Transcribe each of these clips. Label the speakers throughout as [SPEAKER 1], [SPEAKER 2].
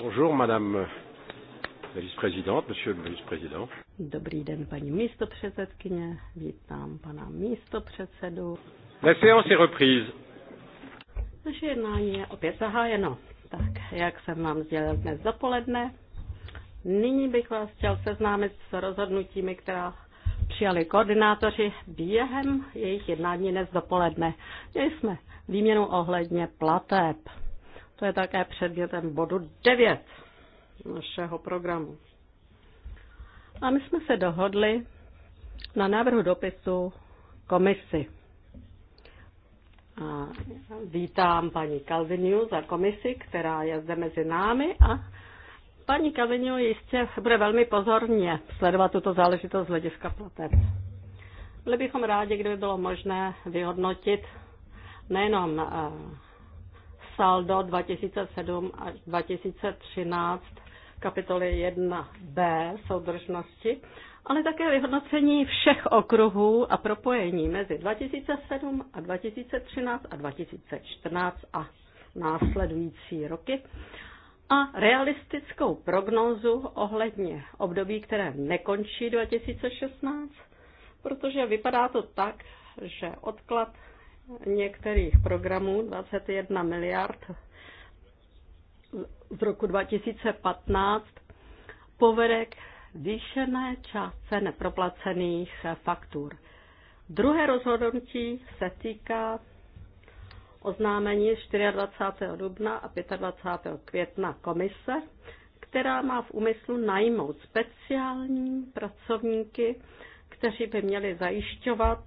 [SPEAKER 1] Bonjour, madame la vice-présidente, monsieur le vice-président.
[SPEAKER 2] Dobrý den, paní místopředsedkyně. Vítám pana místopředsedu.
[SPEAKER 1] La séance est reprise.
[SPEAKER 2] Naše jednání je opět zahájeno. Tak, jak jsem vám sdělil dnes dopoledne, nyní bych vás chtěl seznámit s rozhodnutími, která přijali koordinátoři během jejich jednání dnes dopoledne. Měli jsme výměnu ohledně plateb. To je také předmětem bodu 9 našeho programu. A my jsme se dohodli na návrhu dopisu komisi. A vítám paní Kalviniu za komisi, která je zde mezi námi a paní Kalviniu jistě bude velmi pozorně sledovat tuto záležitost z hlediska plateb. Byli bychom rádi, kdyby bylo možné vyhodnotit nejenom eh, saldo 2007 až 2013 kapitoly 1b soudržnosti, ale také vyhodnocení všech okruhů a propojení mezi 2007 a 2013 a 2014 a následující roky a realistickou prognózu ohledně období, které nekončí 2016, protože vypadá to tak, že odklad některých programů 21 miliard z roku 2015 povede k zvýšené částce neproplacených faktur. Druhé rozhodnutí se týká oznámení 24. dubna a 25. května komise, která má v úmyslu najmout speciální pracovníky kteří by měli zajišťovat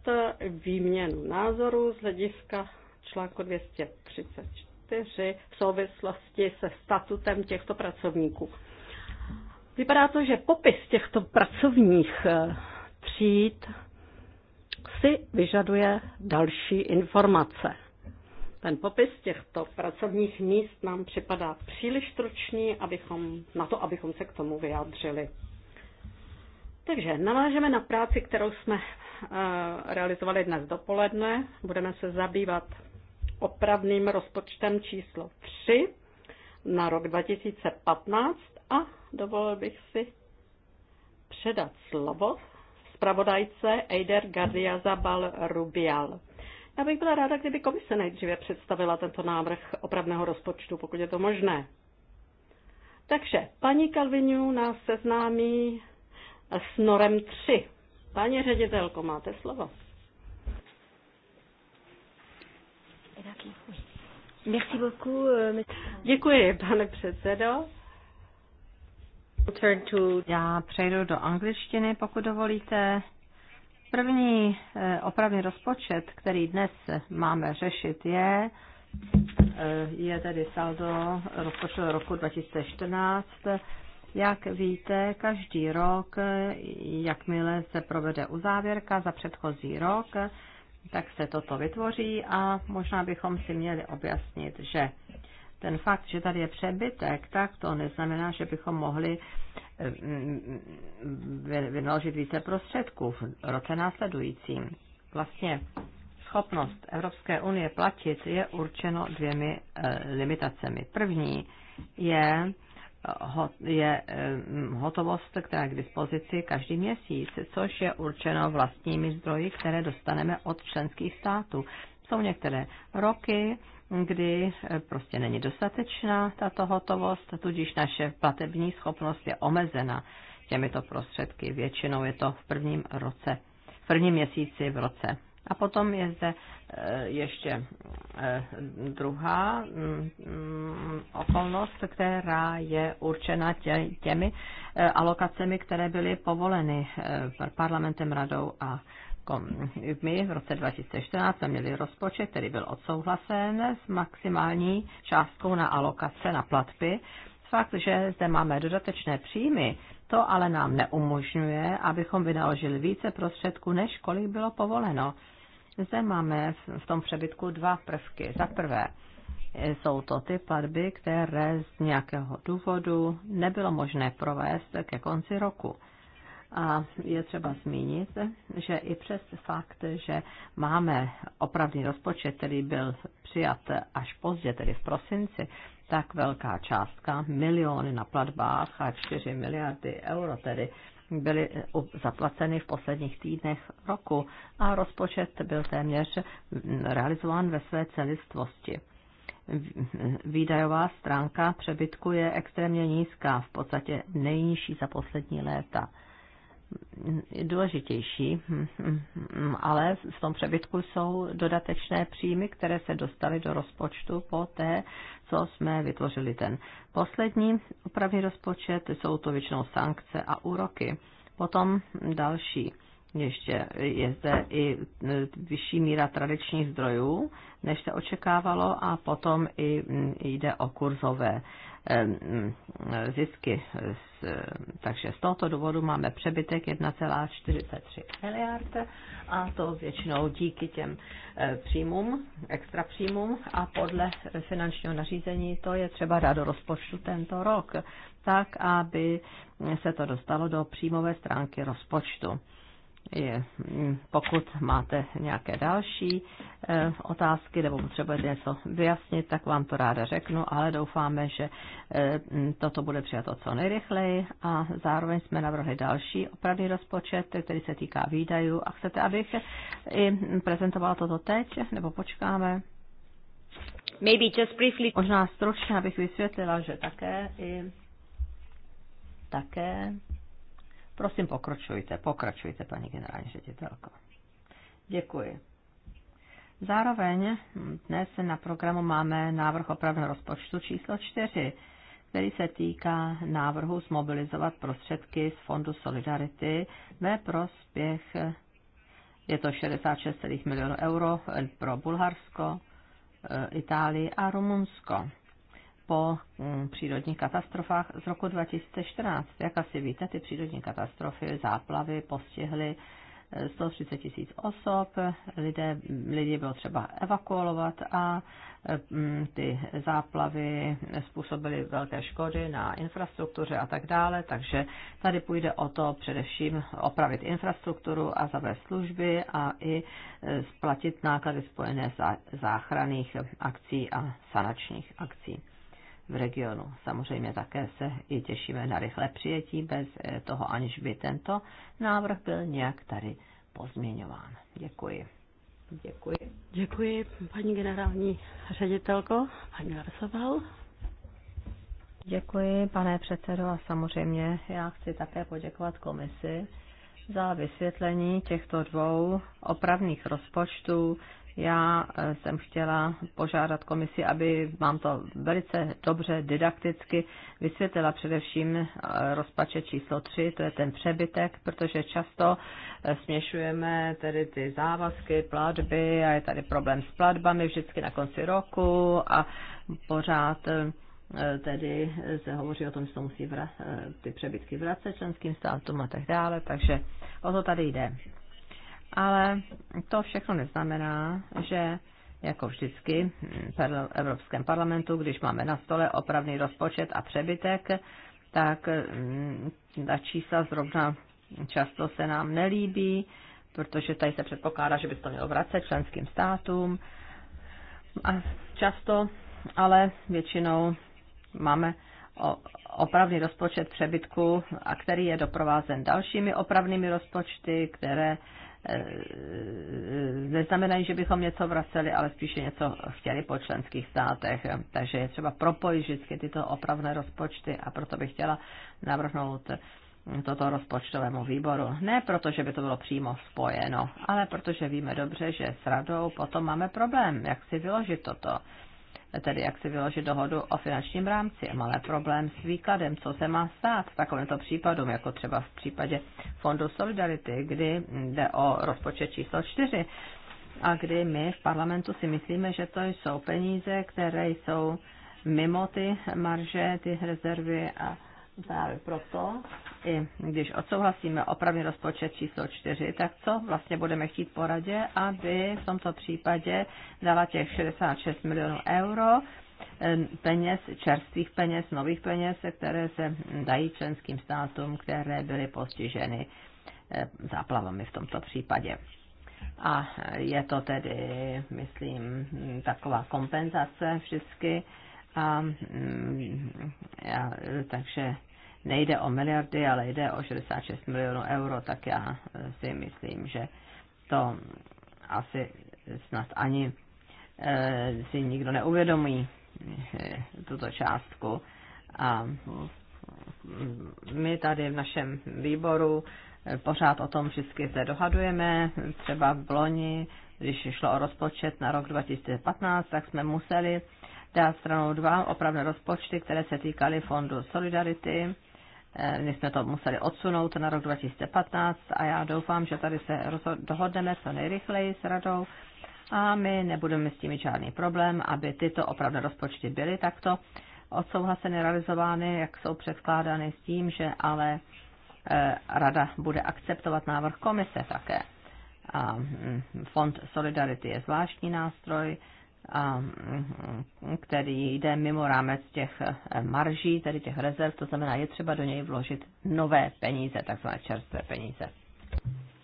[SPEAKER 2] výměnu názorů z hlediska článku 234 v souvislosti se statutem těchto pracovníků. Vypadá to, že popis těchto pracovních eh, tříd si vyžaduje další informace. Ten popis těchto pracovních míst nám připadá příliš stručný, abychom, na to, abychom se k tomu vyjádřili. Takže navážeme na práci, kterou jsme eh, realizovali dnes dopoledne. Budeme se zabývat opravným rozpočtem číslo 3 na rok 2015 a dovolil bych si předat slovo zpravodajce Eider Gardiazabal Rubial. Já bych byla ráda, kdyby komise nejdříve představila tento návrh opravného rozpočtu, pokud je to možné. Takže paní Kalvinu nás seznámí s norem 3. Paní ředitelko, máte slovo. Merci beaucoup. Euh, Děkuji, pane předsedo.
[SPEAKER 3] Turn to... Já přejdu do angličtiny, pokud dovolíte. První eh, opravný rozpočet, který dnes máme řešit, je, eh, je tedy saldo rozpočtu roku 2014 jak víte, každý rok, jakmile se provede uzávěrka za předchozí rok, tak se toto vytvoří a možná bychom si měli objasnit, že ten fakt, že tady je přebytek, tak to neznamená, že bychom mohli eh, vynaložit více prostředků v roce následujícím. Vlastně schopnost Evropské unie platit je určeno dvěmi eh, limitacemi. První je je hotovost, která je k dispozici každý měsíc, což je určeno vlastními zdroji, které dostaneme od členských států. Jsou některé roky, kdy eh, prostě není dostatečná tato hotovost, tudíž naše platební schopnost je omezena těmito prostředky. Většinou je to v prvním roce, v prvním měsíci v roce. A potom je zde e, ještě e, druhá mm, okolnost, která je určena těmi e, alokacemi, které byly povoleny parlamentem, radou a my v roce 2014 jsme měli rozpočet, který byl odsouhlasen s maximální částkou na alokace, na platby. Fakt, že zde máme dodatečné příjmy, to ale nám neumožňuje, abychom vynaložili více prostředků, než kolik bylo povoleno. Zde máme v tom přebytku dva prvky. Za prvé, jsou to ty platby, které z nějakého důvodu nebylo možné provést ke konci roku. A je třeba zmínit, že i přes fakt, že máme opravný rozpočet, který byl přijat až pozdě, tedy v prosinci, tak velká částka, miliony na platbách a 4 miliardy euro tedy byly eh, zaplaceny v posledních týdnech roku a rozpočet byl téměř mm, realizován ve své celistvosti. Eh, výdajová stránka přebytku je extrémně nízká, v podstatě nejnižší za poslední léta důležitější, ale v tom přebytku jsou dodatečné příjmy, které se dostaly do rozpočtu po té, co jsme vytvořili ten poslední opravný rozpočet. Jsou to většinou sankce a úroky. Potom další ještě je zde i e, vyšší míra tradičních zdrojů, než se očekávalo, a potom i jde o kurzové e, zisky. E, takže z tohoto důvodu máme přebytek 1,43 miliard a to většinou díky těm příjmům, extra příjmům a podle finančního nařízení to je třeba dát do rozpočtu tento rok, tak aby se to dostalo do příjmové stránky rozpočtu je, mm, pokud máte nějaké další e, otázky nebo potřebujete něco vyjasnit, tak vám to ráda řeknu, ale doufáme, že e, toto bude přijato co nejrychleji a zároveň jsme navrhli další opravný rozpočet, který se týká výdajů a chcete, abych i prezentovala toto teď nebo počkáme? Maybe just briefly. Možná stručně, abych vysvětlila, že také i také Prosím, pokračujte, pokračujte, paní generální ředitelko. Děkuji. Zároveň dnes na programu máme návrh opravného rozpočtu číslo 4, který se týká návrhu zmobilizovat prostředky z Fondu Solidarity ve prospěch, je to 66 milionů euro pro Bulharsko, eh, Itálii a Rumunsko po mm, přírodních katastrofách z roku 2014. Jak asi víte, ty přírodní katastrofy, záplavy postihly 130 eh, tisíc osob, lidé, lidi bylo třeba evakuovat a eh, mm, ty záplavy způsobily velké škody na infrastruktuře a tak dále, takže tady půjde o to především opravit infrastrukturu a zavést služby a i eh, splatit náklady spojené s záchranných akcí a sanačních akcí v regionu. Samozřejmě také se i těšíme na rychlé přijetí, bez eh, toho aniž by tento návrh byl nějak tady pozměňován. Děkuji. Děkuji.
[SPEAKER 2] Děkuji, paní generální
[SPEAKER 3] ředitelko, paní Larsoval. Děkuji, pane předsedo, a samozřejmě já chci také poděkovat komisi za vysvětlení těchto dvou opravných rozpočtů já eh, jsem chtěla požádat komisi, aby vám to velice dobře didakticky vysvětlila především eh, rozpače číslo 3, to je ten přebytek, protože často eh, směšujeme tedy ty závazky, platby a je tady problém s platbami vždycky na konci roku a pořád tedy se hovoří o tom, že to musí vra- ty přebytky vracet členským státům a tak dále, takže o to tady jde ale to všechno neznamená, že jako vždycky v Evropském parlamentu, když máme na stole opravný rozpočet a přebytek, tak mm, ta čísla zrovna často se nám nelíbí, protože tady se předpokládá, že by se to mělo vracet členským státům. A často, ale většinou máme opravný rozpočet přebytku, a který je doprovázen dalšími opravnými rozpočty, které Eh, neznamenají, že bychom něco vraceli, ale spíše něco chtěli po členských státech. Takže je třeba propojit vždycky tyto opravné rozpočty a proto bych chtěla navrhnout toto rozpočtovému výboru. Ne proto, že by to bylo přímo spojeno, ale protože víme dobře, že s radou potom máme problém, jak si vyložit toto tedy jak si vyložit dohodu o finančním rámci. Malé problém s výkladem, co se má stát v takovémto případům, jako třeba v případě Fondu Solidarity, kdy jde o rozpočet číslo 4 a kdy my v parlamentu si myslíme, že to jsou peníze, které jsou mimo ty marže, ty rezervy a Právě proto, i když odsouhlasíme opravný rozpočet číslo 4, tak co vlastně budeme chtít poradě, aby v tomto případě dala těch 66 milionů euro eh, peněz, čerstvých peněz, nových peněz, které se dají členským státům, které byly postiženy eh, záplavami v tomto případě. A je to tedy, myslím, taková kompenzace vždycky. A, mm, a, takže nejde o miliardy, ale jde o 66 milionů euro, tak já si myslím, že to asi snad ani eh, si nikdo neuvědomí eh, tuto částku. A mm, my tady v našem výboru eh, pořád o tom vždycky se dohadujeme. Třeba v loni, když šlo o rozpočet na rok 2015, tak jsme museli dát stranou dva opravné rozpočty, které se týkaly Fondu Solidarity Eh, my jsme to museli odsunout na rok 2015 a já doufám, že tady se dohodneme co nejrychleji s radou a my nebudeme s tím žádný problém, aby tyto opravdu rozpočty byly takto odsouhlaseny, realizovány, jak jsou předkládány s tím, že ale eh, rada bude akceptovat návrh komise také. A mm, fond Solidarity je zvláštní nástroj, Mm, který jde mimo rámec těch eh, marží, tedy těch rezerv, to znamená, je třeba do něj vložit nové peníze, takzvané čerstvé peníze.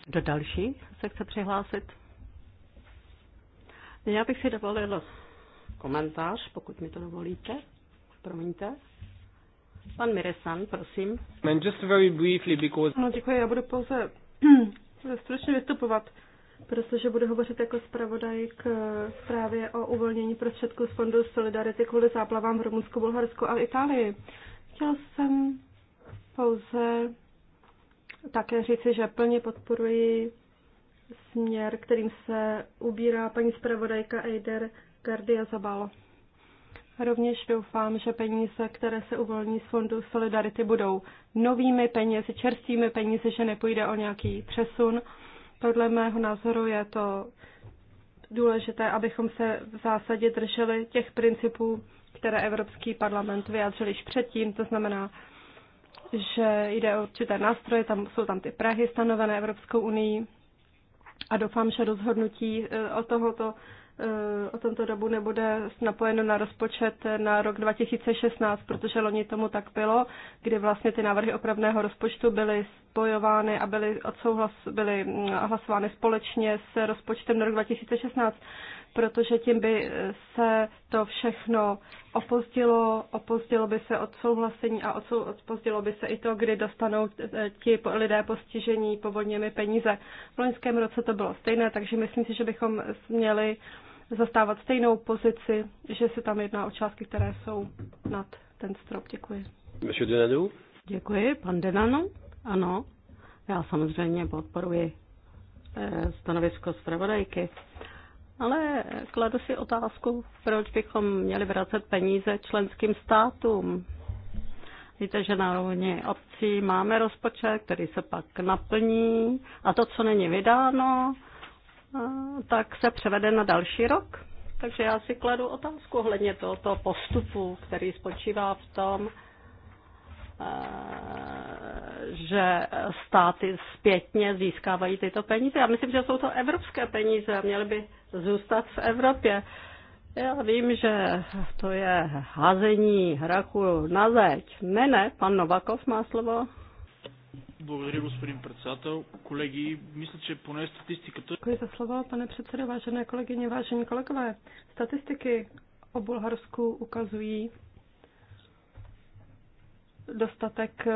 [SPEAKER 3] Do
[SPEAKER 2] další se chce přihlásit? Já bych si dovolil komentář, pokud mi to dovolíte. Promiňte. Pan Miresan, prosím.
[SPEAKER 1] And just very briefly because... No,
[SPEAKER 2] děkuji, já budu pouze stručně vystupovat protože budu hovořit jako zpravodaj k eh, zprávě o uvolnění prostředků z Fondu Solidarity kvůli záplavám v Rumunsku, Bulharsku a Itálii. Chtěl jsem pouze také říci, že plně podporuji směr, kterým se ubírá paní zpravodajka Eider Gardia Zabal. Rovněž doufám, že peníze, které se uvolní z Fondu Solidarity, budou novými penězi, čerstvými penězi, že nepůjde o nějaký přesun podle mého názoru je to důležité, abychom se v zásadě drželi těch principů, které Evropský parlament vyjádřil již předtím, to znamená, že jde o určité nástroje, tam jsou tam ty Prahy stanovené Evropskou unii a doufám, že rozhodnutí eh, o tohoto Eh, o tomto dobu nebude napojeno na rozpočet na rok 2016, protože loni tomu tak bylo, kdy vlastně ty návrhy opravného rozpočtu byly spojovány a byly, odsouhlas, byly mm, hlasovány společně s rozpočtem na rok 2016, protože tím by se to všechno opozdilo, opozdilo by se odsouhlasení a opozdilo by se i to, kdy dostanou eh, ti lidé postižení povodněmi peníze. V loňském roce to bylo stejné, takže myslím si, že bychom měli zastávat stejnou pozici, že se tam jedná o částky, které jsou nad ten strop. Děkuji. Děkuji, pan Denano. Ano, já samozřejmě podporuji eh, stanovisko zpravodajky. Ale kladu si otázku, proč bychom měli vracet peníze členským státům. Víte, že na rovně obcí máme rozpočet, který se pak naplní a to, co není vydáno, tak se převede na další rok. Takže já si kladu otázku ohledně tohoto postupu, který spočívá v tom, eh, že státy zpětně získávají tyto peníze. Já myslím, že jsou to evropské peníze a měly by zůstat v Evropě. Já vím, že to je házení hraku na zeď. Ne, ne, pan Novakov má slovo.
[SPEAKER 1] Благодаря, господин председател. Колеги, мисля, че поне статистиката...
[SPEAKER 2] Děkuji за slovo, pane předsedo, vážené kolegyně, vážení kolegové. Statistiky o Bulharsku ukazují dostatek eh,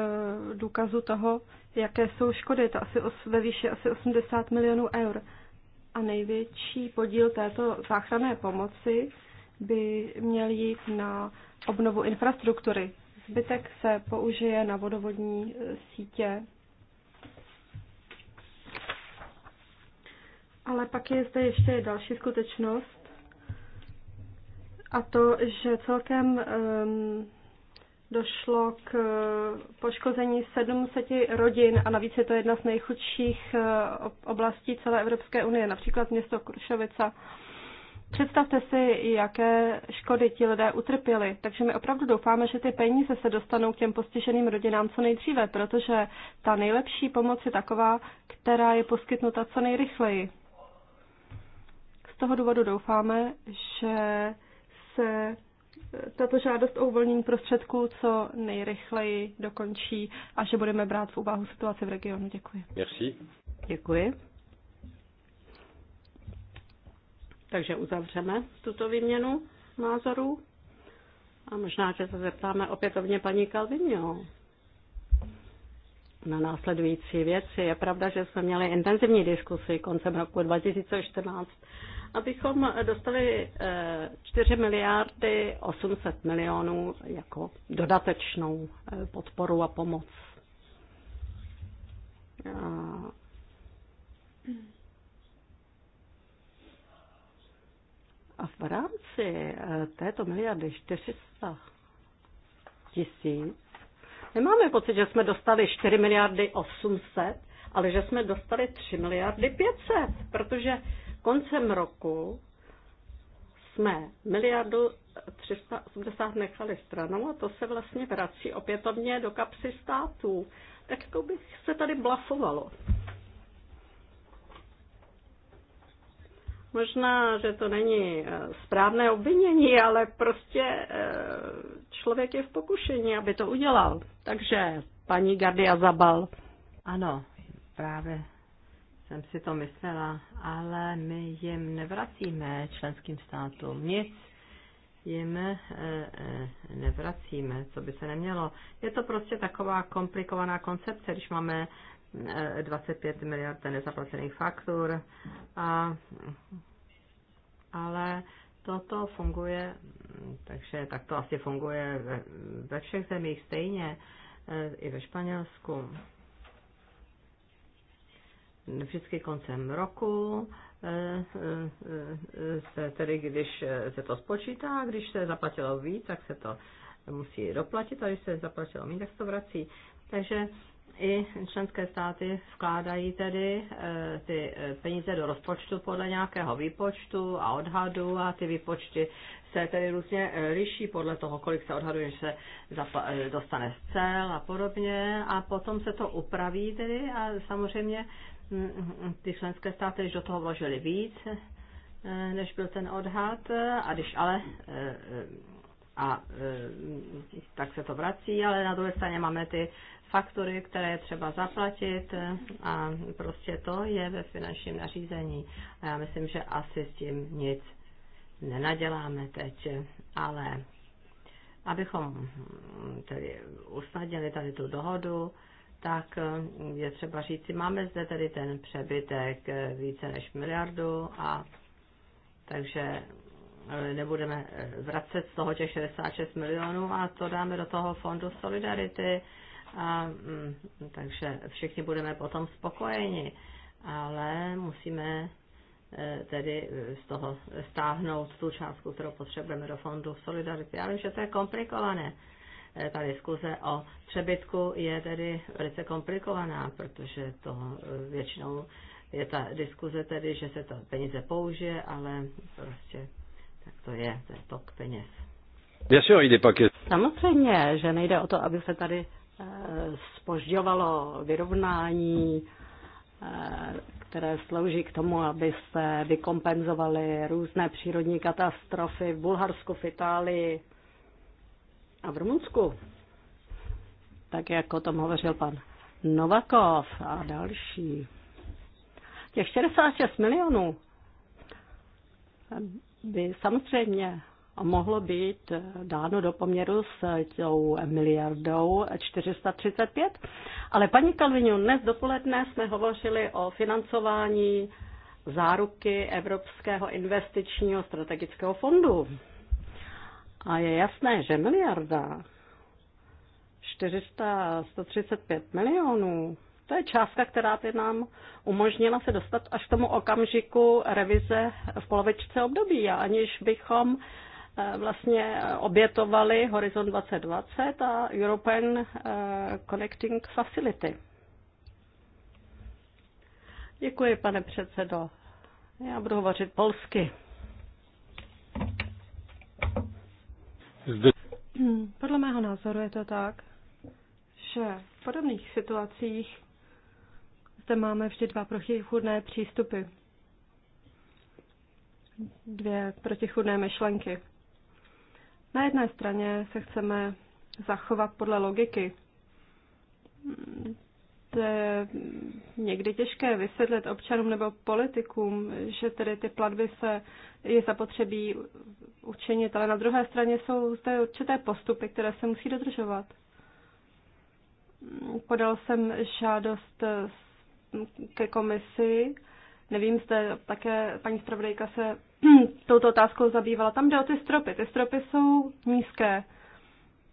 [SPEAKER 2] důkazu toho, jaké jsou škody. To asi os, ve výši asi 80 milionů eur. A největší podíl této záchranné pomoci by měl jít na obnovu infrastruktury. Zbytek se použije na vodovodní e, sítě. Ale pak je zde ještě další skutečnost, a to, že celkem um, došlo k e, poškození 700 rodin a navíc je to jedna z nejchudších e, oblastí celé Evropské unie, například město Krušovica Představte si, jaké škody ti lidé utrpěli. Takže my opravdu doufáme, že ty peníze se dostanou k těm postiženým rodinám co nejdříve, protože ta nejlepší pomoc je taková, která je poskytnuta co nejrychleji. Z toho důvodu doufáme, že se tato žádost o uvolnění prostředků co nejrychleji dokončí a že budeme brát v úvahu situaci v regionu. Děkuji. Merci. Děkuji. Takže uzavřeme tuto výměnu názorů a možná, že se zeptáme opětovně paní Kalvinio na následující věci. Je pravda, že jsme měli intenzivní diskusi koncem roku 2014, abychom dostali 4 eh, miliardy 800 milionů jako dodatečnou eh, podporu a pomoc. A v rámci eh, této miliardy 400 tisíc nemáme pocit, že jsme dostali 4 miliardy 800, ale že jsme dostali 3 miliardy 500, protože koncem roku jsme miliardu 380 nechali stranou a to se vlastně vrací opětovně do kapsy států. Tak jako bych se tady blafovalo. Možná, že to není eh, správné obvinění, ale prostě eh, člověk je v pokušení, aby to udělal. Takže paní Gardia Zabal.
[SPEAKER 3] Ano, právě jsem si to myslela, ale my jim nevracíme členským státům nic. Jim eh, nevracíme, co by se nemělo. Je to prostě taková komplikovaná koncepce, když máme 25 eh, miliard nezaplacených faktur, a, ale toto funguje, takže tak to asi funguje ve, ve všech zemích stejně, eh, i ve Španělsku. Vždycky koncem roku, se, eh, tedy když se to spočítá, když se zaplatilo víc, tak se to musí doplatit a když se zaplatilo méně, tak se to vrací. Takže i členské státy vkládají tedy eh, ty eh, peníze do rozpočtu podle nějakého výpočtu a odhadu a ty výpočty se tedy různě eh, liší podle toho, kolik se odhaduje, že se dostane z cel a podobně a potom se to upraví tedy a samozřejmě mm, mm, ty členské státy, když do toho vložili víc, než byl ten odhad, a když ale a tak se to vrací, ale na druhé straně máme ty faktory, které je třeba zaplatit a prostě to je ve finančním nařízení. A já myslím, že asi s tím nic nenaděláme teď, ale abychom tedy usnadnili tady tu dohodu, tak je třeba říci, máme zde tedy ten přebytek více než miliardu a takže nebudeme vracet z toho těch 66 milionů a to dáme do toho fondu Solidarity a mm, takže všichni budeme potom spokojeni, ale musíme e, tedy e, z toho stáhnout tu částku, kterou potřebujeme do fondu Solidarity. Já vím, že to je komplikované. E, ta diskuze o přebytku je tedy velice komplikovaná, protože to většinou je ta diskuze tedy, že se to peníze použije, ale prostě tak to je, to
[SPEAKER 2] je tok peněz. Samozřejmě, že nejde o to, aby se tady spožďovalo vyrovnání, eh, které slouží k tomu, aby se vykompenzovaly různé přírodní katastrofy v Bulharsku, v Itálii a v Rumunsku. Tak jak o tom hovořil pan Novakov a další. Těch 46 milionů by samozřejmě a mohlo být eh, dáno do poměru s tou miliardou 435. Ale paní Kalvinu, dnes dopoledne jsme hovořili o financování záruky Evropského investičního strategického fondu. A je jasné, že miliarda 435 milionů, to je částka, která by nám umožnila se dostat až k tomu okamžiku revize v polovičce období. A aniž bychom Eh, vlastně obětovali Horizon 2020 a European eh, Connecting Facility. Děkuji, pane předsedo. Já budu hovořit polsky. Podle mého názoru je to tak, že v podobných situacích zde máme vždy dva protichudné přístupy. Dvě protichudné myšlenky. Na jedné straně se chceme zachovat podle logiky. To je někdy těžké vysvětlit občanům nebo politikům, že tedy ty platby se je zapotřebí učinit, ale na druhé straně jsou zde určité postupy, které se musí dodržovat. Podal jsem žádost ke komisi. Nevím, zde také paní zpravodajka se Hmm, touto otázkou zabývala. Tam jde o ty stropy. Ty stropy jsou nízké,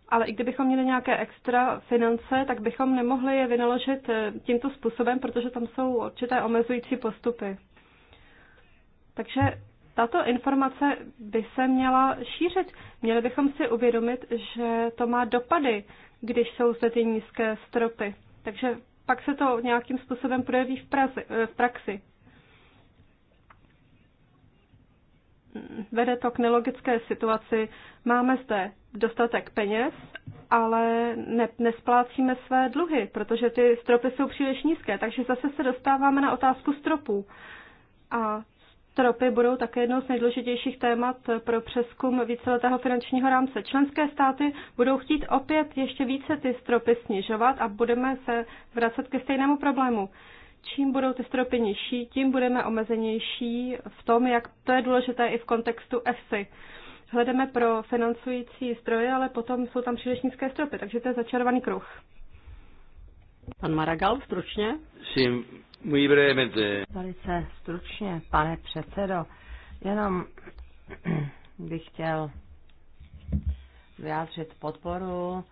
[SPEAKER 2] ale i kdybychom měli nějaké extra finance, tak bychom nemohli je vynaložit eh, tímto způsobem, protože tam jsou určité omezující postupy. Takže tato informace by se měla šířit. Měli bychom si uvědomit, že to má dopady, když jsou zde ty nízké stropy. Takže pak se to nějakým způsobem projeví v, eh, v praxi. vede to k nelogické situaci. Máme zde dostatek peněz, ale ne, nesplácíme své dluhy, protože ty stropy jsou příliš nízké, takže zase se dostáváme na otázku stropů. A Stropy budou také jednou z nejdůležitějších témat pro přeskum víceletého finančního rámce. Členské státy budou chtít opět ještě více ty stropy snižovat a budeme se vracet ke stejnému problému čím budou ty stropy nižší, tím budeme omezenější v tom, jak to je důležité i v kontextu EFSI. Hledeme pro financující stroje, ale potom jsou tam příliš nízké stropy, takže to je začarovaný kruh. Pan Maragal, stručně.
[SPEAKER 4] Sí, muy brevemente.
[SPEAKER 3] Velice stručně, pane předsedo. Jenom bych chtěl vyjádřit podporu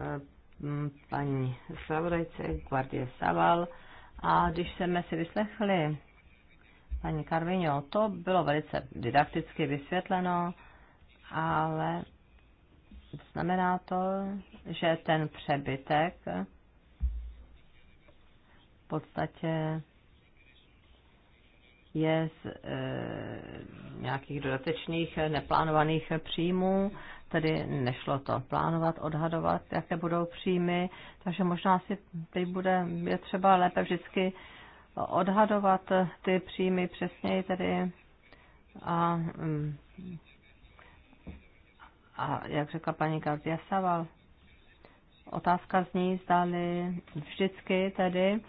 [SPEAKER 3] eh, Mm, paní zpravodajce Guardie Saval. A když jsme si vyslechli paní Karvinio, to bylo velice didakticky vysvětleno, ale znamená to, že ten přebytek v podstatě je z e, nějakých dodatečných neplánovaných příjmů, tedy nešlo to plánovat, odhadovat, jaké budou příjmy, takže možná si teď bude, je třeba lépe vždycky odhadovat ty příjmy přesněji tedy a, mm, a jak řekla paní Gardia Saval, Otázka zní, zdali vždycky tedy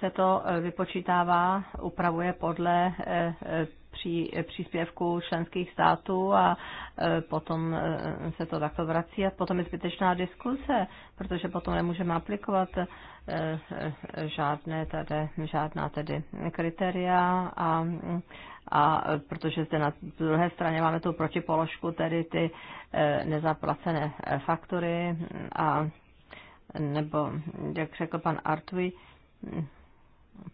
[SPEAKER 3] se to vypočítává, upravuje podle eh, eh, pří, příspěvků členských států a e, potom e, se to takto vrací a potom je zbytečná diskuse, protože potom nemůžeme aplikovat e, žádné tady, žádná tedy kritéria a, a protože zde na druhé straně máme tu protipoložku, tedy ty nezaplacené faktory a nebo, jak řekl pan Artui,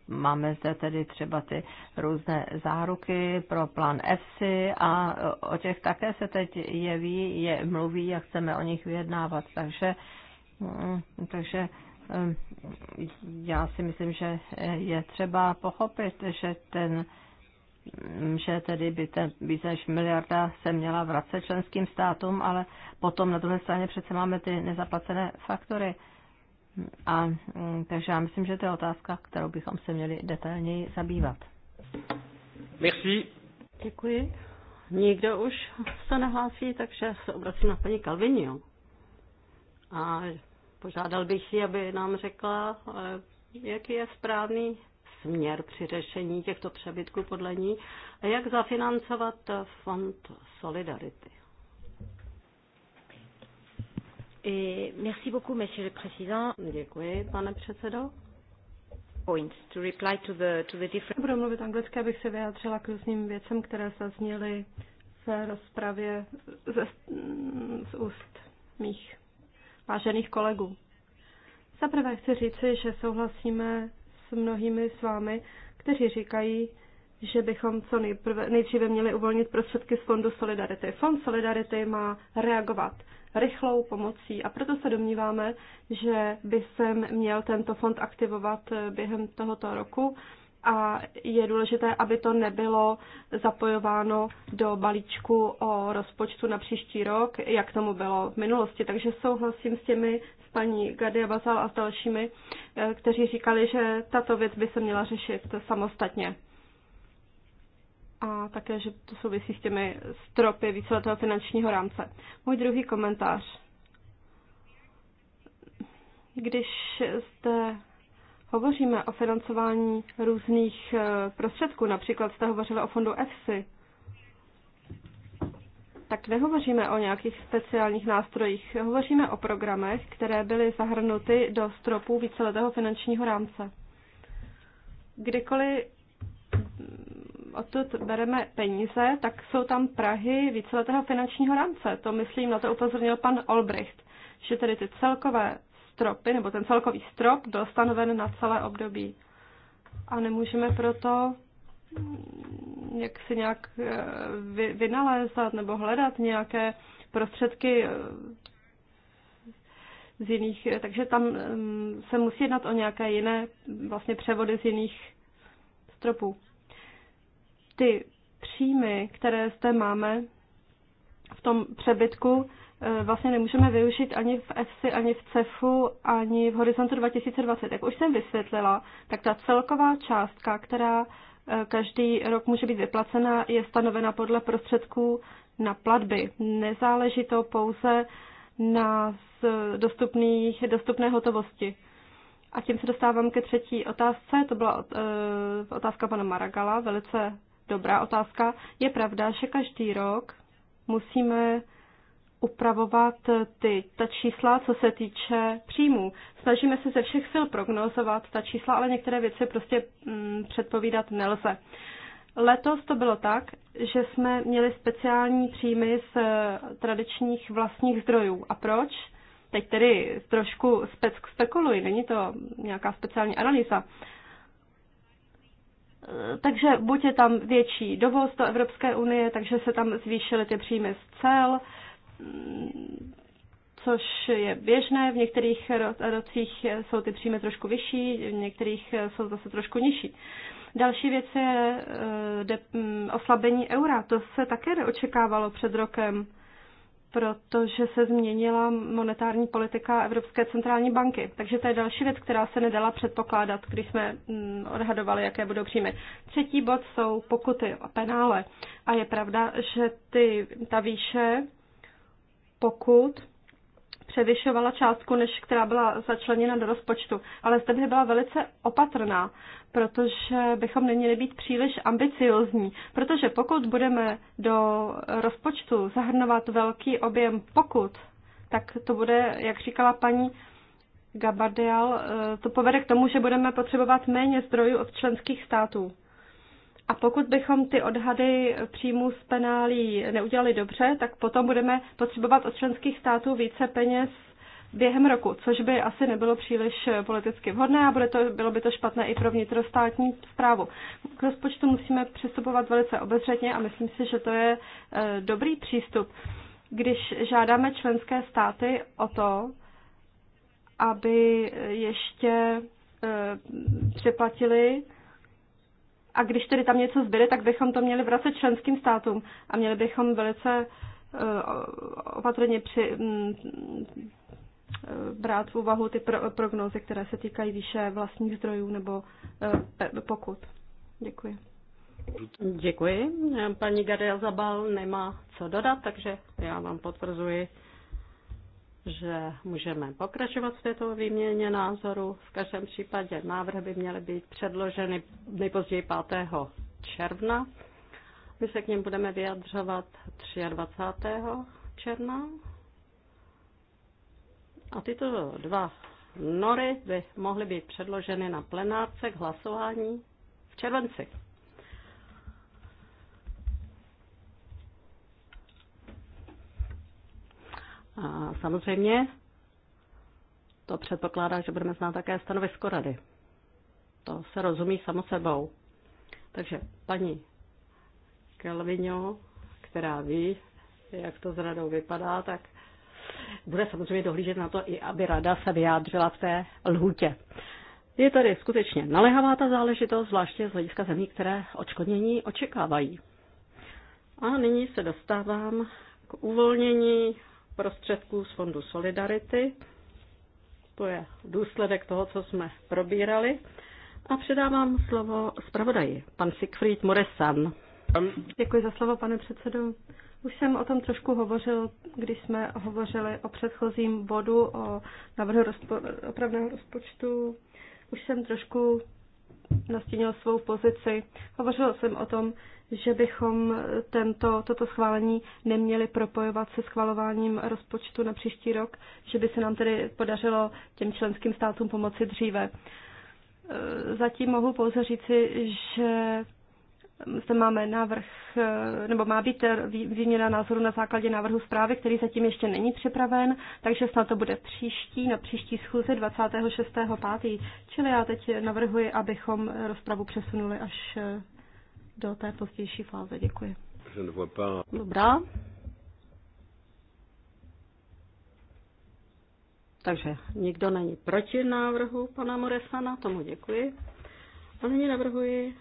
[SPEAKER 3] Máme zde tedy třeba ty různé záruky pro plán EFSI a o těch také se teď jeví, je, mluví a chceme o nich vyjednávat. Takže, mm, takže mm, já si myslím, že je třeba pochopit, že ten mm, že tedy by ten více než miliarda se měla vracet členským státům, ale potom na druhé straně přece máme ty nezaplacené faktory. A mm, takže já myslím, že to je otázka, kterou bychom se měli detailněji
[SPEAKER 2] zabývat. Merci. Děkuji. Nikdo už se nehlásí, takže se obracím na paní Kalvinio. A požádal bych ji, aby nám řekla, eh, jaký je správný směr při řešení těchto přebytků podle ní a jak zafinancovat fond Solidarity merci beaucoup, Monsieur le Président. Děkuji, pane předsedo. Points to reply to the, to the different... Budu mluvit anglicky, abych se vyjádřila k různým věcem, které se zněly v rozpravě ze, z úst mých vážených kolegů. Za prvé chci říci, že souhlasíme s mnohými s vámi, kteří říkají, že bychom co nejprve, nejdříve měli uvolnit prostředky z Fondu Solidarity. Fond Solidarity má reagovat rychlou pomocí. A proto se domníváme, že by se měl tento fond aktivovat eh, během tohoto roku a je důležité, aby to nebylo zapojováno do balíčku o rozpočtu na příští rok, jak tomu bylo v minulosti. Takže souhlasím s těmi s paní Gadia Bazal a s dalšími, eh, kteří říkali, že tato věc by se měla řešit samostatně a také, že to souvisí s těmi stropy víceletého finančního rámce. Můj druhý komentář. Když jste hovoříme o financování různých eh, prostředků, například jste hovořili o fondu EFSI, tak nehovoříme o nějakých speciálních nástrojích, hovoříme o programech, které byly zahrnuty do stropů víceletého finančního rámce. Kdykoliv odtud bereme peníze, tak jsou tam Prahy víceletého finančního rámce. To myslím, na to upozornil pan Olbricht, že tedy ty celkové stropy, nebo ten celkový strop byl stanoven na celé období. A nemůžeme proto mm, jak si nějak eh, vy, vynalézat nebo hledat nějaké prostředky eh, z jiných, eh, takže tam mm, se musí jednat o nějaké jiné vlastně převody z jiných stropů ty příjmy, které zde máme v tom přebytku, eh, vlastně nemůžeme využít ani v EFSI, ani v CEFu, ani v Horizontu 2020. Jak už jsem vysvětlila, tak ta celková částka, která eh, každý rok může být vyplacena, je stanovena podle prostředků na platby. Nezáleží to pouze na dostupných, dostupné hotovosti. A tím se dostávám ke třetí otázce. To byla eh, otázka pana Maragala, velice dobrá otázka. Je pravda, že každý rok musíme upravovat ty, ta čísla, co se týče příjmů. Snažíme se ze všech sil prognozovat ta čísla, ale některé věci prostě mm, předpovídat nelze. Letos to bylo tak, že jsme měli speciální příjmy z eh, tradičních vlastních zdrojů. A proč? Teď tedy trošku spek- spekuluji, není to nějaká speciální analýza takže buď je tam větší dovoz do Evropské unie, takže se tam zvýšily ty příjmy z cel, což je běžné. V některých rocích jsou ty příjmy trošku vyšší, v některých jsou zase trošku nižší. Další věc je eh, mm, oslabení eura. To se také neočekávalo před rokem protože se změnila monetární politika Evropské centrální banky. Takže to je další věc, která se nedala předpokládat, když jsme mm, odhadovali, jaké budou příjmy. Třetí bod jsou pokuty a penále. A je pravda, že ty, ta výše pokut převyšovala částku, než která byla začleněna do rozpočtu. Ale zde bych byla velice opatrná, protože bychom neměli být příliš ambiciozní, protože pokud budeme do rozpočtu zahrnovat velký objem pokud, tak to bude, jak říkala paní Gabardial, eh, to povede k tomu, že budeme potřebovat méně zdrojů od členských států. A pokud bychom ty odhady příjmů z penálí neudělali dobře, tak potom budeme potřebovat od členských států více peněz během roku, což by asi nebylo příliš politicky vhodné a bude to, bylo by to špatné i pro vnitrostátní zprávu. K rozpočtu musíme přistupovat velice obezřetně a myslím si, že to je eh, dobrý přístup. Když žádáme členské státy o to, aby ještě eh, přeplatili a když tedy tam něco zbyde, tak bychom to měli vracet členským státům a měli bychom velice eh, opatrně při, mm, eh, brát v úvahu ty pro, prognózy, které se týkají výše vlastních zdrojů nebo eh, pokud. Děkuji. Děkuji. Paní Garia Zabal nemá co dodat, takže já vám potvrzuji, že můžeme pokračovat v této výměně názoru. V každém případě návrhy by měly být předloženy nejpozději 5. června. My se k něm budeme vyjadřovat 23. června. A tyto dva nory by mohly být předloženy na plenárce k hlasování v červenci. A samozřejmě to předpokládá, že budeme znát také stanovisko rady. To se rozumí samo sebou. Takže paní Kelvinio, která ví, jak to s radou vypadá, tak bude samozřejmě dohlížet na to i, aby rada se vyjádřila v té lhůtě. Je tady skutečně nalehavá ta záležitost, zvláště z hlediska zemí, které očkodnění očekávají. A nyní se dostávám k uvolnění prostředků z Fondu Solidarity. To je důsledek toho, co jsme probírali. A předávám slovo zpravodaji, pan Siegfried Moresan. Um, Děkuji za slovo, pane předsedo. Už jsem o tom trošku hovořil, když jsme hovořili o předchozím bodu, o návrhu rozpo- opravného rozpočtu. Už jsem trošku nastínil svou pozici. Hovořil jsem o tom, že bychom tento, toto schválení neměli propojovat se schvalováním rozpočtu na příští rok, že by se nám tedy podařilo těm členským státům pomoci dříve. E, zatím mohu pouze říci, že zde máme návrh, e, nebo má být výměna názoru na základě návrhu zprávy, který zatím ještě není připraven, takže snad to bude příští, na příští schůzi 26.5. Čili já teď navrhuji, abychom rozpravu přesunuli až e, do té pozdější fáze. Děkuji. Dobrá. Takže nikdo není proti návrhu pana Moresana, tomu děkuji. A nyní navrhuji,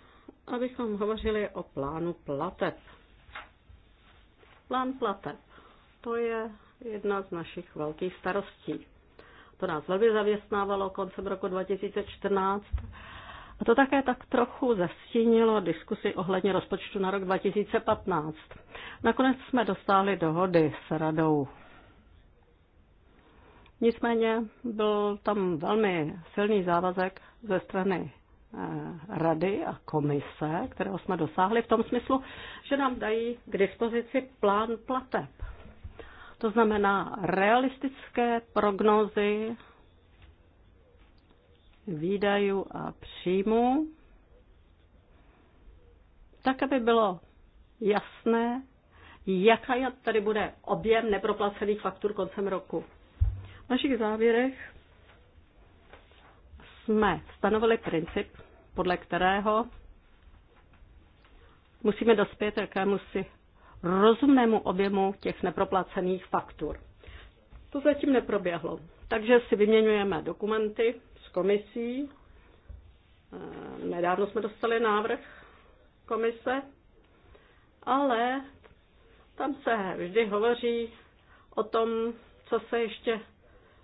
[SPEAKER 2] abychom hovořili o plánu plateb. Plán plateb, to je jedna z našich velkých starostí. To nás velmi zaměstnávalo koncem roku 2014 a to také tak trochu zastínilo diskusi ohledně rozpočtu na rok 2015. Nakonec jsme dostali dohody s radou. Nicméně byl tam velmi silný závazek ze strany eh, rady a komise, kterého jsme dosáhli v tom smyslu, že nám dají k dispozici plán plateb. To znamená realistické prognózy výdajů a příjmů, tak, aby bylo jasné, jaká tady bude objem neproplacených faktur koncem roku. V našich závěrech jsme stanovili princip, podle kterého musíme dospět jakému si rozumnému objemu těch neproplacených faktur. To zatím neproběhlo. Takže si vyměňujeme dokumenty s komisí. Eh, nedávno jsme dostali návrh komise, ale tam se vždy hovoří o tom, co se ještě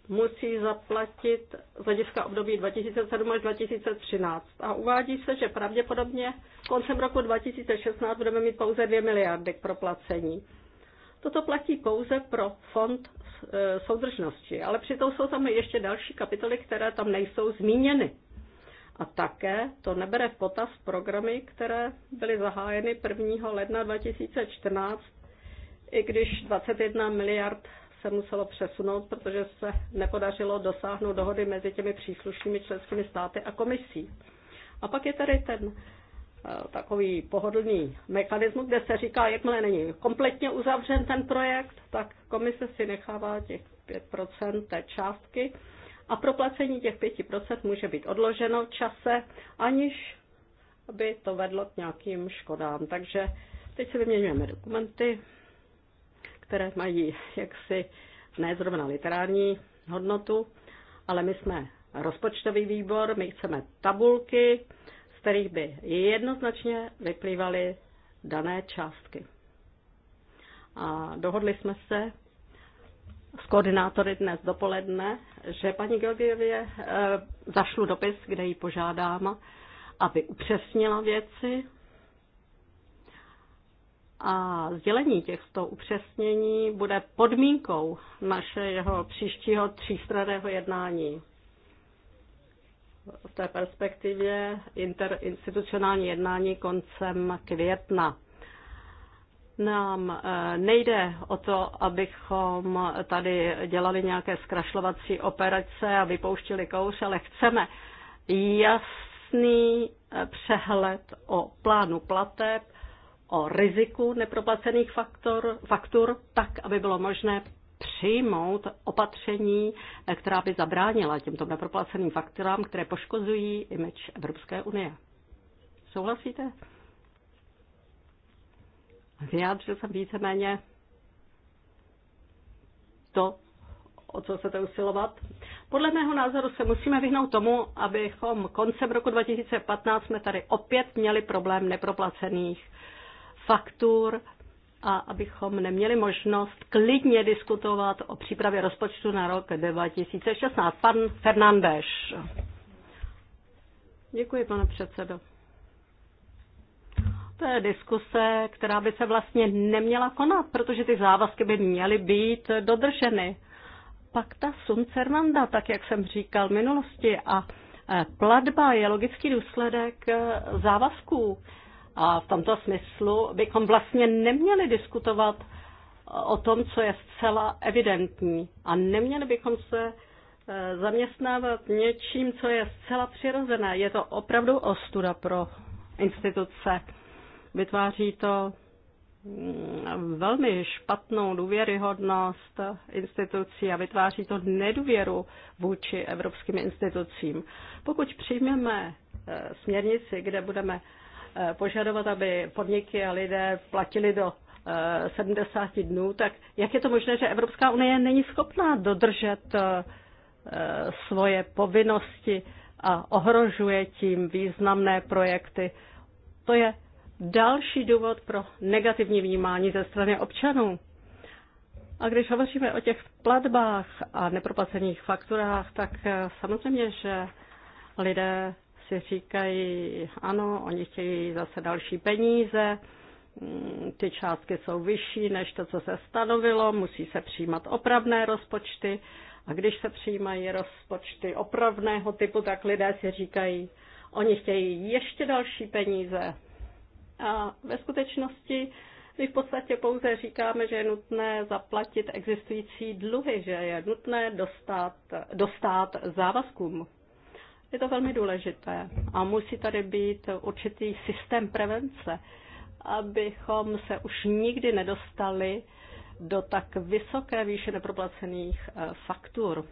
[SPEAKER 2] musí zaplatit z hlediska období 2007 až 2013. A uvádí se, že pravděpodobně koncem roku 2016 budeme mít pouze 2 miliardy k proplacení. Toto platí pouze pro fond e, soudržnosti, ale přitom jsou tam ještě další kapitoly, které tam nejsou zmíněny. A také to nebere v potaz programy, které byly zahájeny 1. ledna 2014, i když 21 miliard se muselo přesunout, protože se nepodařilo dosáhnout dohody mezi těmi příslušnými členskými státy a komisí. A pak je tady ten Eh, takový pohodlný mechanismus, kde se říká, jakmile není kompletně uzavřen ten projekt, tak komise si nechává těch 5% té částky a proplacení těch 5% může být odloženo v čase, aniž by to vedlo k nějakým škodám. Takže teď si vyměňujeme dokumenty, které mají jaksi ne zrovna literární hodnotu, ale my jsme rozpočtový výbor, my chceme tabulky, kterých by jednoznačně vyplývaly dané částky. A dohodli jsme se s koordinátory dnes dopoledne, že paní Georgievě eh, zašlu dopis, kde ji požádám, aby upřesnila věci. A sdělení těchto upřesnění bude podmínkou našeho příštího třístraného jednání v té perspektivě interinstitucionální jednání koncem května. Nám eh, nejde o to, abychom tady dělali nějaké zkrašlovací operace a vypouštili kouř, ale chceme jasný eh, přehled o plánu plateb, o riziku neproplacených faktor, faktur, tak, aby bylo možné přijmout opatření, která by zabránila těmto neproplaceným fakturám, které poškozují imič Evropské unie. Souhlasíte? Vyjádřil jsem víceméně to, o co chcete usilovat. Podle mého názoru se musíme vyhnout tomu, abychom koncem roku 2015 jsme tady opět měli problém neproplacených faktur a abychom neměli možnost klidně diskutovat o přípravě rozpočtu na rok 2016. Pan Fernandeš. Děkuji, pane předsedo. To je diskuse, která by se vlastně neměla konat, protože ty závazky by měly být dodrženy. Pak ta sum tak jak jsem říkal v minulosti, a eh, platba je logický důsledek eh, závazků. A v tomto smyslu bychom vlastně neměli diskutovat o tom, co je zcela evidentní. A neměli bychom se e, zaměstnávat něčím, co je zcela přirozené. Je to opravdu ostuda pro instituce. Vytváří to mm, velmi špatnou důvěryhodnost institucí a vytváří to nedůvěru vůči evropským institucím. Pokud přijmeme e, směrnici, kde budeme Eh, požadovat, aby podniky a lidé platili do 70 eh, dnů, tak jak je to možné, že Evropská unie není schopná dodržet eh, svoje povinnosti a ohrožuje tím významné projekty? To je další důvod pro negativní vnímání ze strany občanů. A když hovoříme o těch platbách a neproplacených fakturách, tak samozřejmě, že lidé si říkají, ano, oni chtějí zase další peníze, mm, ty částky jsou vyšší než to, co se stanovilo, musí se přijímat opravné rozpočty a když se přijímají rozpočty opravného typu, tak lidé si říkají, oni chtějí ještě další peníze. A ve skutečnosti my v podstatě pouze říkáme, že je nutné zaplatit existující dluhy, že je nutné dostat, dostat závazkům je to velmi důležité a musí tady být určitý systém prevence, abychom se už nikdy nedostali do tak vysoké výše neproplacených eh, faktur.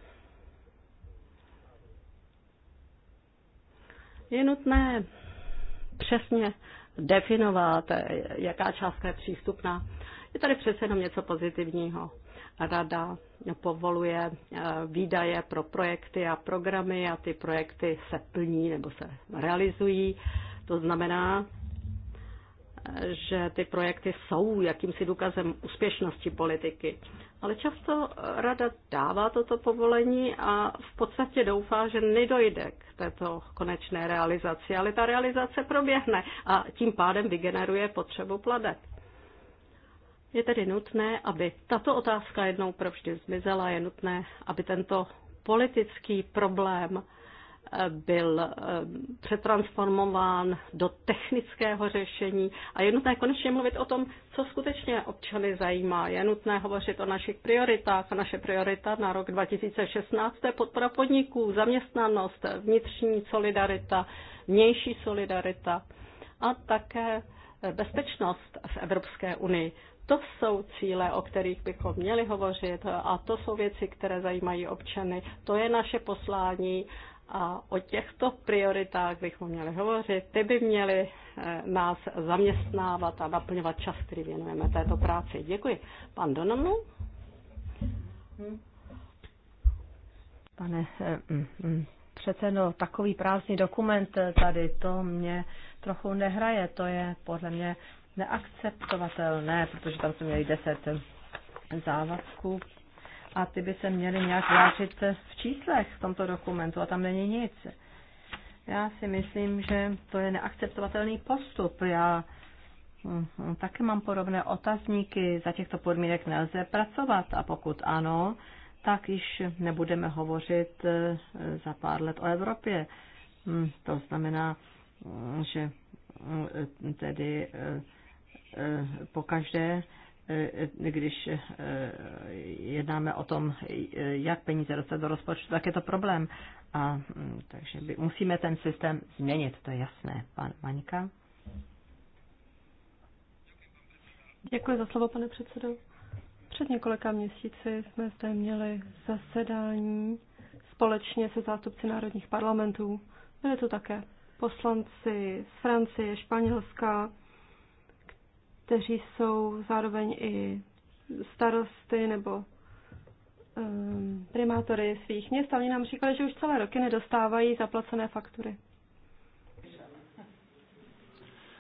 [SPEAKER 2] Je nutné přesně definovat, eh, jaká částka je přístupná. Je tady přece jenom něco pozitivního. Rada povoluje eh, výdaje pro projekty a programy a ty projekty se plní nebo se realizují. To znamená, eh, že ty projekty jsou jakýmsi důkazem úspěšnosti politiky. Ale často rada dává toto povolení a v podstatě doufá, že nedojde k této konečné realizaci, ale ta realizace proběhne a tím pádem vygeneruje potřebu pladeb. Je tedy nutné, aby tato otázka jednou provždy zmizela, je nutné, aby tento politický problém eh, byl eh, přetransformován do technického řešení a je nutné konečně mluvit o tom, co skutečně občany zajímá. Je nutné hovořit o našich prioritách a naše priorita na rok 2016 je podpora podniků, zaměstnanost, vnitřní solidarita, vnější solidarita a také bezpečnost v Evropské unii. To jsou cíle, o kterých bychom měli hovořit a to jsou věci, které zajímají občany. To je naše poslání a o těchto prioritách bychom měli hovořit. Ty by měly eh, nás zaměstnávat a naplňovat čas, který věnujeme této práci. Děkuji. Pan Donomu.
[SPEAKER 3] Pane eh, mm, mm, přece no, takový prázdný dokument eh, tady, to mě trochu nehraje, to je podle mě neakceptovatelné, protože tam jsme měli deset závazků a ty by se měly nějak vážit v číslech v tomto dokumentu a tam není nic. Já si myslím, že to je neakceptovatelný postup. Já hm, hm, také mám podobné otazníky. Za těchto podmínek nelze pracovat a pokud ano, tak již nebudeme hovořit eh, za pár let o Evropě. Hm, to znamená, že eh, tedy eh, Eh, pokaždé, eh, když eh, jednáme o tom, jak peníze dostat do rozpočtu, tak je to problém. A, hm, takže by, musíme ten systém změnit, to je jasné. Pan Maňka?
[SPEAKER 2] Děkuji za slovo, pane předsedo. Před několika měsíci jsme zde měli zasedání společně se zástupci národních parlamentů. Byli tu také poslanci z Francie, Španělska, kteří jsou zároveň i starosty nebo um, primátory svých měst a oni nám říkali, že už celé roky nedostávají zaplacené faktury.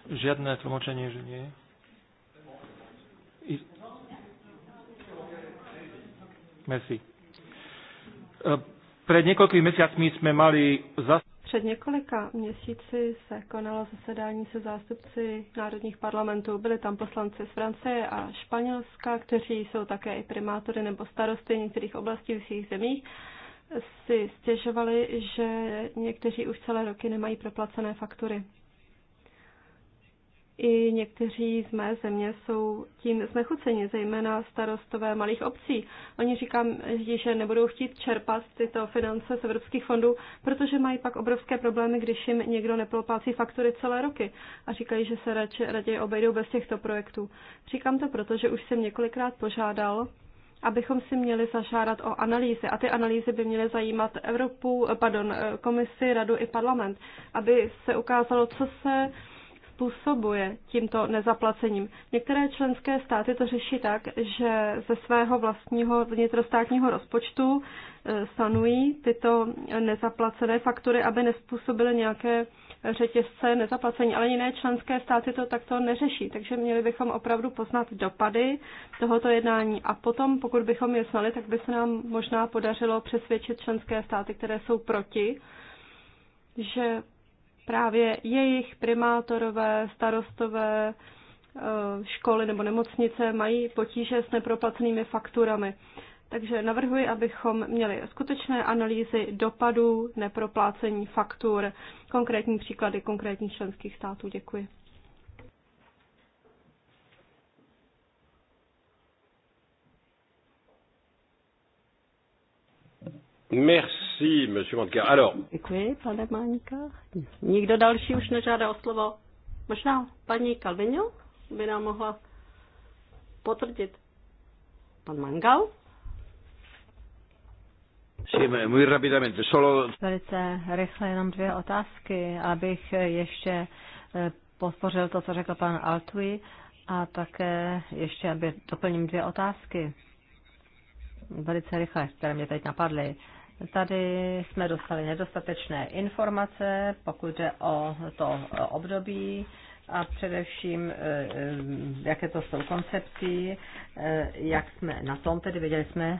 [SPEAKER 1] Žádné tlumočení, že nie? I... Merci. Eh, pred niekoľkými mesiacmi jsme mali zase.
[SPEAKER 2] Před několika měsíci se konalo zasedání se zástupci národních parlamentů. Byli tam poslanci z Francie a Španělska, kteří jsou také i primátory nebo starosty některých oblastí v svých zemích si stěžovali, že někteří už celé roky nemají proplacené faktury i někteří z mé země jsou tím znechuceni, zejména starostové malých obcí. Oni říkají, že nebudou chtít čerpat tyto finance z evropských fondů, protože mají pak obrovské problémy, když jim někdo neproplácí faktury celé roky a říkají, že se radši, raději obejdou bez těchto projektů. Říkám to proto, že už jsem několikrát požádal abychom si měli zažádat o analýzy. A ty analýzy by měly zajímat Evropu, pardon, komisi, radu i parlament, aby se ukázalo, co se způsobuje tímto nezaplacením. Některé členské státy to řeší tak, že ze svého vlastního vnitrostátního rozpočtu e, sanují tyto nezaplacené faktury, aby nespůsobily nějaké řetězce nezaplacení, ale jiné členské státy to takto neřeší, takže měli bychom opravdu poznat dopady tohoto jednání a potom, pokud bychom je znali, tak by se nám možná podařilo přesvědčit členské státy, které jsou proti, že právě jejich primátorové, starostové, eh, školy nebo nemocnice mají potíže s neproplacenými fakturami. Takže navrhuji, abychom měli skutečné analýzy dopadů neproplácení faktur, konkrétní příklady konkrétních členských států. Děkuji.
[SPEAKER 1] Merci. Merci, monsieur Manka. Alors. Děkuji, pane Manka.
[SPEAKER 2] Nikdo další už nežádá o slovo? Možná paní Kalvinu by nám mohla potvrdit. Pan Mangal?
[SPEAKER 3] Velice rychle jenom dvě otázky, abych ještě eh, podpořil to, co řekl pan Altui a také ještě, aby doplním dvě otázky. Velice rychle, které mě teď napadly. Tady jsme dostali nedostatečné informace, pokud jde o to období a především, eh, eh, jaké to jsou koncepcí, eh, jak jsme na tom, tedy věděli jsme,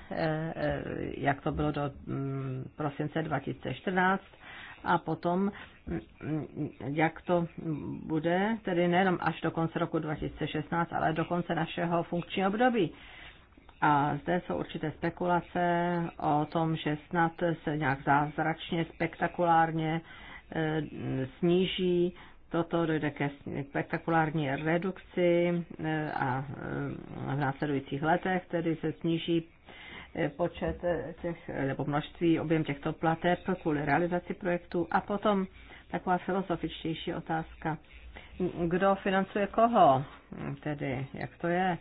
[SPEAKER 3] jak to bylo do mm, prosince 2014 a potom, mm, jak to bude, tedy nejenom až do konce roku 2016, ale do konce našeho funkčního období. A zde jsou určité spekulace o tom, že snad se nějak zázračně, spektakulárně e, sníží toto, dojde ke spektakulární redukci e, a e, v následujících letech tedy se sníží počet těch, nebo množství, objem těchto plateb kvůli realizaci projektů. A potom taková filozofičtější otázka. Kdo financuje koho? Tedy, jak to je?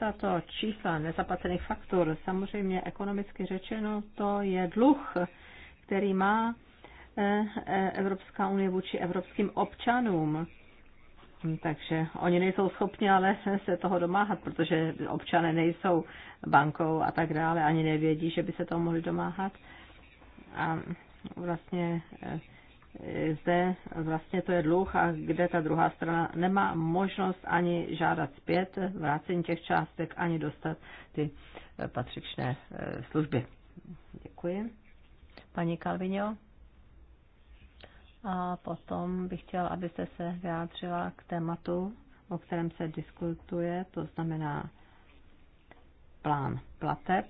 [SPEAKER 3] tato čísla nezaplacených faktur, samozřejmě ekonomicky řečeno, to je dluh, který má eh, eh, Evropská unie vůči evropským občanům. Takže oni nejsou schopni ale se toho domáhat, protože občané nejsou bankou a tak dále, ani nevědí, že by se toho mohli domáhat. A vlastně eh, zde vlastně to je dluh a kde ta druhá strana nemá možnost ani žádat zpět vrácení těch částek, ani dostat ty eh, patřičné eh, služby. Děkuji. Paní Kalvinio? A potom bych chtěl, abyste se vyjádřila k tématu, o kterém se diskutuje, to znamená plán plateb.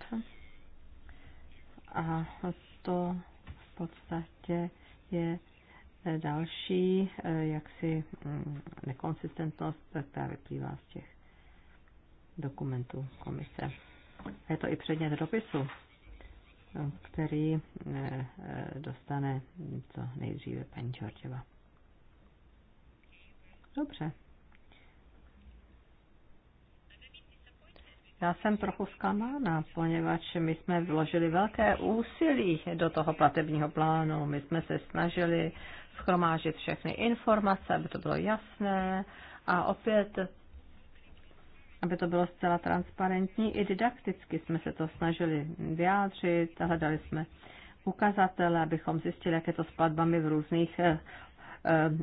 [SPEAKER 3] A to v podstatě je Eh, další eh, jaksi mm, nekonsistentnost, která vyplývá z těch dokumentů komise. Je to i předmět dopisu, který eh, dostane co nejdříve paní Čorčeva. Dobře. Já jsem trochu zklamána, poněvadž my jsme vložili velké úsilí do toho platebního plánu. My jsme se snažili schromážit všechny informace, aby to bylo jasné a opět, aby to bylo zcela transparentní. I didakticky jsme se to snažili vyjádřit, hledali jsme ukazatele, abychom zjistili, jak je to s platbami v různých eh,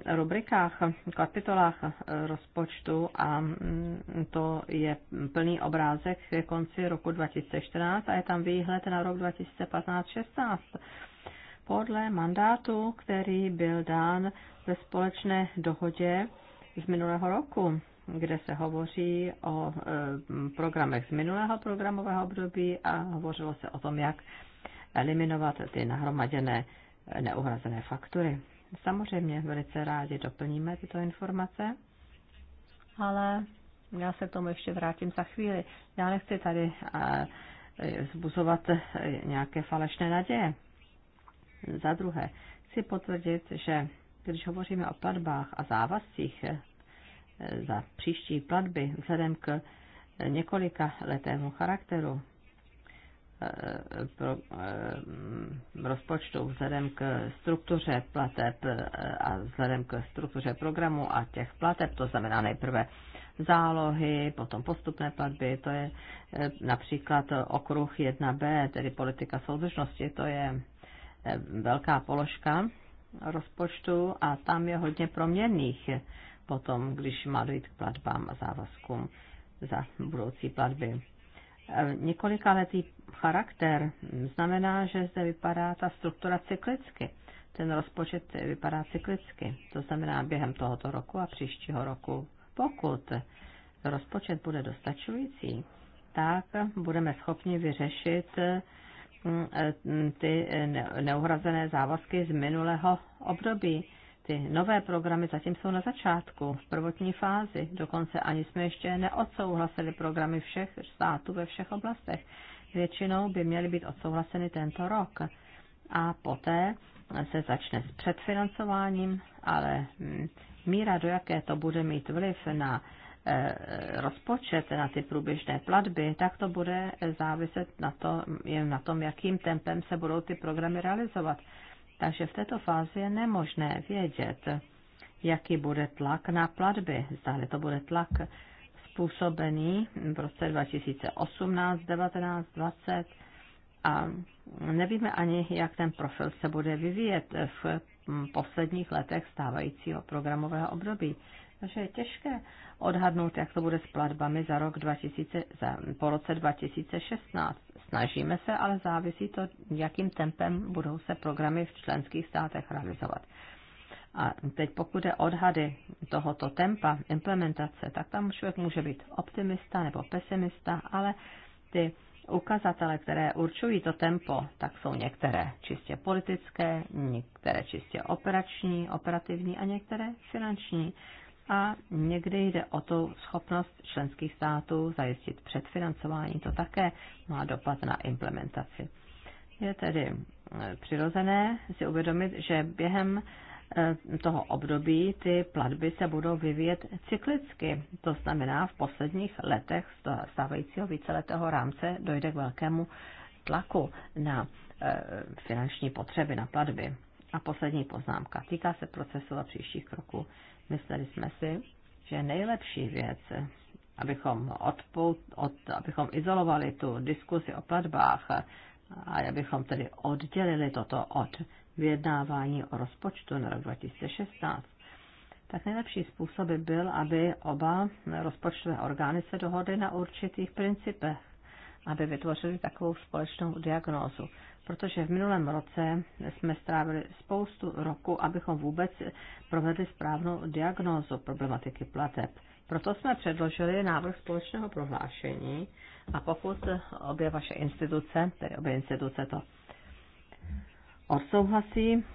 [SPEAKER 3] eh, rubrikách, kapitolách eh, rozpočtu a mm, to je plný obrázek ke konci roku 2014 a je tam výhled na rok 2015-16 podle mandátu, který byl dán ve společné dohodě z minulého roku, kde se hovoří o eh, programech z minulého programového období a hovořilo se o tom, jak eliminovat ty nahromaděné eh, neuhrazené faktury. Samozřejmě velice rádi doplníme tyto informace, ale já se k tomu ještě vrátím za chvíli. Já nechci tady eh, zbuzovat nějaké falešné naděje. Za druhé, chci potvrdit, že když hovoříme o platbách a závazcích eh, za příští platby vzhledem k několika letému charakteru eh, pro, eh, rozpočtu vzhledem k struktuře plateb a vzhledem k struktuře programu a těch plateb, to znamená nejprve zálohy, potom postupné platby, to je například okruh 1b, tedy politika soudržnosti, to je velká položka rozpočtu a tam je hodně proměrných potom, když má dojít k platbám a závazkům za budoucí platby. Několikaletý charakter znamená, že zde vypadá ta struktura cyklicky. Ten rozpočet vypadá cyklicky. To znamená během tohoto roku a příštího roku. Pokud rozpočet bude dostačující, tak budeme schopni vyřešit Mm, eh, ty eh, neuhrazené závazky z minulého období. Ty nové programy zatím jsou na začátku, v prvotní fázi. Dokonce ani jsme ještě neodsouhlasili programy všech států ve všech oblastech. Většinou by měly být odsouhlaseny tento rok. A poté se začne s předfinancováním, ale mm, míra, do jaké to bude mít vliv na Eh, rozpočet na ty průběžné platby, tak to bude záviset na, to, jen na tom, jakým tempem se budou ty programy realizovat. Takže v této fázi je nemožné vědět, jaký bude tlak na platby. Zdále to bude tlak způsobený v roce 2018, 19, 20 a nevíme ani, jak ten profil se bude vyvíjet v posledních letech stávajícího programového období. Takže je těžké odhadnout, jak to bude s platbami za rok 2000, za, po roce 2016. Snažíme se, ale závisí to, jakým tempem budou se programy v členských státech realizovat. A teď pokud je odhady tohoto tempa implementace, tak tam člověk může být optimista nebo pesimista, ale ty ukazatele, které určují to tempo, tak jsou některé čistě politické, některé čistě operační, operativní a některé finanční a někdy jde o to schopnost členských států zajistit předfinancování. To také má dopad na implementaci. Je tedy eh, přirozené si uvědomit, že během eh, toho období ty platby se budou vyvíjet cyklicky. To znamená, v posledních letech stávajícího víceletého rámce dojde k velkému tlaku na eh, finanční potřeby, na platby. A poslední poznámka týká se procesu a příštích kroků. Mysleli jsme si, že nejlepší věc, abychom, odpout, od, abychom izolovali tu diskusi o platbách a abychom tedy oddělili toto od vyjednávání o rozpočtu na rok 2016, tak nejlepší způsob by byl, aby oba rozpočtové orgány se dohodly na určitých principech, aby vytvořili takovou společnou diagnózu protože v minulém roce jsme strávili spoustu roku, abychom vůbec provedli správnou diagnózu problematiky plateb. Proto jsme předložili návrh společného prohlášení a pokud obě vaše instituce, tedy obě instituce to odsouhlasí,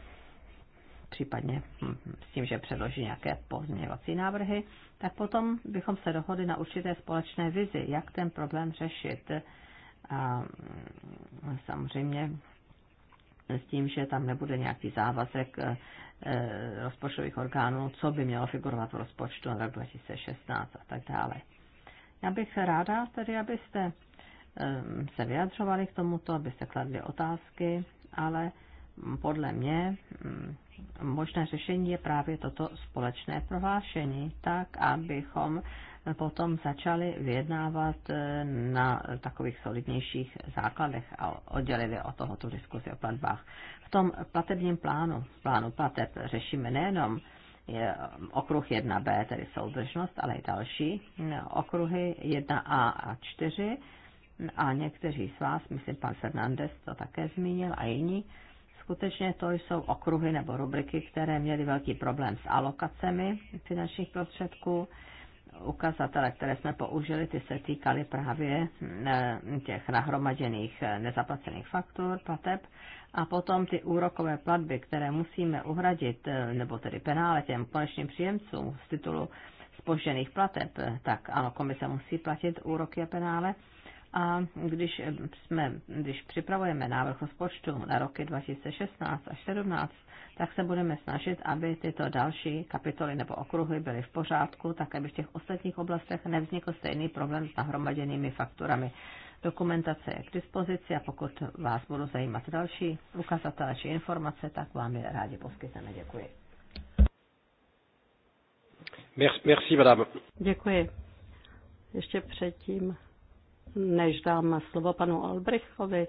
[SPEAKER 3] případně hm, s tím, že předloží nějaké pozměňovací návrhy, tak potom bychom se dohodli na určité společné vizi, jak ten problém řešit a mm, samozřejmě s tím, že tam nebude nějaký závazek e, e, rozpočtových orgánů, co by mělo figurovat v rozpočtu na rok 2016 a tak dále. Já bych ráda tedy, abyste e, se vyjadřovali k tomuto, abyste kladli otázky, ale podle mě mm, možné řešení je právě toto společné prohlášení, tak abychom potom začali vyjednávat eh, na takových solidnějších základech a oddělili od toho tu diskusi o platbách. V tom platebním plánu, plánu plateb, řešíme nejenom je eh, okruh 1b, tedy soudržnost, ale i další eh, okruhy 1a a 4. A někteří z vás, myslím, pan Fernandez to také zmínil a jiní, skutečně to jsou okruhy nebo rubriky, které měly velký problém s alokacemi finančních prostředků ukazatele, které jsme použili, ty se týkaly právě eh, těch nahromaděných eh, nezaplacených faktur, plateb a potom ty úrokové platby, které musíme uhradit, eh, nebo tedy penále těm konečným příjemcům z titulu spožděných plateb, tak ano, komise musí platit úroky a penále a když, eh, jsme, když připravujeme návrh rozpočtu na roky 2016 až 2017, tak se budeme snažit, aby tyto další kapitoly nebo okruhy byly v pořádku, tak aby v těch ostatních oblastech nevznikl stejný problém s nahromaděnými fakturami. Dokumentace je k dispozici a pokud vás budou zajímat další ukazatele či informace, tak vám je rádi poskytneme. Děkuji.
[SPEAKER 1] Merci, merci madame.
[SPEAKER 2] Děkuji. Ještě předtím než dám slovo panu Albrechovi.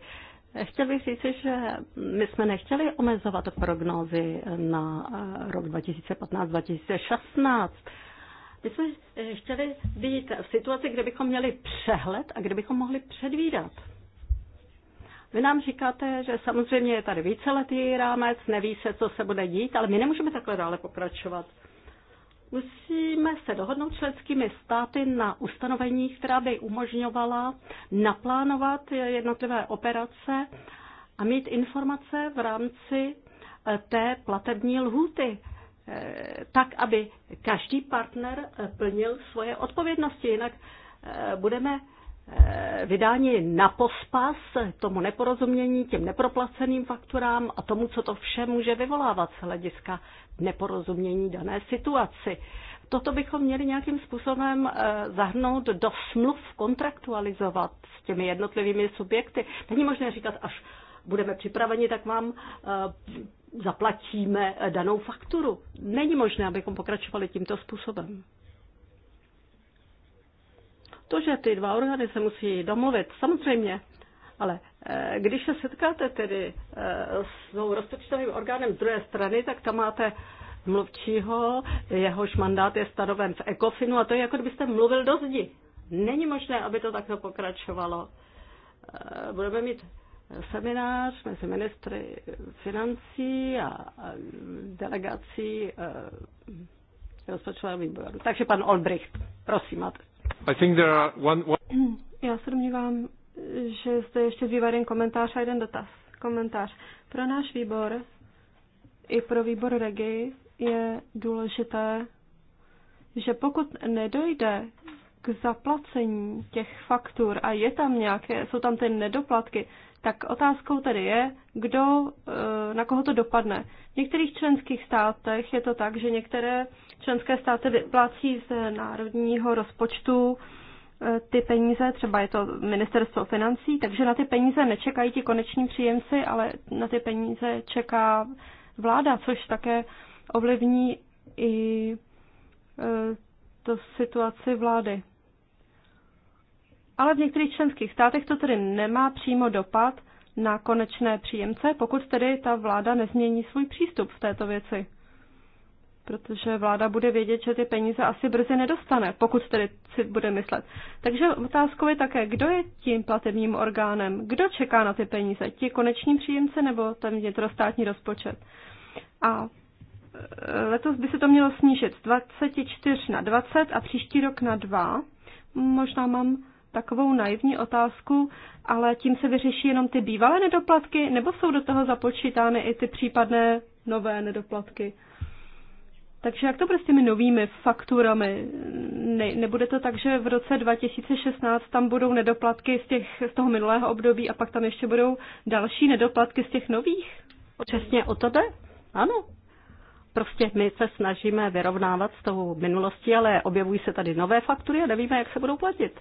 [SPEAKER 2] Chtěl bych říct, že my jsme nechtěli omezovat prognózy na eh, rok 2015-2016. My jsme eh, chtěli být v situaci, kde bychom měli přehled a kde bychom mohli předvídat. Vy nám říkáte, že samozřejmě je tady víceletý rámec, neví se, co se bude dít, ale my nemůžeme takhle dále pokračovat. Musíme se dohodnout členskými státy na ustanovení, která by umožňovala naplánovat jednotlivé operace a mít informace v rámci eh, té platební lhůty, eh, tak, aby každý partner eh, plnil svoje odpovědnosti. Jinak budeme Eh, Vydání na pospas tomu neporozumění, těm neproplaceným fakturám a tomu, co to vše může vyvolávat z hlediska neporozumění dané situaci. Toto bychom měli nějakým způsobem eh, zahrnout do smluv, kontraktualizovat s těmi jednotlivými subjekty. Není možné říkat, až budeme připraveni, tak vám eh, zaplatíme danou fakturu. Není možné, abychom pokračovali tímto způsobem. To, že ty dva orgány se musí domluvit, samozřejmě, ale eh, když se setkáte tedy eh, s tou rozpočtovým orgánem z druhé strany, tak tam máte mluvčího, jehož mandát je stanoven v ECOFINu a to je jako kdybyste mluvil do zdi. Není možné, aby to takto pokračovalo. Eh, budeme mít seminář mezi ministry financí a delegací rozpočtového výboru. Takže pan Olbricht, prosím, máte
[SPEAKER 1] i think there are one, one...
[SPEAKER 2] Já se domnívám, že zde ještě zbývá jeden komentář a jeden dotaz. Komentář. Pro náš výbor i pro výbor regi je důležité, že pokud nedojde k zaplacení těch faktur a je tam nějaké, jsou tam ty nedoplatky, tak otázkou tedy je, kdo, eh, na koho to dopadne. V některých členských státech je to tak, že některé Členské státy vyplácí z národního rozpočtu e, ty peníze, třeba je to ministerstvo financí, takže na ty peníze nečekají ti koneční příjemci, ale na ty peníze čeká vláda, což také ovlivní i e, to situaci vlády. Ale v některých členských státech to tedy nemá přímo dopad na konečné příjemce, pokud tedy ta vláda nezmění svůj přístup v této věci protože vláda bude vědět, že ty peníze asi brzy nedostane, pokud tedy si bude myslet. Takže otázkou je také, kdo je tím platebním orgánem, kdo čeká na ty peníze, ti koneční příjemce nebo ten vnitrostátní rozpočet. A e, letos by se to mělo snížit z 24 na 20 a příští rok na 2. Možná mám takovou naivní otázku, ale tím se vyřeší jenom ty bývalé nedoplatky, nebo jsou do toho započítány i ty případné nové nedoplatky? Takže jak to bude prostě s těmi novými fakturami? Ne, nebude to tak, že v roce 2016 tam budou nedoplatky z, těch, z toho minulého období a pak tam ještě budou další nedoplatky z těch nových? Přesně o to jde, ano. Prostě my se snažíme vyrovnávat s tou minulostí, ale objevují se tady nové faktury a nevíme, jak se budou platit.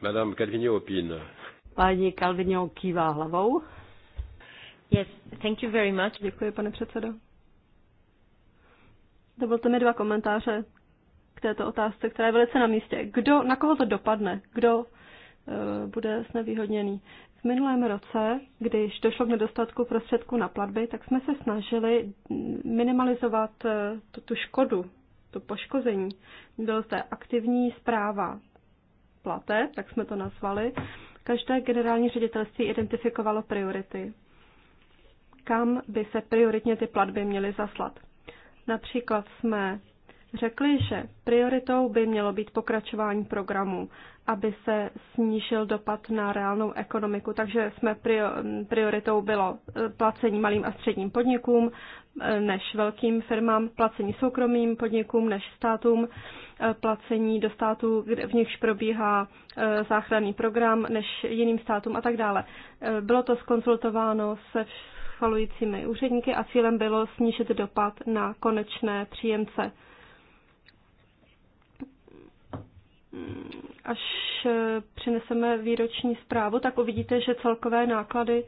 [SPEAKER 4] Madame Calvinio opin.
[SPEAKER 2] Paní Calvinio kývá hlavou. Yes, thank you very much. Děkuji, pane předsedo. Dovolte mi dva komentáře k této otázce, která je velice na místě. Kdo, na koho to dopadne? Kdo uh, bude znevýhodněný? V minulém roce, když došlo k nedostatku prostředků na platby, tak jsme se snažili minimalizovat eh, tu, tu škodu, to poškození. Byla to aktivní zpráva plate, tak jsme to nazvali. Každé generální ředitelství identifikovalo priority kam by se prioritně ty platby měly zaslat. Například jsme řekli, že prioritou by mělo být pokračování programu, aby se snížil dopad na reálnou ekonomiku. Takže jsme prioritou bylo eh, placení malým a středním podnikům eh, než velkým firmám, placení soukromým podnikům než státům, eh, placení do států, v nichž probíhá záchranný program než jiným státům a tak dále. Bylo to skonsultováno se, schvalujícími úředníky a cílem bylo snížit dopad na konečné příjemce. Až eh, přineseme výroční zprávu, tak uvidíte, že celkové náklady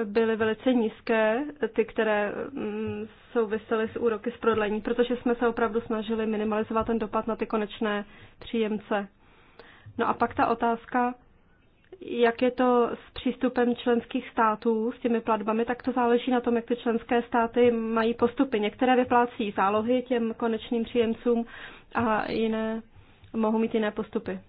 [SPEAKER 2] eh, byly velice nízké, eh, ty, které mm, souvisely s úroky z prodlení, protože jsme se opravdu snažili minimalizovat ten dopad na ty konečné příjemce. No a pak ta otázka jak je to s přístupem členských států, s těmi platbami, tak to záleží na tom, jak ty členské státy mají postupy. Některé vyplácí zálohy těm konečným příjemcům a jiné mohou mít jiné postupy.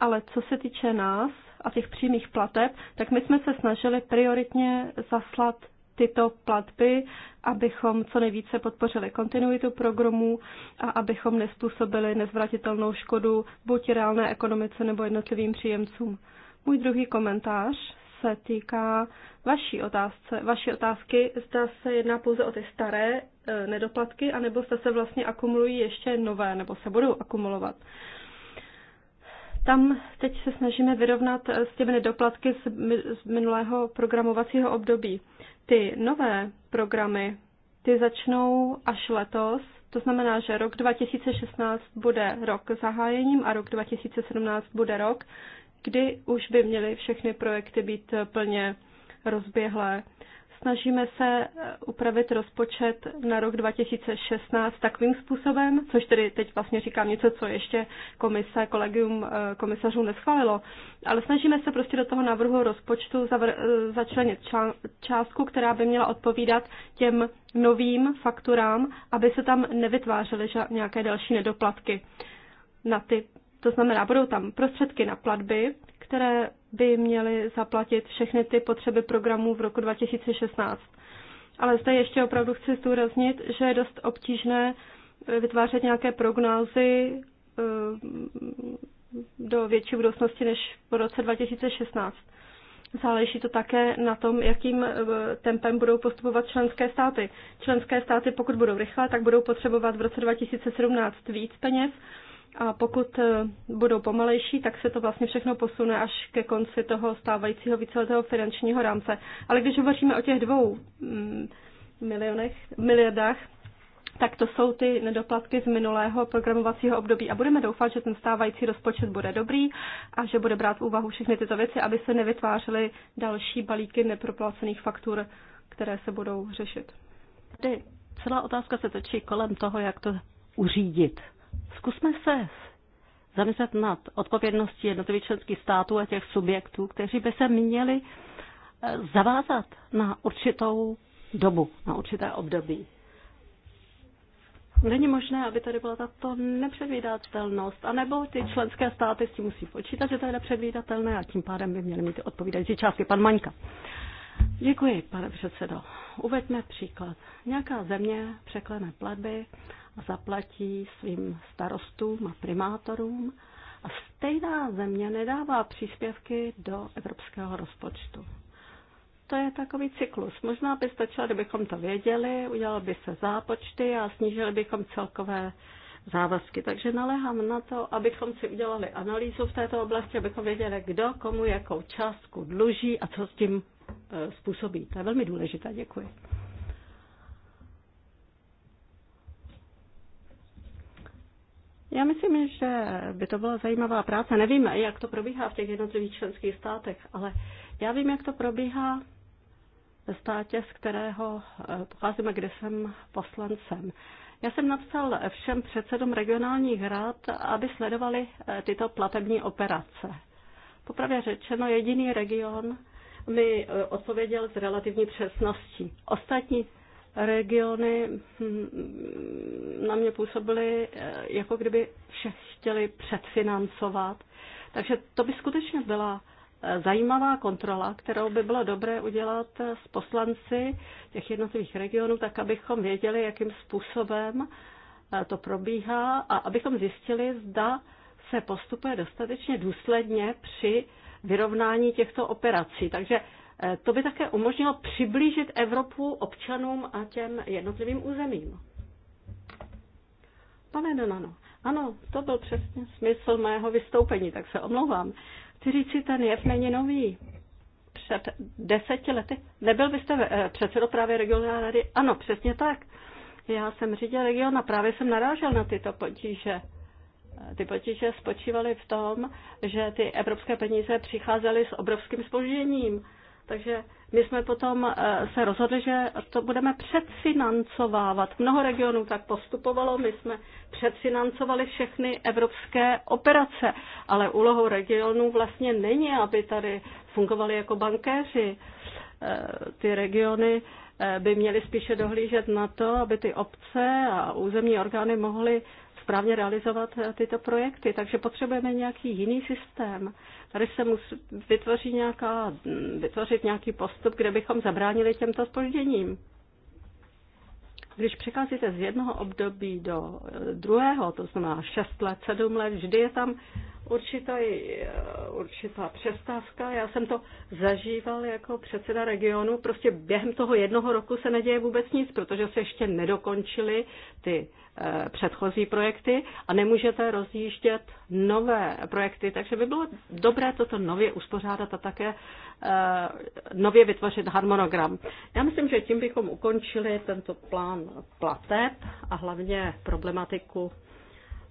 [SPEAKER 2] Ale co se týče nás a těch přímých plateb, tak my jsme se snažili prioritně zaslat tyto platby, abychom co nejvíce podpořili kontinuitu programů a abychom nespůsobili nezvratitelnou škodu buď reálné ekonomice nebo jednotlivým příjemcům. Můj druhý komentář se týká vaší, otázce, vaší otázky, zda se jedná pouze o ty staré e, nedoplatky, anebo zda se vlastně akumulují ještě nové, nebo se budou akumulovat. E, tam teď se snažíme vyrovnat eh, s těmi nedoplatky z minulého programovacího období. Ty nové programy, ty začnou až letos, to znamená, že rok 2016 bude rok zahájením a rok 2017 bude rok, kdy už by měly všechny projekty být plně rozběhlé snažíme se eh, upravit rozpočet na rok 2016 takovým způsobem, což tedy teď vlastně říkám něco, co ještě komise, kolegium eh, komisařů neschválilo, ale snažíme se prostě do toho návrhu rozpočtu eh, začlenit částku, která by měla odpovídat těm novým fakturám, aby se tam nevytvářely nějaké další nedoplatky na ty to znamená, budou tam prostředky na platby, které by měly zaplatit všechny ty potřeby programů v roku 2016. Ale zde ještě opravdu chci zdůraznit, že je dost obtížné eh, vytvářet nějaké prognózy eh, do větší budoucnosti než po roce 2016. Záleží to také na tom, jakým eh, tempem budou postupovat členské státy. Členské státy, pokud budou rychle, tak budou potřebovat v roce 2017 víc peněz a pokud e, budou pomalejší, tak se to vlastně všechno posune až ke konci toho stávajícího víceletého finančního rámce. Ale když hovoříme o těch dvou mm, milionech, miliardách, tak to jsou ty nedoplatky z minulého programovacího období a budeme doufat, že ten stávající rozpočet bude dobrý a že bude brát v úvahu všechny tyto věci, aby se nevytvářely další balíky neproplacených faktur, které se budou řešit. Tady celá otázka se točí kolem toho, jak to uřídit Zkusme se zamyslet nad odpovědností jednotlivých členských států a těch subjektů, kteří by se měli eh, zavázat na určitou dobu, na určité období. Není možné, aby tady byla tato nepředvídatelnost, anebo ty členské státy si musí počítat, že to je nepředvídatelné a tím pádem by měly mít odpovídající částky. Pan Maňka. Děkuji, pane předsedo. Uveďme příklad. Nějaká země překlene platby zaplatí svým starostům a primátorům a stejná země nedává příspěvky do evropského rozpočtu. To je takový cyklus. Možná by stačilo, kdybychom to věděli, udělali by se zápočty a snížili bychom celkové závazky. Takže naléhám na to, abychom si udělali analýzu v této oblasti, abychom věděli, kdo komu jakou částku dluží a co s tím eh, způsobí. To je velmi důležité. Děkuji. Já myslím, že by to byla zajímavá práce. Nevím, jak to probíhá v těch jednotlivých členských státech, ale já vím, jak to probíhá ve státě, z kterého eh, pocházím a kde jsem poslancem. Já jsem napsal všem předsedům regionálních rad, aby sledovali eh, tyto platební operace. Popravě řečeno, jediný region mi eh, odpověděl s relativní přesností. Ostatní regiony hm, na mě působily, eh, jako kdyby vše chtěli předfinancovat. Takže to by skutečně byla eh, zajímavá kontrola, kterou by bylo dobré udělat eh, s poslanci těch jednotlivých regionů, tak abychom věděli, jakým způsobem to probíhá a abychom zjistili, zda se postupuje dostatečně důsledně při vyrovnání těchto operací. Takže Eh, to by také umožnilo přiblížit Evropu občanům a těm jednotlivým územím. Pane Donano, ano, to byl přesně smysl mého vystoupení, tak se omlouvám. Chci říct ten jev není nový. Před deseti lety, nebyl byste eh, předsedo právě regionální rady? Ano, přesně tak. Já jsem řídil region a právě jsem narážel na tyto potíže. Eh, ty potíže spočívaly v tom, že ty evropské peníze přicházely s obrovským spožděním takže my jsme potom eh, se rozhodli, že to budeme předfinancovávat. Mnoho regionů tak postupovalo, my jsme předfinancovali všechny evropské operace, ale úlohou regionů vlastně není, aby tady fungovali jako bankéři. Eh, ty regiony eh, by měly spíše dohlížet na to, aby ty obce a územní orgány mohly správně realizovat eh, tyto projekty. Takže potřebujeme nějaký jiný systém. Tady se musí vytvořit, nějaká, mm, vytvořit nějaký postup, kde bychom zabránili těmto spožděním. Když přecházíte z jednoho období do eh, druhého, to znamená 6 let, 7 let, vždy je tam určitá, eh, určitá přestávka. Já jsem to zažíval jako předseda regionu. Prostě během toho jednoho roku se neděje vůbec nic, protože se ještě nedokončily ty eh, předchozí projekty a nemůžete rozjíždět nové projekty. Takže by bylo dobré toto nově uspořádat a také eh, nově vytvořit harmonogram. Já myslím, že tím bychom ukončili tento plán plateb a hlavně problematiku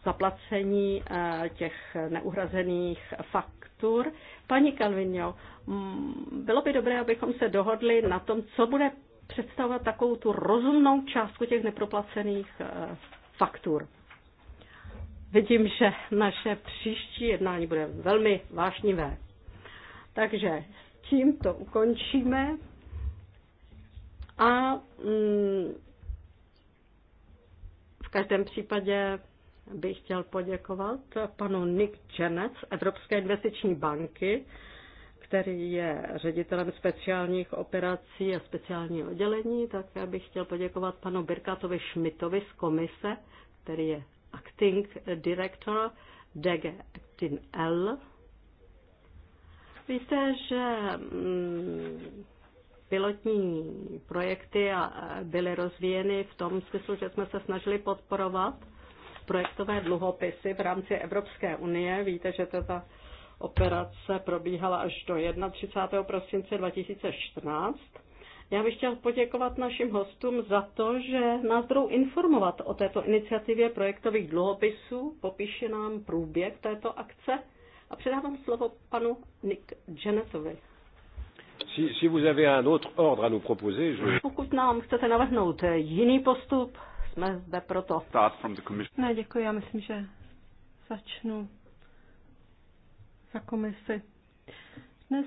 [SPEAKER 2] zaplacení eh, těch neuhrazených faktur. Paní Calvino, mm, bylo by dobré, abychom se dohodli na tom, co bude představovat takovou tu rozumnou částku těch neproplacených eh, faktur. Vidím, že naše příští jednání bude velmi vášnivé. Takže tím to ukončíme a mm, v každém případě bych chtěl poděkovat panu Nick Čenec Evropské investiční banky, který je ředitelem speciálních operací a speciálního oddělení. já bych chtěl poděkovat panu Birkatovi Šmitovi z komise, který je acting director DG Actin L. Víte, že mm, pilotní projekty byly rozvíjeny v tom smyslu, že jsme se snažili podporovat projektové dluhopisy v rámci Evropské unie. Víte, že tato operace probíhala až do 31. prosince 2014. Já bych chtěl poděkovat našim hostům za to, že nás budou informovat o této iniciativě projektových dluhopisů, popíše nám průběh této akce a předávám slovo panu Nick Janetovi.
[SPEAKER 4] Si, si vous avez un autre ordre à nous proposer, je...
[SPEAKER 2] Pokud nám chcete navrhnout jiný postup, jsme zde proto. Ne, děkuji, já myslím, že začnu za komisi. Dnes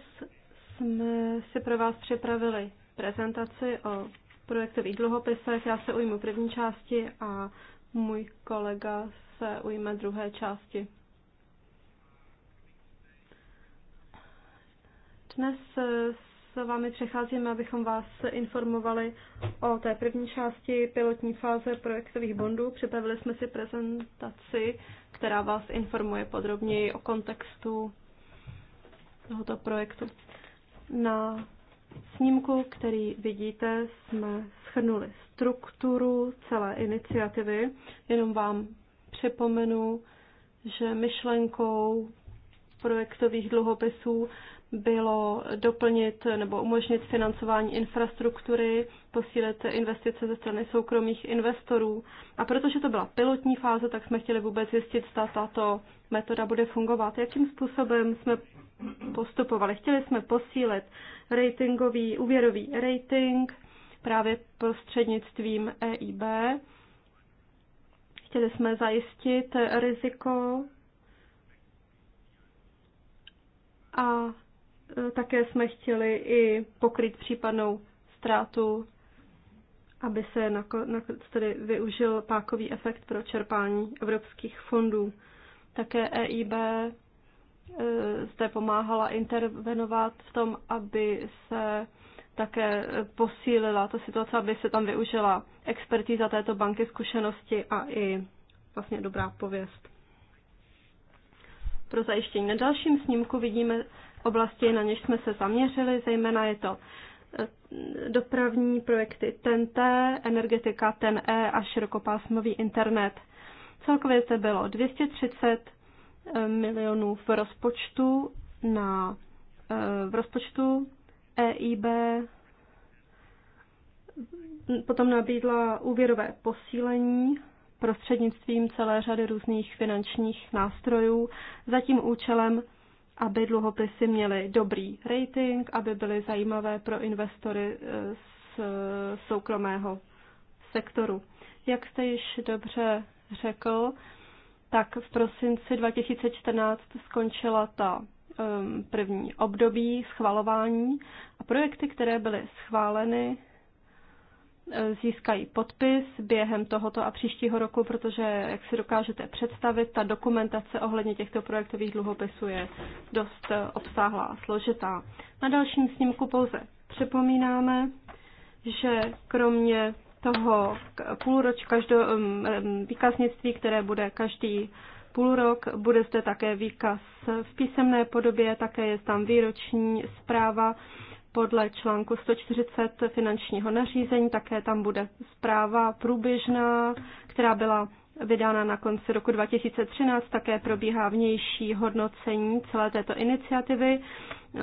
[SPEAKER 2] jsme si pro vás připravili prezentaci o projektových dluhopisech. Já se ujmu první části a můj kolega se ujme druhé části. Dnes za vámi přecházíme, abychom vás informovali o té první části pilotní fáze projektových bondů. Připravili jsme si prezentaci, která vás informuje podrobněji o kontextu tohoto projektu. Na snímku, který vidíte, jsme schrnuli strukturu celé iniciativy. Jenom vám připomenu, že myšlenkou projektových dluhopisů bylo doplnit nebo umožnit financování infrastruktury, posílit investice ze strany soukromých investorů. A protože to byla pilotní fáze, tak jsme chtěli vůbec zjistit, zda tato metoda bude fungovat. Jakým způsobem jsme postupovali? Chtěli jsme posílit ratingový, úvěrový rating právě prostřednictvím EIB. Chtěli jsme zajistit riziko a Eh, také jsme chtěli i pokryt případnou ztrátu, aby se nakonec tedy využil pákový efekt pro čerpání evropských fondů. Také EIB eh, zde pomáhala intervenovat v tom, aby se také posílila ta situace, aby se tam využila expertíza této banky, zkušenosti a i vlastně dobrá pověst. Pro zajištění na dalším snímku vidíme oblasti, na něž jsme se zaměřili, zejména je to eh, dopravní projekty TNT, energetika TNE a širokopásmový internet. Celkově to bylo 230 eh, milionů v rozpočtu na eh, v rozpočtu EIB potom nabídla úvěrové posílení prostřednictvím celé řady různých finančních nástrojů za tím účelem, aby dluhopisy měly dobrý rating, aby byly zajímavé pro investory eh, z eh, soukromého sektoru. Jak jste již dobře řekl, tak v prosinci 2014 skončila ta um, první období schvalování a projekty, které byly schváleny, Eh, získají podpis během tohoto a příštího roku, protože, jak si dokážete představit, ta dokumentace ohledně těchto projektových dluhopisů je dost eh, obsáhlá a složitá. Na dalším snímku pouze připomínáme, že kromě toho půlroč každo, mm, mm, výkaznictví, které bude každý půl rok. Bude zde také výkaz v písemné podobě, také je tam výroční zpráva podle článku 140 finančního nařízení. Také tam bude zpráva průběžná, která byla vydána na konci roku 2013. Také probíhá vnější hodnocení celé této iniciativy.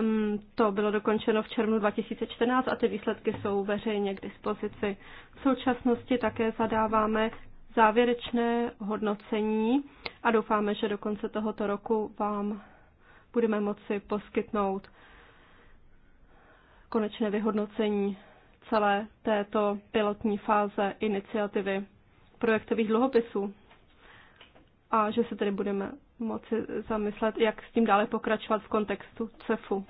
[SPEAKER 2] Mm, to bylo dokončeno v červnu 2014 a ty výsledky jsou veřejně k dispozici. V současnosti také zadáváme závěrečné hodnocení a doufáme, že do konce tohoto roku vám budeme moci poskytnout konečné vyhodnocení celé této pilotní fáze iniciativy projektových dluhopisů a že se tedy budeme moci zamyslet, jak s tím dále pokračovat v kontextu CEFu.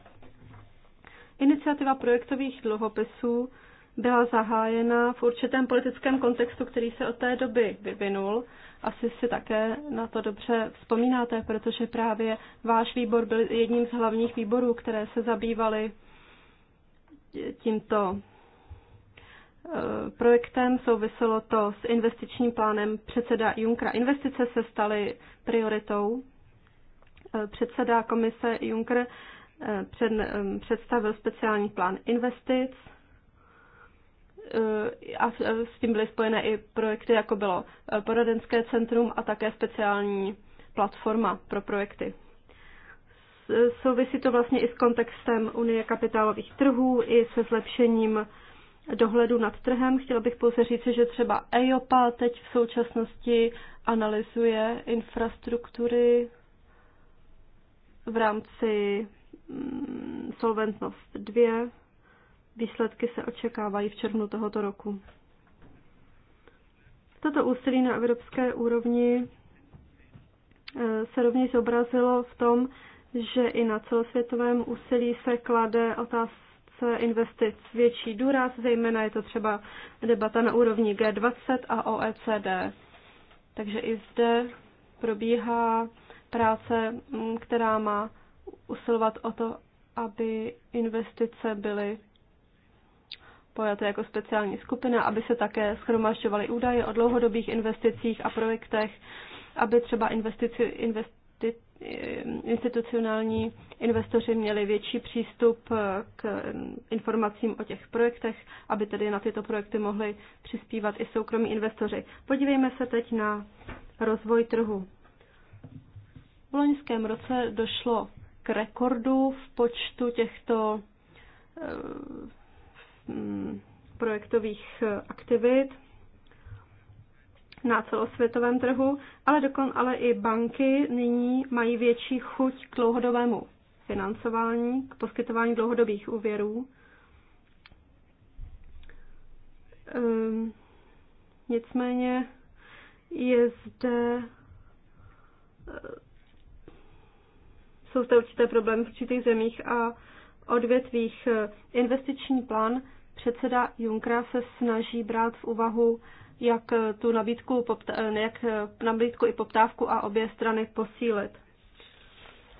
[SPEAKER 2] Iniciativa projektových dluhopisů byla zahájena v určitém politickém kontextu, který se od té doby vyvinul. Asi si také na to dobře vzpomínáte, protože právě váš výbor byl jedním z hlavních výborů, které se zabývaly tímto eh, projektem, souviselo to s investičním plánem předseda Junkra. Investice se staly prioritou. Eh, předseda komise Juncker eh, představil speciální plán investic a s tím byly spojené i projekty, jako bylo poradenské centrum a také speciální platforma pro projekty souvisí to vlastně i s kontextem Unie kapitálových trhů, i se zlepšením dohledu nad trhem. Chtěla bych pouze říct, že třeba EIOPA teď v současnosti analyzuje infrastruktury v rámci mm, Solventnost 2. Výsledky se očekávají v červnu tohoto roku. Toto úsilí na evropské úrovni eh, se rovněž zobrazilo v tom, že i na celosvětovém úsilí se klade otázce investic větší důraz, zejména je to třeba debata na úrovni G20 a OECD. Takže i zde probíhá práce, mm, která má usilovat o to, aby investice byly pojaté jako speciální skupina, aby se také schromažďovaly údaje o dlouhodobých investicích a projektech, aby třeba investici, investi, Eh, institucionální investoři měli větší přístup k eh, informacím o těch projektech, aby tedy na tyto projekty mohli přispívat i soukromí investoři. Podívejme se teď na rozvoj trhu. V loňském roce došlo k rekordu v počtu těchto eh, mm, projektových aktivit na celosvětovém trhu, ale dokon, ale i banky nyní mají větší chuť k dlouhodobému financování, k poskytování dlouhodobých úvěrů. Ehm, nicméně je zde eh, jsou zde určité problémy v určitých zemích a odvětvích. Investiční plán předseda Junkra se snaží brát v úvahu jak eh, tu nabídku, eh, jak eh, nabídku i poptávku a obě strany posílit.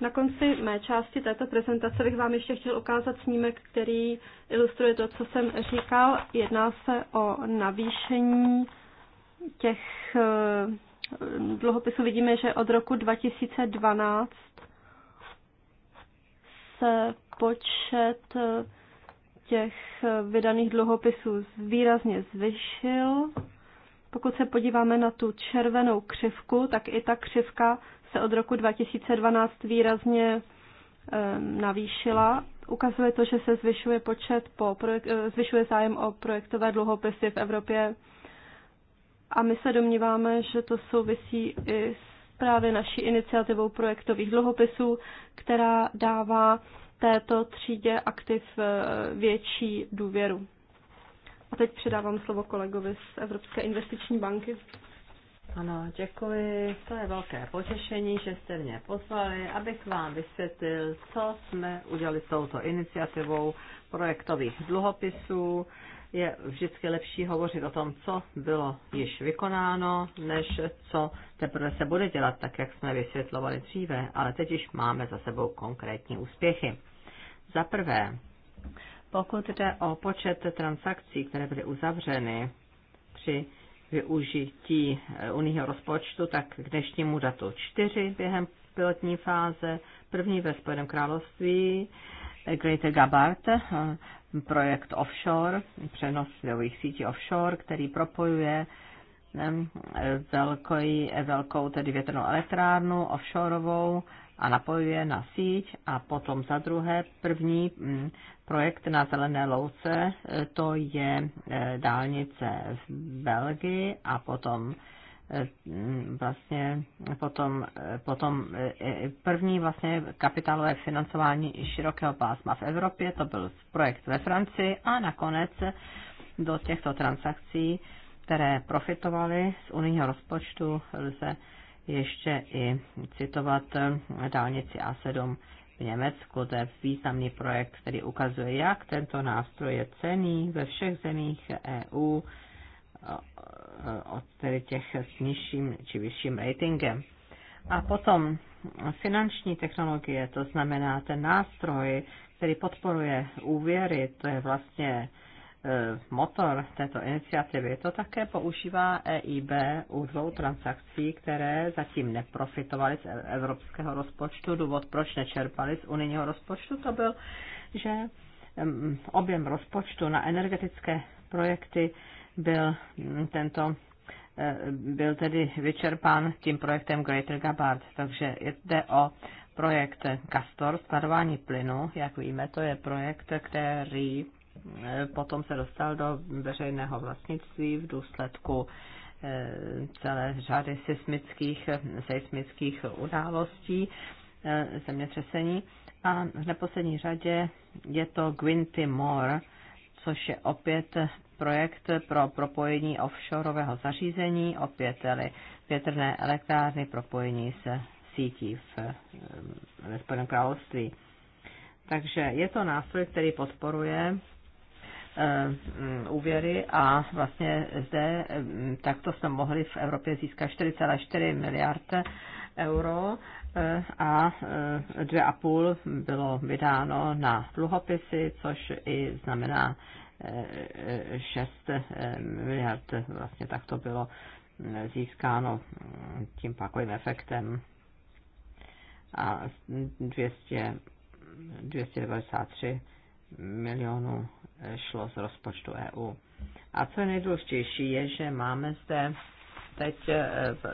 [SPEAKER 2] Na konci mé části této prezentace bych vám ještě chtěl ukázat snímek, který ilustruje to, co jsem říkal. Jedná se o navýšení těch dluhopisů. Vidíme, že od roku 2012 se počet těch vydaných dluhopisů výrazně zvyšil. Pokud se podíváme na tu červenou křivku, tak i ta křivka se od roku 2012 výrazně ehm, navýšila. Ukazuje to, že se zvyšuje počet po projek- eh, zvyšuje zájem o projektové dluhopisy v Evropě. A my se domníváme, že to souvisí i s právě naší iniciativou projektových dluhopisů, která dává této třídě aktiv eh, větší důvěru. A teď předávám slovo kolegovi z Evropské investiční banky. Ano, děkuji. To je
[SPEAKER 3] velké potěšení, že jste mě pozvali, abych vám vysvětlil, co jsme udělali s touto iniciativou projektových dluhopisů. Je vždycky lepší hovořit o tom, co bylo již vykonáno, než co teprve se bude dělat, tak jak jsme vysvětlovali dříve, ale teď již máme za sebou konkrétní úspěchy. Za prvé, pokud jde o počet transakcí, které byly uzavřeny při využití eh, unijního rozpočtu, tak k dnešnímu datu čtyři během pilotní fáze, první ve Spojeném království, eh, Greater Gabart, eh, projekt offshore, přenos videových sítí offshore, který propojuje velkou, velkou tedy větrnou elektrárnu offshoreovou a napojuje na síť a potom za druhé první mm, projekt na Zelené louce, e, to je e, dálnice v Belgii a potom e, mm, vlastně potom, potom první vlastně kapitálové financování širokého pásma v Evropě, to byl projekt ve Francii a nakonec do těchto transakcí, které profitovaly z unijního rozpočtu, lze ještě i citovat dálnici A7 v Německu. To je významný projekt, který ukazuje, jak tento nástroj je cený ve všech zemích EU, od tedy těch s nižším či vyšším ratingem. A potom finanční technologie, to znamená ten nástroj, který podporuje úvěry, to je vlastně E, motor této iniciativy, to také používá EIB u dvou transakcí, které zatím neprofitovaly z evropského rozpočtu. Důvod, proč nečerpali z unijního rozpočtu, to byl, že objem rozpočtu na energetické projekty byl mm, tento e, byl tedy vyčerpán tím projektem Greater Gabard, takže jde o projekt Castor, skladování plynu, jak víme, to je projekt, který Eh, potom se dostal do veřejného vlastnictví v důsledku eh, celé řady seismických, seismických událostí, eh, zemětřesení. A v neposlední řadě je to Gwinty Moore, což je opět projekt pro propojení offshoreového zařízení, opět tedy větrné elektrárny propojení se sítí v, ve Spojeném království. Takže je to nástroj, který podporuje Eh, úvěry a vlastně zde eh, takto jsme mohli v Evropě získat 4,4 miliard euro eh, a 2,5 bylo vydáno na dluhopisy, což i znamená 6 miliard vlastně takto bylo získáno hm, tím pakovým efektem a 200, 293 milionů eh, šlo z rozpočtu EU. A co je nejdůležitější, je, že máme zde teď eh,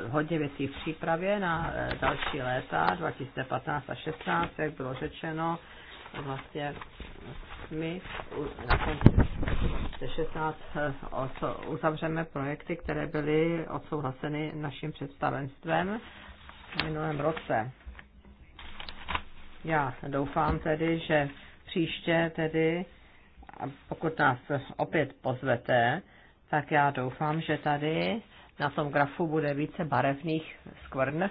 [SPEAKER 3] hodně věcí v přípravě na eh, další léta 2015 a 16, jak bylo řečeno. Vlastně my na konci 16 uzavřeme projekty, které byly odsouhlaseny naším představenstvem v minulém roce. Já doufám tedy, že příště tedy, pokud nás opět pozvete, tak já doufám, že tady na tom grafu bude více barevných skvrn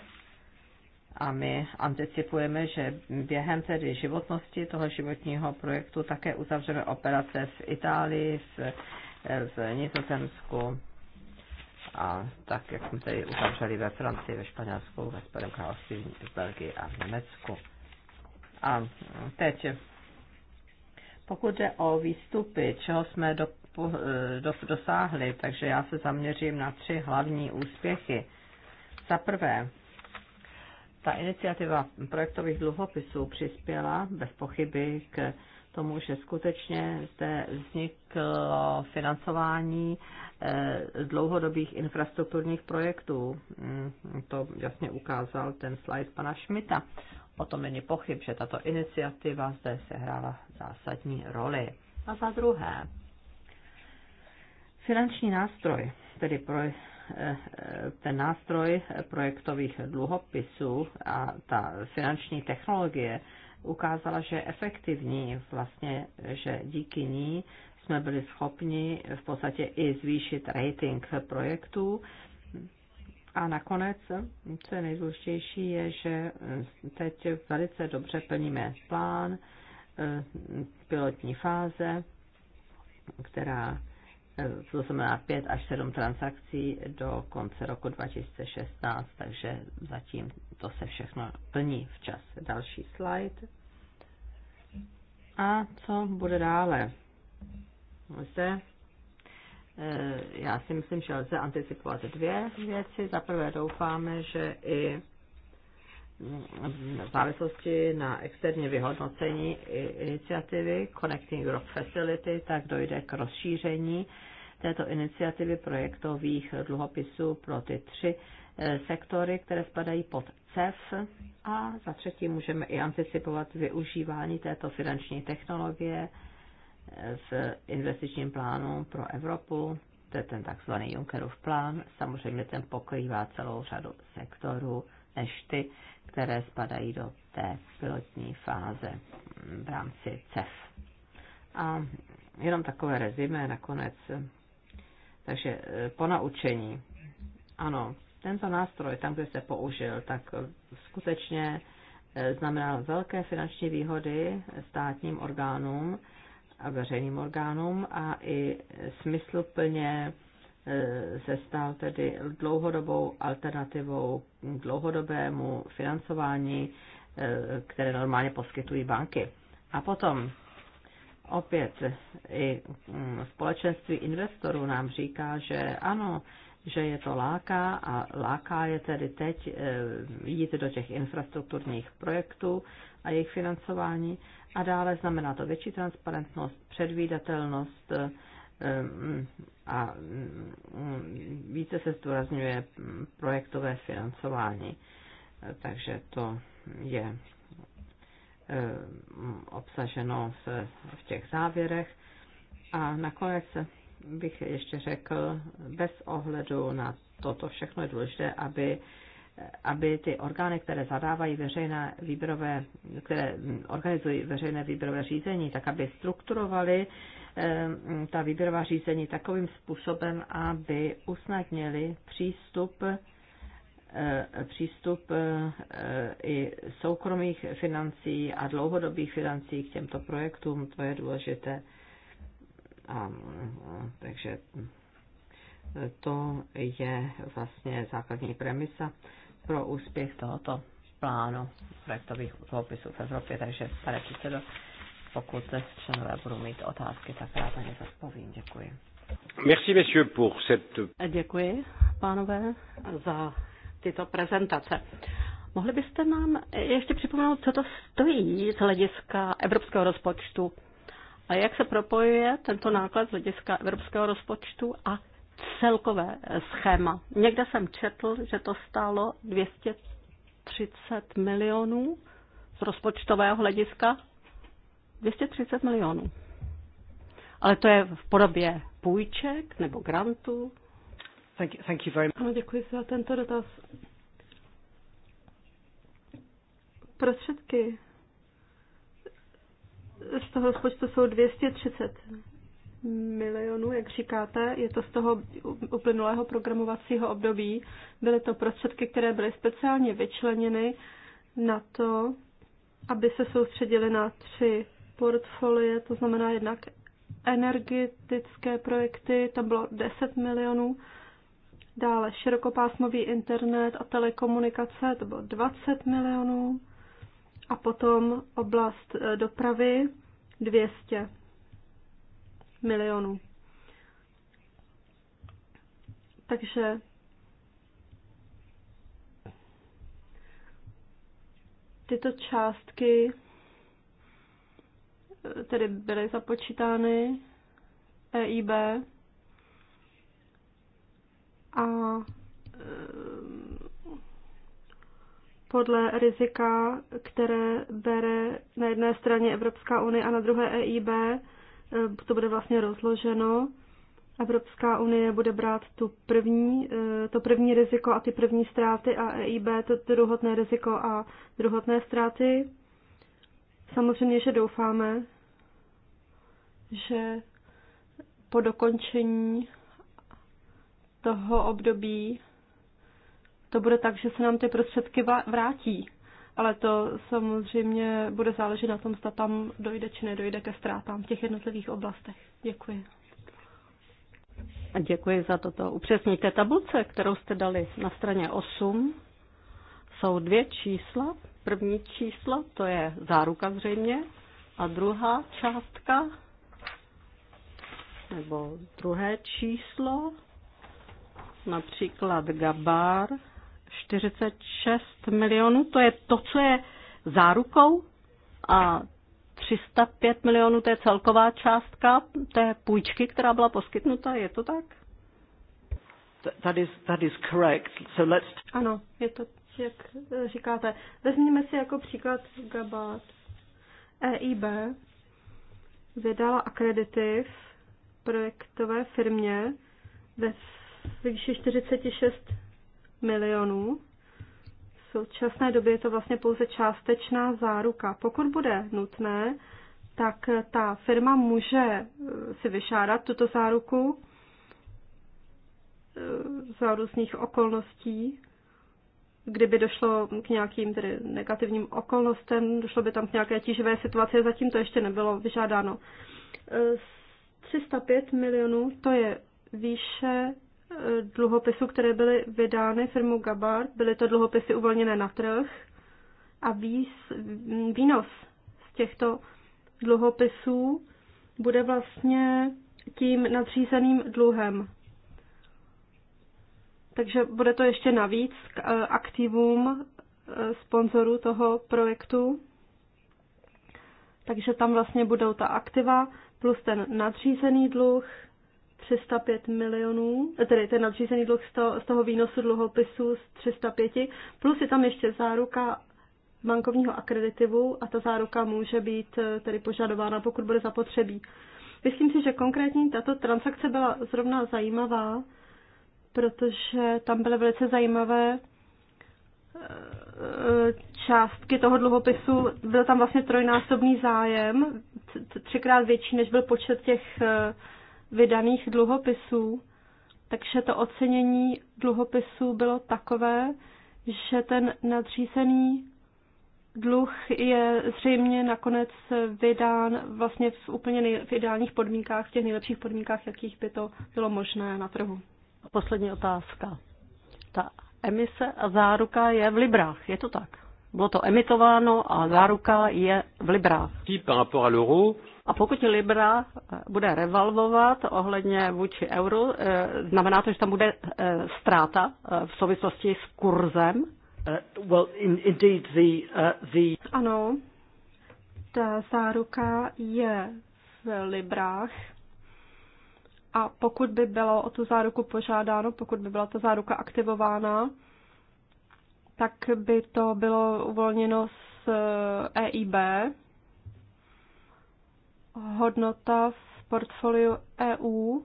[SPEAKER 3] a my anticipujeme, že během tedy životnosti toho životního projektu také uzavřeme operace v Itálii, v, v Nizozemsku a tak, jak jsme tedy uzavřeli ve Francii, ve Španělsku, ve Spojeném království, v Belgii a v Německu. A teď pokud jde o výstupy, čeho jsme do, eh, do, dosáhli, takže já se zaměřím na tři hlavní úspěchy. Za prvé, ta iniciativa projektových dluhopisů přispěla bez pochyby k tomu, že skutečně zde vzniklo financování eh, dlouhodobých infrastrukturních projektů. Mm, to jasně ukázal ten slide pana Šmita. O tom není pochyb, že tato iniciativa zde sehrála zásadní roli. A za druhé, finanční nástroj, tedy pro, eh, eh, ten nástroj projektových dluhopisů a ta finanční technologie ukázala, že je efektivní, vlastně, že díky ní jsme byli schopni v podstatě i zvýšit rating projektů a nakonec, co je nejdůležitější, je, že eh, teď velice dobře plníme plán, eh, pilotní fáze, která eh, to znamená 5 až 7 transakcí do konce roku 2016, takže zatím to se všechno plní včas. Další slide. A co bude dále? Zde Eh, já si myslím, že lze anticipovat dvě věci. Za prvé doufáme, že i mm, v závislosti na externí vyhodnocení iniciativy Connecting Rock Facility, tak dojde k rozšíření této iniciativy projektových dluhopisů pro ty tři eh, sektory, které spadají pod CEF. A za třetí můžeme i anticipovat využívání této finanční technologie v investičním plánu pro Evropu, to je ten takzvaný Junckerův plán, samozřejmě ten pokrývá celou řadu sektorů, než ty, které spadají do té pilotní fáze v rámci CEF. A jenom takové rezime nakonec. Takže eh, po naučení. Ano, tento nástroj, tam, kde se použil, tak skutečně eh, znamenal velké finanční výhody státním orgánům, a veřejným orgánům a i smysluplně e, se stal tedy dlouhodobou alternativou dlouhodobému financování, e, které normálně poskytují banky. A potom opět i mm, společenství investorů nám říká, že ano, že je to láká a láká je tedy teď e, jít do těch infrastrukturních projektů a jejich financování a dále znamená to větší transparentnost, předvídatelnost eh, mm, a mm, více se zdůrazňuje projektové financování. Eh, takže to je eh, mm, obsaženo v těch závěrech. A nakonec bych ještě řekl, bez ohledu na toto všechno je důležité, aby aby ty orgány, které zadávají veřejné výběrové, které organizují veřejné výběrové řízení, tak aby strukturovali eh, ta výběrová řízení takovým způsobem, aby usnadnili přístup eh, přístup eh, i soukromých financí a dlouhodobých financí k těmto projektům, to je důležité. A, takže to je vlastně základní premisa pro úspěch tohoto plánu projektových dluhopisů v Evropě. Takže, pane předsedo, pokud členové budou mít otázky, tak rád na ně zodpovím. Děkuji.
[SPEAKER 4] Merci, monsieur, pour cette...
[SPEAKER 2] Děkuji, pánové, za tyto prezentace. Mohli byste nám ještě připomenout, co to stojí z hlediska evropského rozpočtu a jak se propojuje tento náklad z hlediska evropského rozpočtu a celkové schéma. Někde jsem četl, že to stálo 230 milionů z rozpočtového hlediska. 230 milionů. Ale to je v podobě půjček nebo grantů. Thank you, thank you very much. Ano, děkuji za tento dotaz. Prostředky z toho rozpočtu jsou 230 milionů, jak říkáte, je to z toho uplynulého programovacího období. Byly to prostředky, které byly speciálně vyčleněny na to, aby se soustředili na tři portfolie, to znamená jednak energetické projekty, tam bylo 10 milionů, dále širokopásmový internet a telekomunikace, to bylo 20 milionů, a potom oblast eh, dopravy 200 milionů. Takže tyto částky eh, tedy byly započítány EIB a eh, podle rizika, které bere na jedné straně Evropská unie a na druhé EIB, Eh, to bude vlastně rozloženo. Evropská unie bude brát tu první, eh, to první riziko a ty první ztráty a EIB to druhotné riziko a druhotné ztráty. Samozřejmě, že doufáme, že po dokončení toho období to bude tak, že se nám ty prostředky vrátí ale to samozřejmě bude záležet na tom, zda tam dojde či nedojde ke ztrátám v těch jednotlivých oblastech. Děkuji. A děkuji za toto. Upřesníte tabulce, kterou jste dali na straně 8. Jsou dvě čísla. První číslo, to je záruka zřejmě, a druhá částka, nebo druhé číslo, například Gabar, 46 milionů, to je to, co je zárukou a 305 milionů, to je celková částka té půjčky, která byla poskytnuta, je to tak? That is, that is correct. So let's... Ano, je to, jak eh, říkáte. Vezměme si jako příklad Gabat. EIB vydala akreditiv projektové firmě ve výši 46 milionů. V současné době je to vlastně pouze částečná záruka. Pokud bude nutné, tak ta firma může eh, si vyšádat tuto záruku eh, za různých okolností, kdyby došlo k nějakým tedy negativním okolnostem, došlo by tam k nějaké tíživé situaci, zatím to ještě nebylo vyžádáno. 305 eh, milionů to je výše dluhopisů, které byly vydány firmou Gabard. Byly to dluhopisy uvolněné na trh a výs, výnos z těchto dluhopisů bude vlastně tím nadřízeným dluhem. Takže bude to ještě navíc k e, aktivům e, sponzorů toho projektu. Takže tam vlastně budou ta aktiva plus ten nadřízený dluh 305 milionů, tedy ten nadřízený dluh z toho výnosu dluhopisu z 305, plus je tam ještě záruka bankovního akreditivu a ta záruka může být eh, tedy požadována, pokud bude zapotřebí. Myslím si, že konkrétní tato transakce byla zrovna zajímavá, protože tam byly velice zajímavé eh, eh, částky toho dluhopisu. Byl tam vlastně trojnásobný zájem, třikrát větší, než byl počet těch vydaných dluhopisů. Takže to ocenění dluhopisů bylo takové, že ten nadřízený dluh je zřejmě nakonec vydán vlastně v úplně nej, v ideálních podmínkách, v těch nejlepších podmínkách, jakých by to bylo možné na trhu. Poslední otázka. Ta emise a záruka je v librách, je to tak? Bylo to emitováno a záruka je v librách. Par rapport à l'euro, a pokud Libra eh, bude revalvovat ohledně vůči euru, eh, znamená to, že tam bude eh, ztráta v souvislosti s kurzem? Uh, well,
[SPEAKER 1] in, indeed the, uh, the...
[SPEAKER 2] Ano, ta záruka je v Librách. A pokud by bylo o tu záruku požádáno, pokud by byla ta záruka aktivována, tak by to bylo uvolněno z EIB, e hodnota v portfoliu EU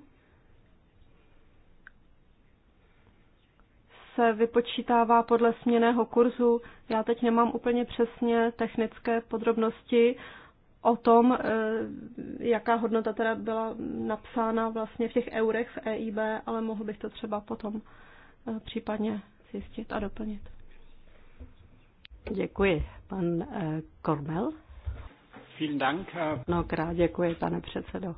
[SPEAKER 2] se vypočítává podle směného kurzu. Já teď nemám úplně přesně technické podrobnosti o tom, eh, jaká hodnota teda byla napsána vlastně v těch eurech v EIB, ale mohl bych to třeba potom eh, případně zjistit a doplnit. Děkuji. Pan eh, Kormel.
[SPEAKER 1] Vielen Dank. Äh,
[SPEAKER 2] Mnohokrát děkuji, pane předsedo.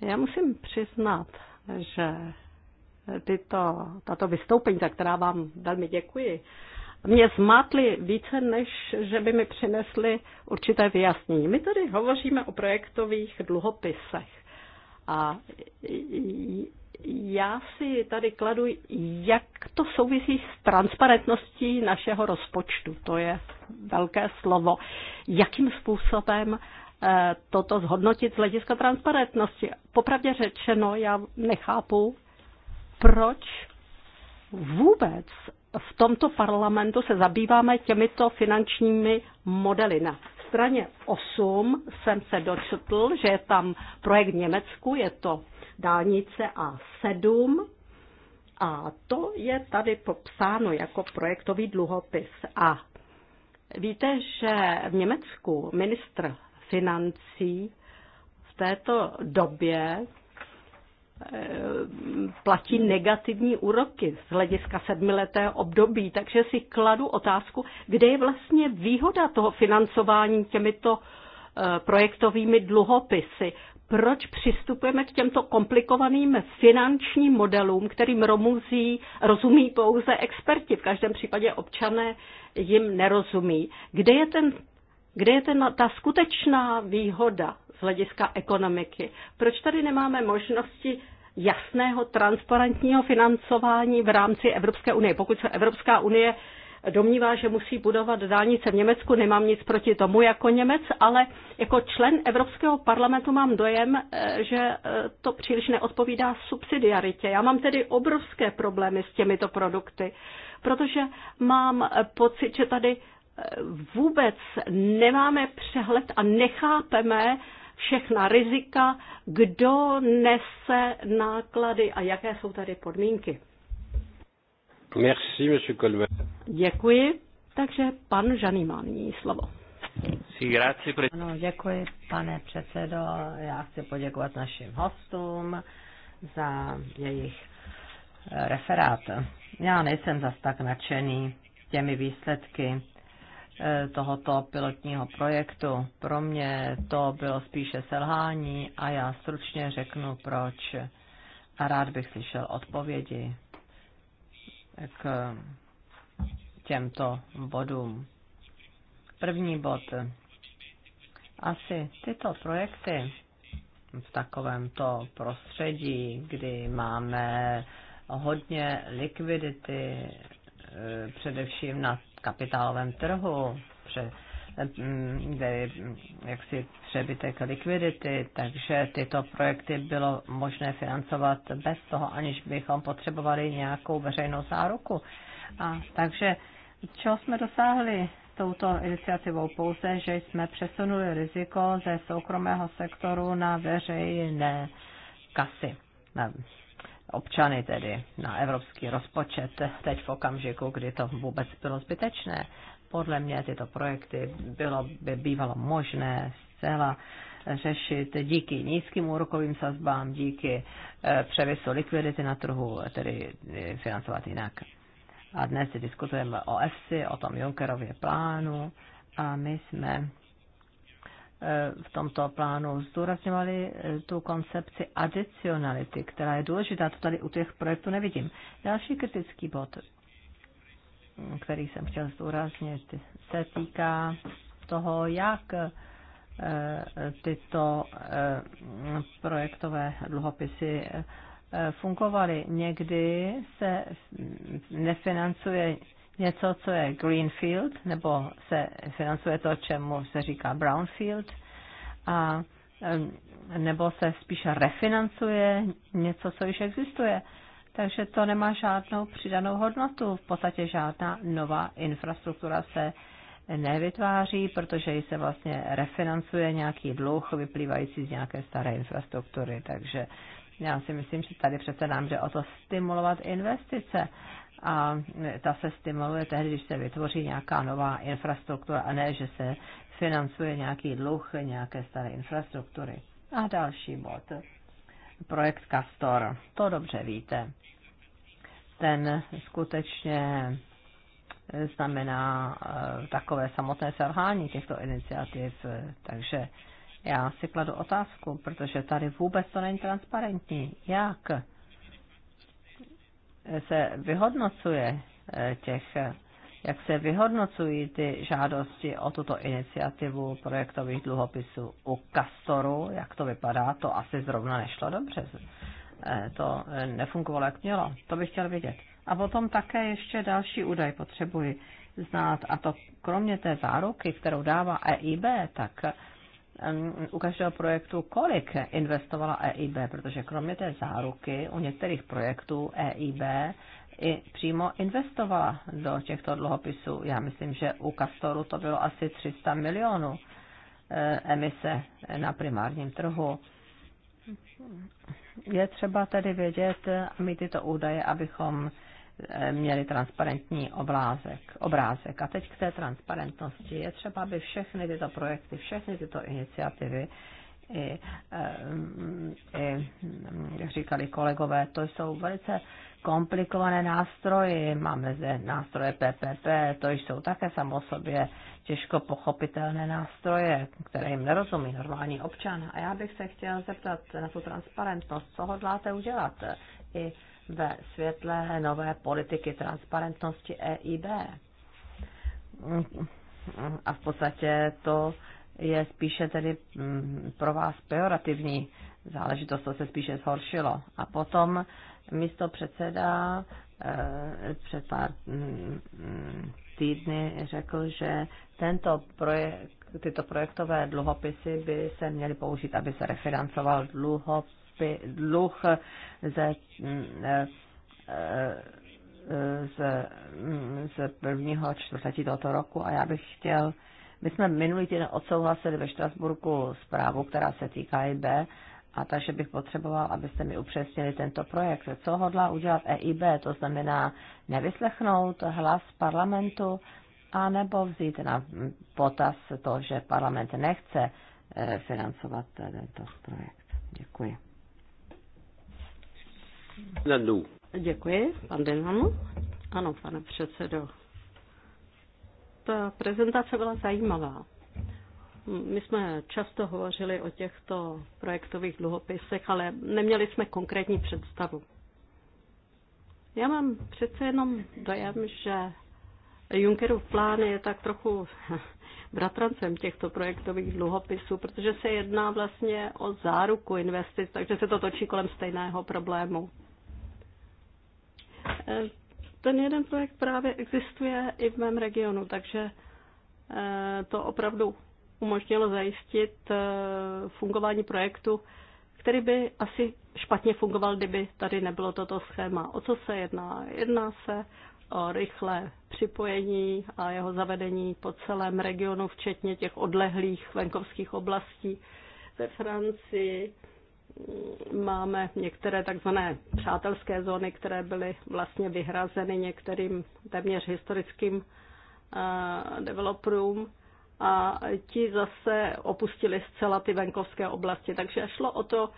[SPEAKER 2] Já musím přiznat, že tyto, tato vystoupení, za která vám velmi děkuji, mě zmátly více, než že by mi přinesly určité vyjasnění. My tady hovoříme o projektových dluhopisech. A já si tady kladu, jak to souvisí s transparentností našeho rozpočtu. To je velké slovo. Jakým způsobem eh, toto zhodnotit z hlediska transparentnosti. Popravdě řečeno, já nechápu, proč vůbec v tomto parlamentu se zabýváme těmito finančními modely. Na straně 8 jsem se dočetl, že je tam projekt v Německu, je to dálnice A7 a to je tady popsáno jako projektový dluhopis. A víte, že v Německu ministr financí v této době eh, platí negativní úroky z hlediska sedmiletého období, takže si kladu otázku, kde je vlastně výhoda toho financování těmito eh, projektovými dluhopisy proč přistupujeme k těmto komplikovaným finančním modelům, kterým romuzí, rozumí pouze experti, v každém případě občané jim nerozumí. Kde je, ten, kde je ten, ta skutečná výhoda z hlediska ekonomiky? Proč tady nemáme možnosti jasného, transparentního financování v rámci Evropské unie? Pokud se Evropská unie domnívá, že musí budovat dálnice v Německu. Nemám nic proti tomu jako Němec, ale jako člen Evropského parlamentu mám dojem, eh, že eh, to příliš neodpovídá subsidiaritě. Já mám tedy obrovské problémy s těmito produkty, protože mám eh, pocit, že tady vůbec nemáme přehled a nechápeme, všechna rizika, kdo nese náklady a jaké jsou tady podmínky.
[SPEAKER 4] Merci, monsieur Colbert.
[SPEAKER 2] Děkuji. Takže pan Žaný má nyní slovo.
[SPEAKER 3] Ano, děkuji, pane předsedo. Já chci poděkovat našim hostům za jejich eh, referát. Já nejsem zas tak nadšený těmi výsledky eh, tohoto pilotního projektu. Pro mě to bylo spíše selhání a já stručně řeknu proč. A rád bych slyšel odpovědi k těmto bodům. První bod. Asi tyto projekty v takovémto prostředí, kdy máme hodně likvidity, eh, především na kapitálovém trhu, Eh, mm, jaksi přebytek likvidity, takže tyto projekty bylo možné financovat bez toho, aniž bychom potřebovali nějakou veřejnou záruku. A takže čeho jsme dosáhli touto iniciativou? Pouze, že jsme přesunuli riziko ze soukromého sektoru na veřejné kasy. Na občany tedy na evropský rozpočet teď v okamžiku, kdy to vůbec bylo zbytečné podle mě tyto projekty bylo, by bývalo možné zcela řešit díky nízkým úrokovým sazbám, díky eh, převisu likvidity na trhu, tedy eh, financovat jinak. A dnes si diskutujeme o EFSI, o tom Junckerově plánu a my jsme eh, v tomto plánu zdůrazňovali tu koncepci adicionality, která je důležitá, to tady u těch projektů nevidím. Další kritický bod který jsem chtěl zdůraznit, se týká toho, jak eh, tyto eh, projektové dluhopisy eh, fungovaly. Někdy se nefinancuje něco, co je greenfield, nebo se financuje to, čemu se říká brownfield, a, nebo se spíše refinancuje něco, co již existuje takže to nemá žádnou přidanou hodnotu. V podstatě žádná nová infrastruktura se nevytváří, protože se vlastně refinancuje nějaký dluh vyplývající z nějaké staré infrastruktury. Takže já si myslím, že tady přece nám jde o to stimulovat investice a ta se stimuluje tehdy, když se vytvoří nějaká nová infrastruktura a ne, že se financuje nějaký dluh nějaké staré infrastruktury. A další bod projekt Castor. To dobře víte. Ten skutečně znamená eh, takové samotné selhání těchto iniciativ. Takže já si kladu otázku, protože tady vůbec to není transparentní. Jak se vyhodnocuje eh, těch jak se vyhodnocují ty žádosti o tuto iniciativu projektových dluhopisů u Castoru, jak to vypadá, to asi zrovna nešlo dobře. Eh, to eh, nefungovalo, jak mělo. To bych chtěl vidět. A potom také ještě další údaj potřebuji znát. A to kromě té záruky, kterou dává EIB, tak u každého projektu, kolik investovala EIB, protože kromě té záruky u některých projektů EIB i přímo investovala do těchto dluhopisů. Já myslím, že u Castoru to bylo asi 300 milionů eh, emise na primárním trhu. Je třeba tedy vědět a mít tyto údaje, abychom eh, měli transparentní obrázek, obrázek. A teď k té transparentnosti. Je třeba, aby všechny tyto projekty, všechny tyto iniciativy i, eh, mm, i, mm, jak říkali kolegové, to jsou velice komplikované nástroji. Máme zde nástroje PPP, to jsou také samozřejmě těžko pochopitelné nástroje, které jim nerozumí normální občan. A já bych se chtěl zeptat na tu transparentnost, co hodláte udělat i ve světle nové politiky transparentnosti EIB. A v podstatě to je spíše tedy mm, pro vás pejorativní záležitost, to se spíše zhoršilo. A potom místo předseda eh, před pár mm, týdny řekl, že tento projekt, tyto projektové dluhopisy by se měly použít, aby se refinancoval dluhopi, dluh ze, mm, eh, eh, z, mm, z prvního čtvrtletí tohoto roku a já bych chtěl, my jsme minulý týden odsouhlasili ve Štrasburku zprávu, která se týká IB a takže bych potřeboval, abyste mi upřesnili tento projekt. Co hodlá udělat EIB, to znamená nevyslechnout hlas parlamentu, anebo vzít na potaz to, že parlament nechce eh, financovat tento projekt. Děkuji.
[SPEAKER 2] Děkuji, pan Denhanu. Ano, pane předsedo. Ta prezentace byla zajímavá. My jsme často hovořili o těchto projektových dluhopisech, ale neměli jsme konkrétní představu. Já mám přece jenom dojem, že Junckerův plán je tak trochu bratrancem těchto projektových dluhopisů, protože se jedná vlastně o záruku investic, takže se to točí kolem stejného problému. Ten jeden projekt právě existuje i v mém regionu, takže eh, to opravdu umožnilo zajistit eh, fungování projektu, který by asi špatně fungoval, kdyby tady nebylo toto schéma. O co se jedná? Jedná se o rychlé připojení a jeho zavedení po celém regionu, včetně těch odlehlých venkovských oblastí. Ve Francii mm, máme některé takzvané přátelské zóny, které byly vlastně vyhrazeny některým téměř historickým eh, developerům a ti zase opustili zcela ty venkovské oblasti. Takže šlo o to,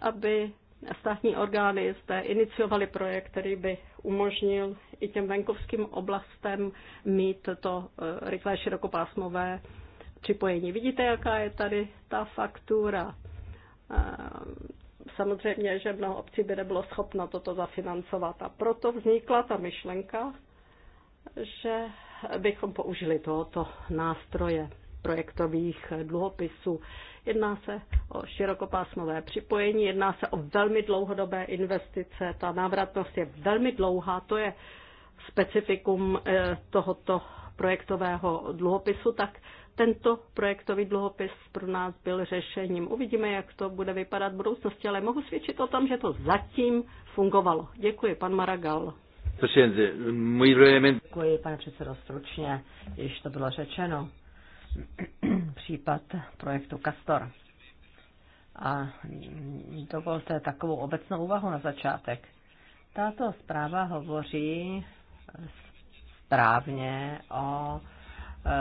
[SPEAKER 2] aby státní orgány zde iniciovali projekt, který by umožnil i těm venkovským oblastem mít to e, rychlé širokopásmové připojení. Vidíte, jaká je tady ta faktura. E, samozřejmě, že mnoho obcí by nebylo schopno toto zafinancovat a proto vznikla ta myšlenka, že bychom použili tohoto nástroje projektových dluhopisů. Jedná se o širokopásmové připojení, jedná se o velmi dlouhodobé investice, ta návratnost je velmi dlouhá, to je specifikum eh, tohoto projektového dluhopisu, tak tento projektový dluhopis pro nás byl řešením. Uvidíme, jak to bude vypadat v budoucnosti, ale mohu svědčit o tom, že to zatím fungovalo. Děkuji, pan Maragal.
[SPEAKER 1] Děkuji,
[SPEAKER 3] pane předsedo, stručně, již to bylo řečeno. Případ projektu Castor. A dovolte takovou obecnou úvahu na začátek. Tato zpráva hovoří správně o eh,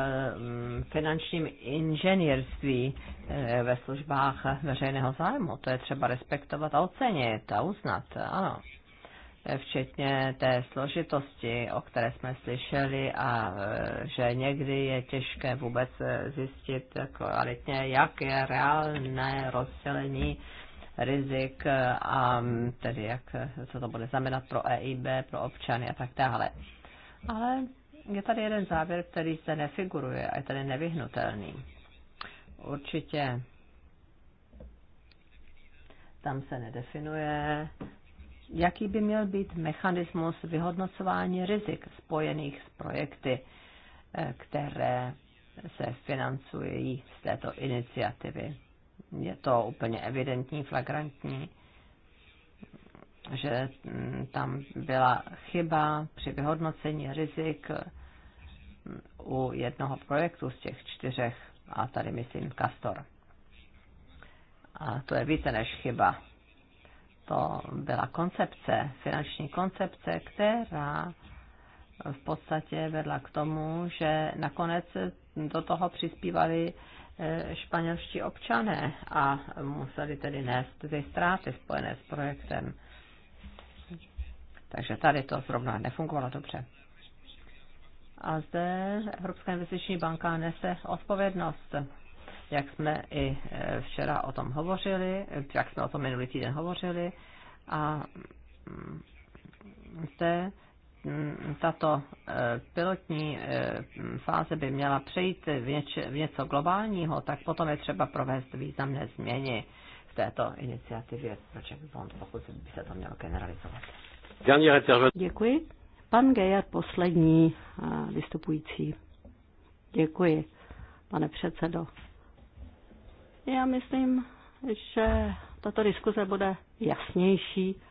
[SPEAKER 3] finančním inženýrství eh, ve službách veřejného zájmu. To je třeba respektovat a ocenit a uznat, ano včetně té složitosti, o které jsme slyšeli a e, že někdy je těžké vůbec e, zjistit kvalitně, jak je reálné rozdělení rizik e, a tedy jak, co to bude znamenat pro EIB, pro občany a tak dále. Ale je tady jeden závěr, který se nefiguruje a je tady nevyhnutelný. Určitě tam se nedefinuje jaký by měl být mechanismus vyhodnocování rizik spojených s projekty, eh, které se financují z této iniciativy. Je to úplně evidentní, flagrantní, že mm, tam byla chyba při vyhodnocení rizik mm, u jednoho projektu z těch čtyřech, a tady myslím Castor. A to je více než chyba to byla koncepce, finanční koncepce, která v podstatě vedla k tomu, že nakonec do toho přispívali eh, španělští občané a museli tedy nést ty ztráty spojené s projektem. Takže tady to zrovna nefungovalo dobře. A zde Evropská investiční banka nese odpovědnost jak jsme i eh, včera o tom hovořili, jak jsme o tom minulý týden hovořili a mm, zde mm, tato eh, pilotní eh, fáze by měla přejít v, něč, v něco globálního, tak potom je třeba provést významné změny v této iniciativě Project Bond, pokud by se to mělo generalizovat. Děkuji.
[SPEAKER 2] Pan Gejer, poslední vystupující. Děkuji, pane předsedo. Já myslím, že tato diskuze bude jasnější,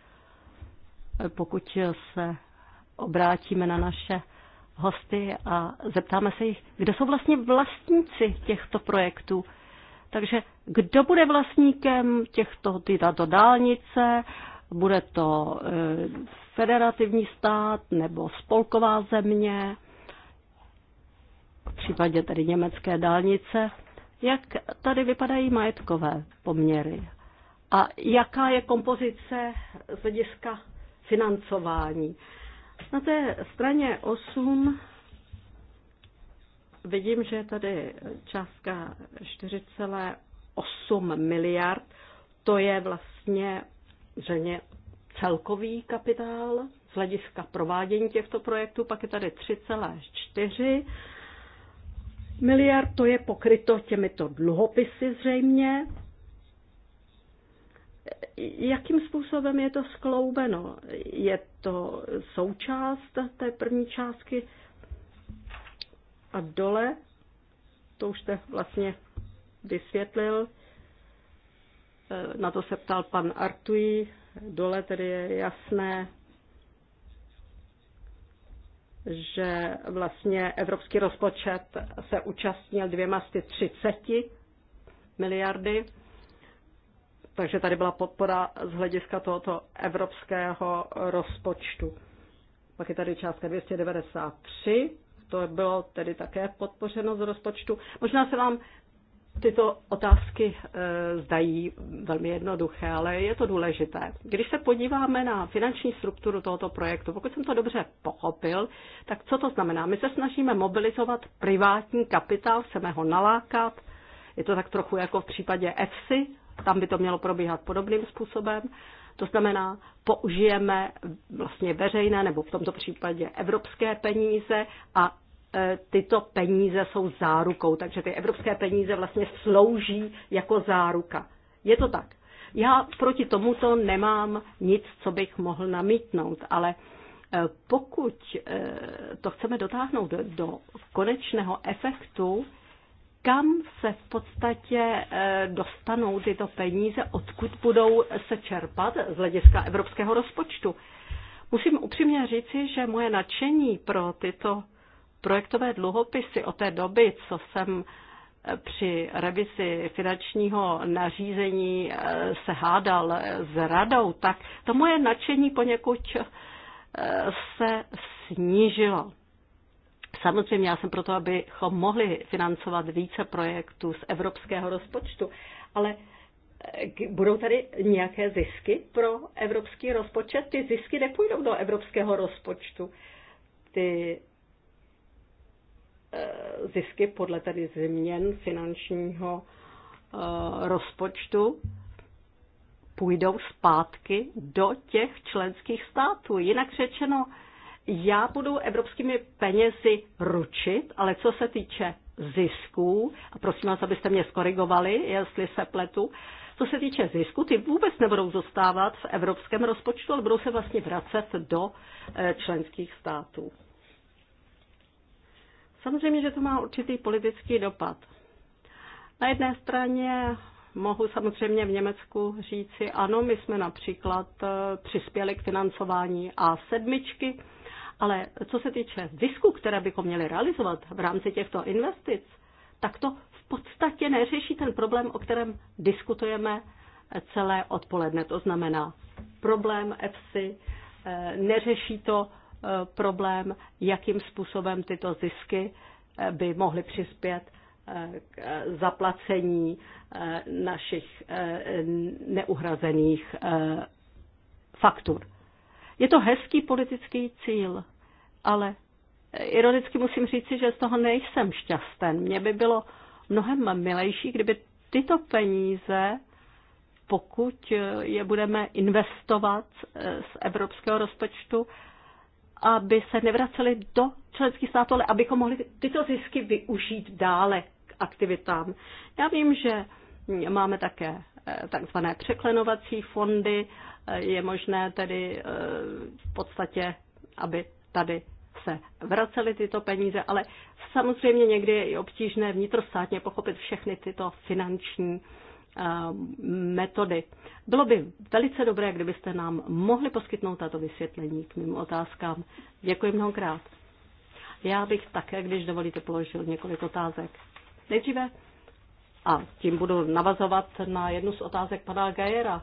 [SPEAKER 2] pokud se obrátíme na naše hosty a zeptáme se jich, kdo jsou vlastně vlastníci těchto projektů. Takže kdo bude vlastníkem těchto, tyto dálnice, bude to e, federativní stát nebo spolková země, v případě tedy německé dálnice jak tady vypadají majetkové poměry a jaká je kompozice z hlediska financování. Na té straně 8 vidím, že je tady částka 4,8 miliard. To je vlastně zřejmě celkový kapitál z hlediska provádění těchto projektů, pak je tady 3,4 miliard, to je pokryto těmito dluhopisy zřejmě. Jakým způsobem je to skloubeno? Je to součást té první částky a dole, to už jste vlastně vysvětlil, eh, na to se ptal pan Artui, dole tedy je jasné, že vlastně evropský rozpočet se účastnil dvěma z 30 miliardy, takže tady byla podpora z hlediska tohoto evropského rozpočtu. Pak je tady částka 293, to bylo tedy také podpořeno z rozpočtu. Možná se vám Tyto otázky eh, zdají velmi jednoduché, ale je to důležité. Když se podíváme na finanční strukturu tohoto projektu, pokud jsem to dobře pochopil, tak co to znamená? My se snažíme mobilizovat privátní kapitál, chceme ho nalákat. Je to tak trochu jako v případě EFSI, tam by to mělo probíhat podobným způsobem. To znamená, použijeme vlastně veřejné nebo v tomto případě evropské peníze a E, tyto peníze jsou zárukou, takže ty evropské peníze vlastně slouží jako záruka. Je to tak. Já proti tomuto nemám nic, co bych mohl namítnout, ale e, pokud e, to chceme dotáhnout do konečného efektu, kam se v podstatě dostanou tyto peníze, odkud budou se čerpat z hlediska evropského rozpočtu. Musím upřímně říci, že moje nadšení pro tyto projektové dluhopisy od té doby, co jsem eh, při revizi finančního nařízení eh, se hádal eh, s radou, tak to moje nadšení poněkud se snížilo. Samozřejmě já jsem proto, abychom mohli financovat více projektů z evropského rozpočtu, ale budou tady nějaké zisky pro evropský rozpočet? Ty zisky nepůjdou do evropského rozpočtu. Ty Eh, zisky podle tedy změn finančního eh, rozpočtu půjdou zpátky do těch členských států. Jinak řečeno, já budu evropskými penězi ručit, ale co se týče zisků, a prosím vás, abyste mě skorigovali, jestli se pletu, co se týče zisku, ty vůbec nebudou zůstávat v evropském rozpočtu, ale budou se vlastně vracet do eh, členských států. Samozřejmě, že to má určitý politický dopad. Na jedné straně mohu samozřejmě v Německu říci, ano, my jsme například eh, přispěli k financování A7, ale co se týče zisku, které bychom měli realizovat v rámci těchto investic, tak to v podstatě neřeší ten problém, o kterém diskutujeme eh, celé odpoledne. To znamená problém EFSI, eh, neřeší to Eh, problém, jakým způsobem tyto zisky eh, by mohly přispět eh, k zaplacení našich neuhrazených faktur. Je to hezký politický cíl, ale ironicky musím říci, že z toho nejsem šťastný. Mně by bylo mnohem milejší, kdyby tyto peníze, pokud je budeme investovat z evropského rozpočtu, aby se nevraceli do členských států, ale abychom mohli tyto zisky využít dále k aktivitám. Já vím, že máme také eh, takzvané překlenovací fondy, eh, je možné tedy eh, v podstatě, aby tady se vracely tyto peníze, ale samozřejmě někdy je i obtížné vnitrostátně pochopit všechny tyto finanční metody. Bylo by velice dobré, kdybyste nám mohli poskytnout tato vysvětlení k mým otázkám. Děkuji mnohokrát. Já bych také, když dovolíte, položil několik otázek. Nejdříve, a tím budu navazovat na jednu z otázek pana Gajera.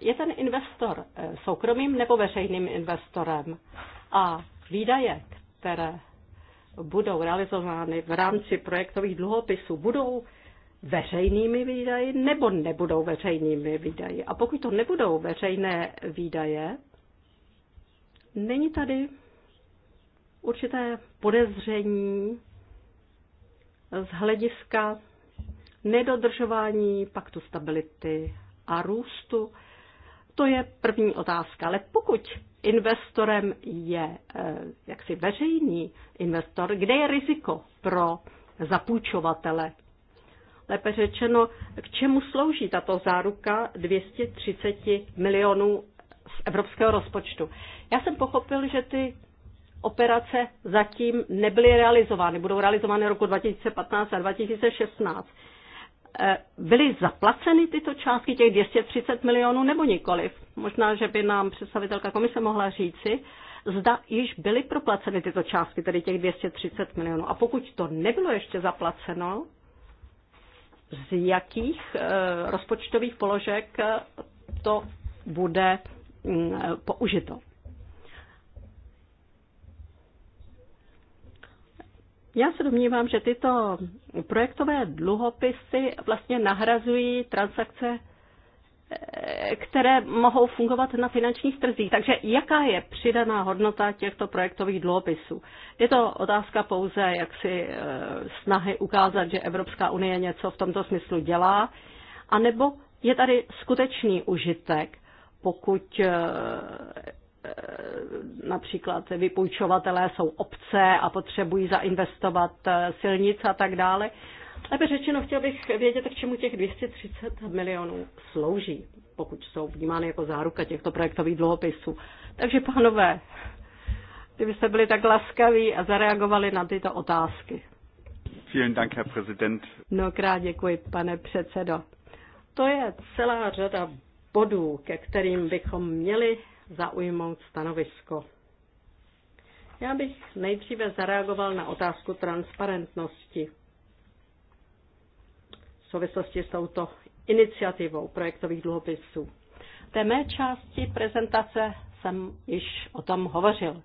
[SPEAKER 2] Je ten investor eh, soukromým nebo veřejným investorem? A výdaje, které budou realizovány v rámci projektových dluhopisů, budou veřejnými výdaji nebo nebudou veřejnými výdaji. A pokud to nebudou veřejné výdaje, není tady určité podezření z hlediska nedodržování paktu stability a růstu. To je první otázka. Ale pokud investorem je eh, jaksi veřejný investor, kde je riziko pro zapůjčovatele lépe řečeno, k čemu slouží tato záruka 230 milionů z evropského rozpočtu. Já jsem pochopil, že ty operace zatím nebyly realizovány, budou realizovány roku 2015 a 2016. Eh, byly zaplaceny tyto částky, těch 230 milionů, nebo nikoliv? Možná, že by nám představitelka komise mohla říci, zda již byly proplaceny tyto částky, tedy těch 230 milionů. A pokud to nebylo ještě zaplaceno, z jakých eh, rozpočtových položek to bude mm, použito. Já se domnívám, že tyto projektové dluhopisy vlastně nahrazují transakce Eh, které mohou fungovat na finančních trzích. Takže jaká je přidaná hodnota těchto projektových dluhopisů? Je to otázka pouze jaksi eh, snahy ukázat, že Evropská unie něco v tomto smyslu dělá, anebo je tady skutečný užitek, pokud eh, například vypůjčovatelé jsou obce a potřebují zainvestovat silnice a tak dále. Lépe řečeno, chtěl bych vědět, k čemu těch 230 milionů slouží, pokud jsou vnímány jako záruka těchto projektových dluhopisů. Takže, pánové, kdybyste byli tak laskaví a zareagovali na tyto otázky.
[SPEAKER 1] Vielen Dank, Herr Präsident.
[SPEAKER 2] krát děkuji, pane předsedo. To je celá řada bodů, ke kterým bychom měli zaujmout stanovisko. Já bych nejdříve zareagoval na otázku transparentnosti souvislosti s touto iniciativou projektových dluhopisů. V té mé části prezentace jsem již o tom hovořil.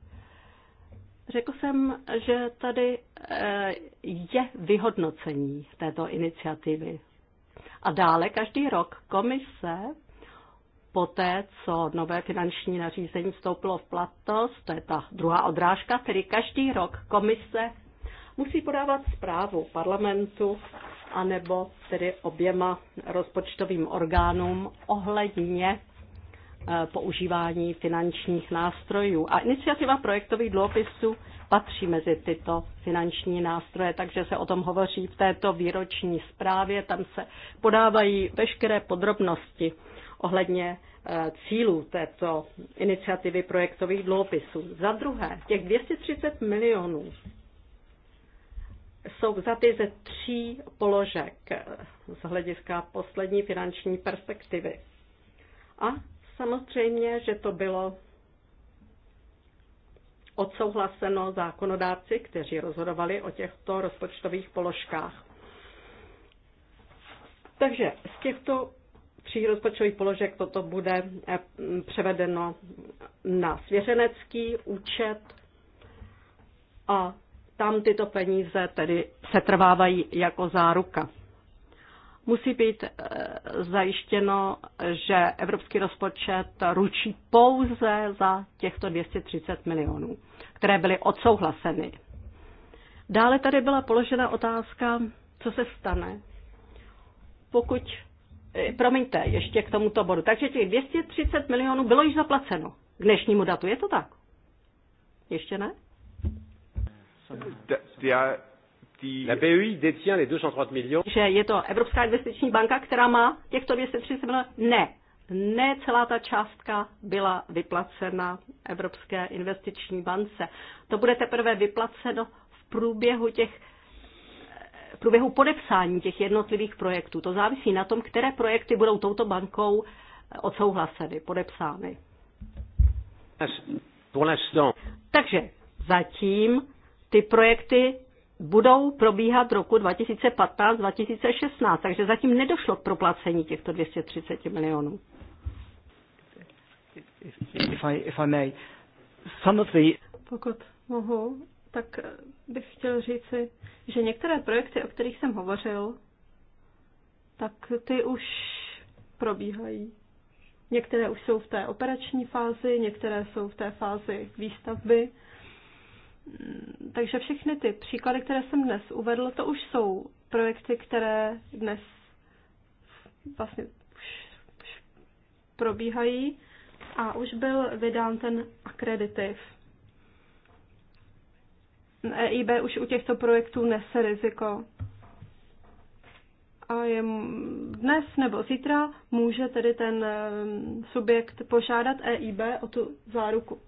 [SPEAKER 2] Řekl jsem, že tady eh, je vyhodnocení této iniciativy. A dále každý rok komise poté, co nové finanční nařízení vstoupilo v platnost, to je ta druhá odrážka, tedy každý rok komise musí podávat zprávu parlamentu anebo tedy oběma rozpočtovým orgánům ohledně eh, používání finančních nástrojů. A iniciativa projektových dluhopisů patří mezi tyto finanční nástroje, takže se o tom hovoří v této výroční zprávě. Tam se podávají veškeré podrobnosti ohledně eh, cílů této iniciativy projektových dluhopisů. Za druhé, těch 230 milionů jsou vzaty ze tří položek z hlediska poslední finanční perspektivy. A samozřejmě, že to bylo odsouhlaseno zákonodáci, kteří rozhodovali o těchto rozpočtových položkách. Takže z těchto tří rozpočtových položek toto bude eh, převedeno na svěřenecký účet a tam tyto peníze tedy setrvávají jako záruka. Musí být eh, zajištěno, že evropský rozpočet ručí pouze za těchto 230 milionů, které byly odsouhlaseny. Dále tady byla položena otázka, co se stane, pokud, eh, promiňte, ještě k tomuto bodu. Takže těch 230 milionů bylo již zaplaceno k dnešnímu datu, je to tak? Ještě ne?
[SPEAKER 1] La BEI détient les 230 millions.
[SPEAKER 2] Že je to Evropská investiční banka, která má těchto 230 milionů? Ne. Ne celá ta částka byla vyplacena Evropské investiční bance. To bude teprve vyplaceno v průběhu těch v průběhu podepsání těch jednotlivých projektů. To závisí na tom, které projekty budou touto bankou eh, odsouhlaseny, podepsány. Takže zatím ty projekty budou probíhat roku 2015-2016, takže zatím nedošlo k proplacení těchto 230 milionů.
[SPEAKER 1] If I, if I may. Some of the...
[SPEAKER 2] Pokud mohu, tak bych chtěl říci, že některé projekty, o kterých jsem hovořil, tak ty už probíhají. Některé už jsou v té operační fázi, některé jsou v té fázi výstavby. Takže všechny ty příklady, které jsem dnes uvedl, to už jsou projekty, které dnes vlastně už, už probíhají a už byl vydán ten akreditiv. EIB už u těchto projektů nese riziko. A je dnes nebo zítra může tedy ten eh, subjekt požádat EIB o tu záruku.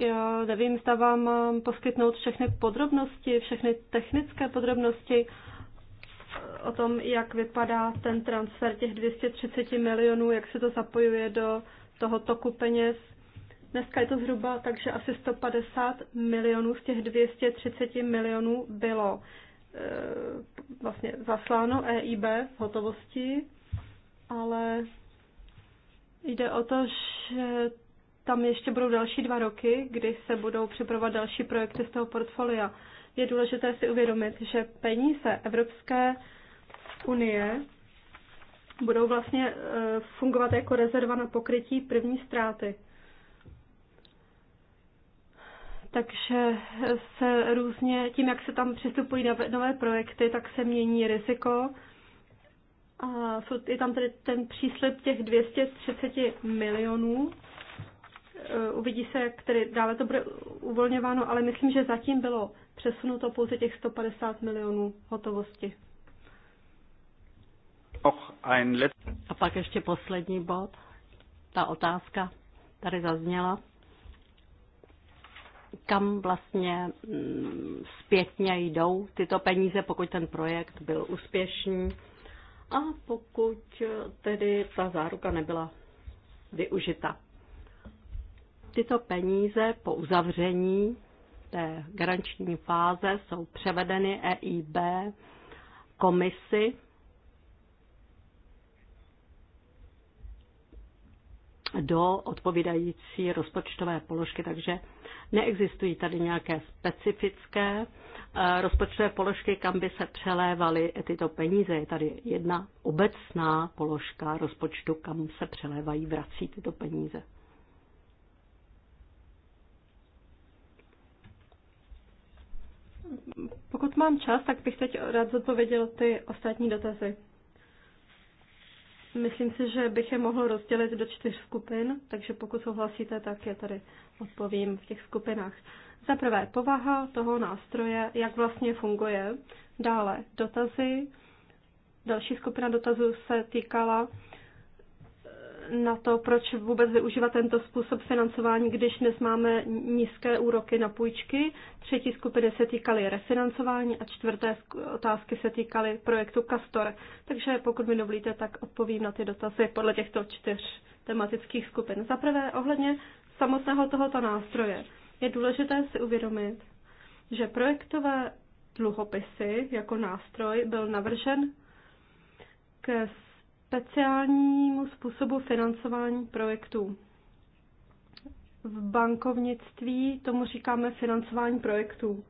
[SPEAKER 2] Já nevím, zda vám mám poskytnout všechny podrobnosti, všechny technické podrobnosti o tom, jak vypadá ten transfer těch 230 milionů, jak se to zapojuje do toho toku peněz. Dneska je to zhruba takže asi 150 milionů z těch 230 milionů bylo e, vlastně zasláno EIB v hotovosti, ale jde o to, že tam ještě budou další dva roky, kdy se budou připravovat další projekty z toho portfolia. Je důležité si uvědomit, že peníze Evropské unie budou vlastně eh, fungovat jako rezerva na pokrytí první ztráty. Takže se různě, tím, jak se tam přistupují na nové projekty, tak se mění riziko. A je tam tedy ten příslip těch 230 milionů Eh, uvidí se, který dále to bude uvolňováno, ale myslím, že zatím bylo přesunuto pouze těch 150 milionů hotovosti. A pak ještě poslední bod, ta otázka tady zazněla. Kam vlastně mm, zpětně jdou tyto peníze, pokud ten projekt byl úspěšný a pokud eh, tedy ta záruka nebyla využita tyto peníze po uzavření té garanční fáze jsou převedeny EIB komisi do odpovídající rozpočtové položky, takže neexistují tady nějaké specifické eh, rozpočtové položky, kam by se přelévaly tyto peníze. Je tady jedna obecná položka rozpočtu, kam se přelévají, vrací tyto peníze. Pokud mám čas, tak bych teď rád zodpověděl ty ostatní dotazy. Myslím si, že bych je mohl rozdělit do čtyř skupin, takže pokud souhlasíte, tak je tady odpovím v těch skupinách. Za prvé, povaha toho nástroje, jak vlastně funguje. Dále, dotazy. Další skupina dotazů se týkala na to, proč vůbec využívat tento způsob financování, když dnes máme nízké úroky na půjčky. Třetí skupiny se týkaly refinancování a čtvrté otázky se týkaly projektu Castor. Takže pokud mi dovolíte, tak odpovím na ty dotazy podle těchto čtyř tematických skupin. Za prvé, ohledně samotného tohoto nástroje je důležité si uvědomit, že projektové dluhopisy jako nástroj byl navržen ke speciálnímu způsobu financování projektů. V bankovnictví tomu říkáme financování projektů.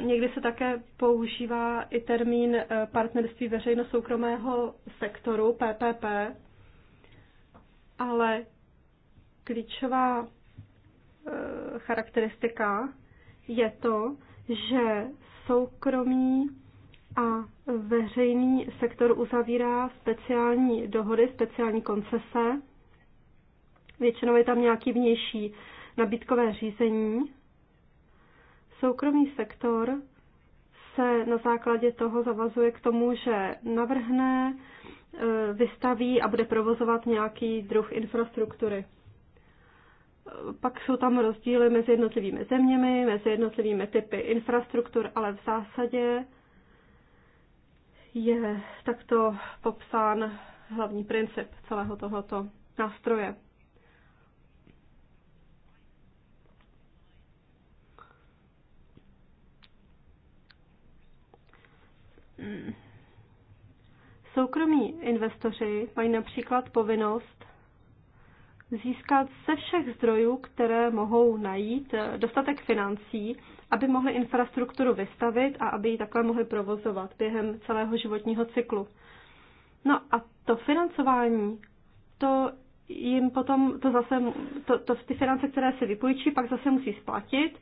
[SPEAKER 2] Někdy se také používá i termín eh, partnerství veřejno-soukromého sektoru, PPP, ale klíčová eh, charakteristika je to, že soukromí a veřejný sektor uzavírá speciální dohody, speciální koncese. Většinou je tam nějaký vnější nabídkové řízení. Soukromý sektor se na základě toho zavazuje k tomu, že navrhne, e, vystaví a bude provozovat nějaký druh infrastruktury. E, pak jsou tam rozdíly mezi jednotlivými zeměmi, mezi jednotlivými typy infrastruktur, ale v zásadě je takto popsán hlavní princip celého tohoto nástroje. Soukromí investoři mají například povinnost získat ze všech zdrojů, které mohou najít, eh, dostatek financí, aby mohli infrastrukturu vystavit a aby ji takhle mohli provozovat během celého životního cyklu. No a to financování, to jim potom, to zase, to, to, ty finance, které si vypůjčí, pak zase musí splatit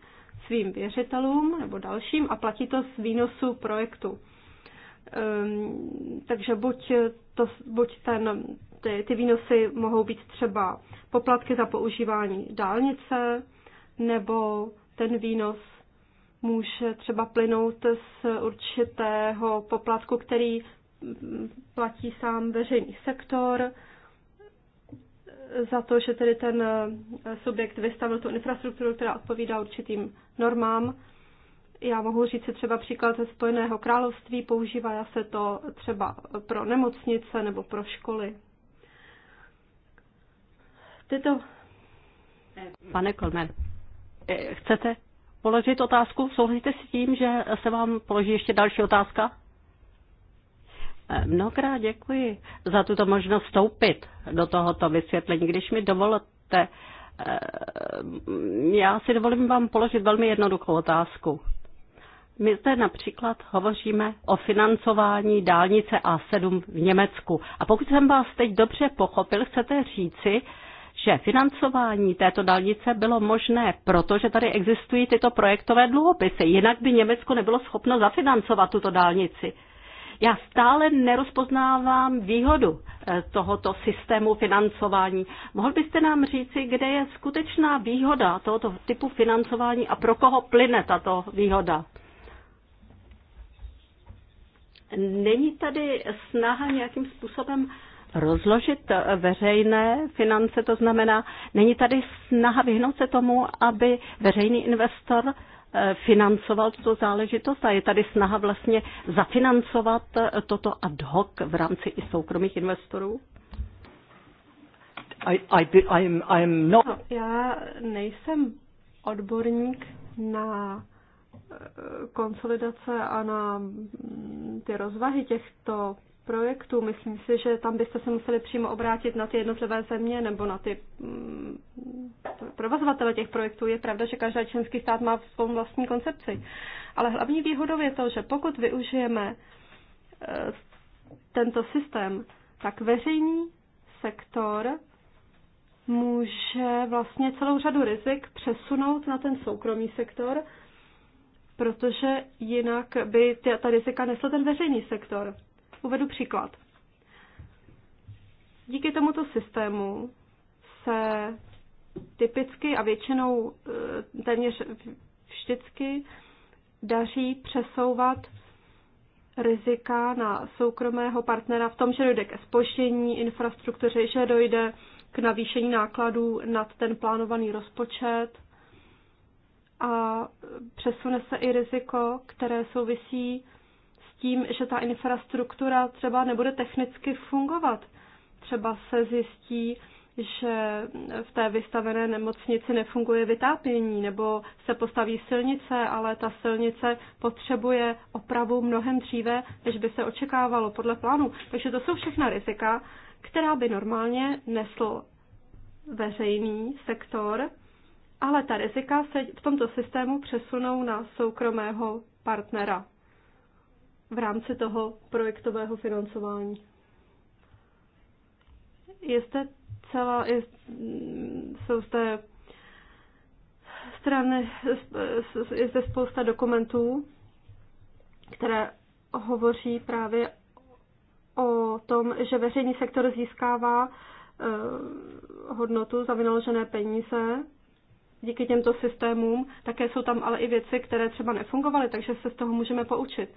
[SPEAKER 2] svým věřitelům nebo dalším a platí to z výnosu projektu. Um, takže buď, to, buď ten ty, ty výnosy mohou být třeba poplatky za používání dálnice, nebo ten výnos může třeba plynout z určitého poplatku, který platí sám veřejný sektor, za to, že tedy ten subjekt vystavil tu infrastrukturu, která odpovídá určitým normám. Já mohu říct si třeba příklad ze Spojeného království, používá se to třeba pro nemocnice nebo pro školy to... Pane Kolmen, eh, chcete položit otázku? Souhlasíte s tím, že se vám položí ještě další otázka? Eh, mnohokrát děkuji za tuto možnost vstoupit do tohoto vysvětlení. Když mi dovolíte, eh, já si dovolím vám položit velmi jednoduchou otázku. My zde například hovoříme o financování dálnice A7 v Německu. A pokud jsem vás teď dobře pochopil, chcete říci, že financování této dálnice bylo možné, protože tady existují tyto projektové dluhopisy. Jinak by Německo nebylo schopno zafinancovat tuto dálnici. Já stále nerozpoznávám výhodu eh, tohoto systému financování. Mohl byste nám říci, kde je skutečná výhoda tohoto typu financování a pro koho plyne tato výhoda? Není tady snaha nějakým způsobem rozložit veřejné finance, to znamená, není tady snaha vyhnout se tomu, aby veřejný investor eh, financoval tuto záležitost a je tady snaha vlastně zafinancovat eh, toto ad hoc v rámci i soukromých investorů?
[SPEAKER 1] I, I, I am, I am not... no,
[SPEAKER 2] já nejsem odborník na eh, konsolidace a na mm, ty rozvahy těchto projektů. Myslím si, že tam byste se museli přímo obrátit na ty jednotlivé země nebo na ty mm, provozovatele těch projektů. Je pravda, že každý členský stát má svou vlastní koncepci. Ale hlavní výhodou je to, že pokud využijeme eh, tento systém, tak veřejný sektor může vlastně celou řadu rizik přesunout na ten soukromý sektor, protože jinak by ta rizika nesl ten veřejný sektor. Uvedu příklad. Díky tomuto systému se typicky a většinou eh, téměř vždycky daří přesouvat rizika na soukromého partnera v tom, že dojde ke spoštění infrastruktury, že dojde k navýšení nákladů nad ten plánovaný rozpočet a přesune se i riziko, které souvisí tím, že ta infrastruktura třeba nebude technicky fungovat. Třeba se zjistí, že v té vystavené nemocnici nefunguje vytápění, nebo se postaví silnice, ale ta silnice potřebuje opravu mnohem dříve, než by se očekávalo podle plánu. Takže to jsou všechna rizika, která by normálně nesl veřejný sektor, ale ta rizika se v tomto systému přesunou na soukromého partnera v rámci toho projektového financování. Je zde celá, je, jsou zde strany, je zde spousta dokumentů, které hovoří právě o tom, že veřejný sektor získává eh, hodnotu za vynaložené peníze díky těmto systémům. Také jsou tam ale i věci, které třeba nefungovaly, takže se z toho můžeme poučit.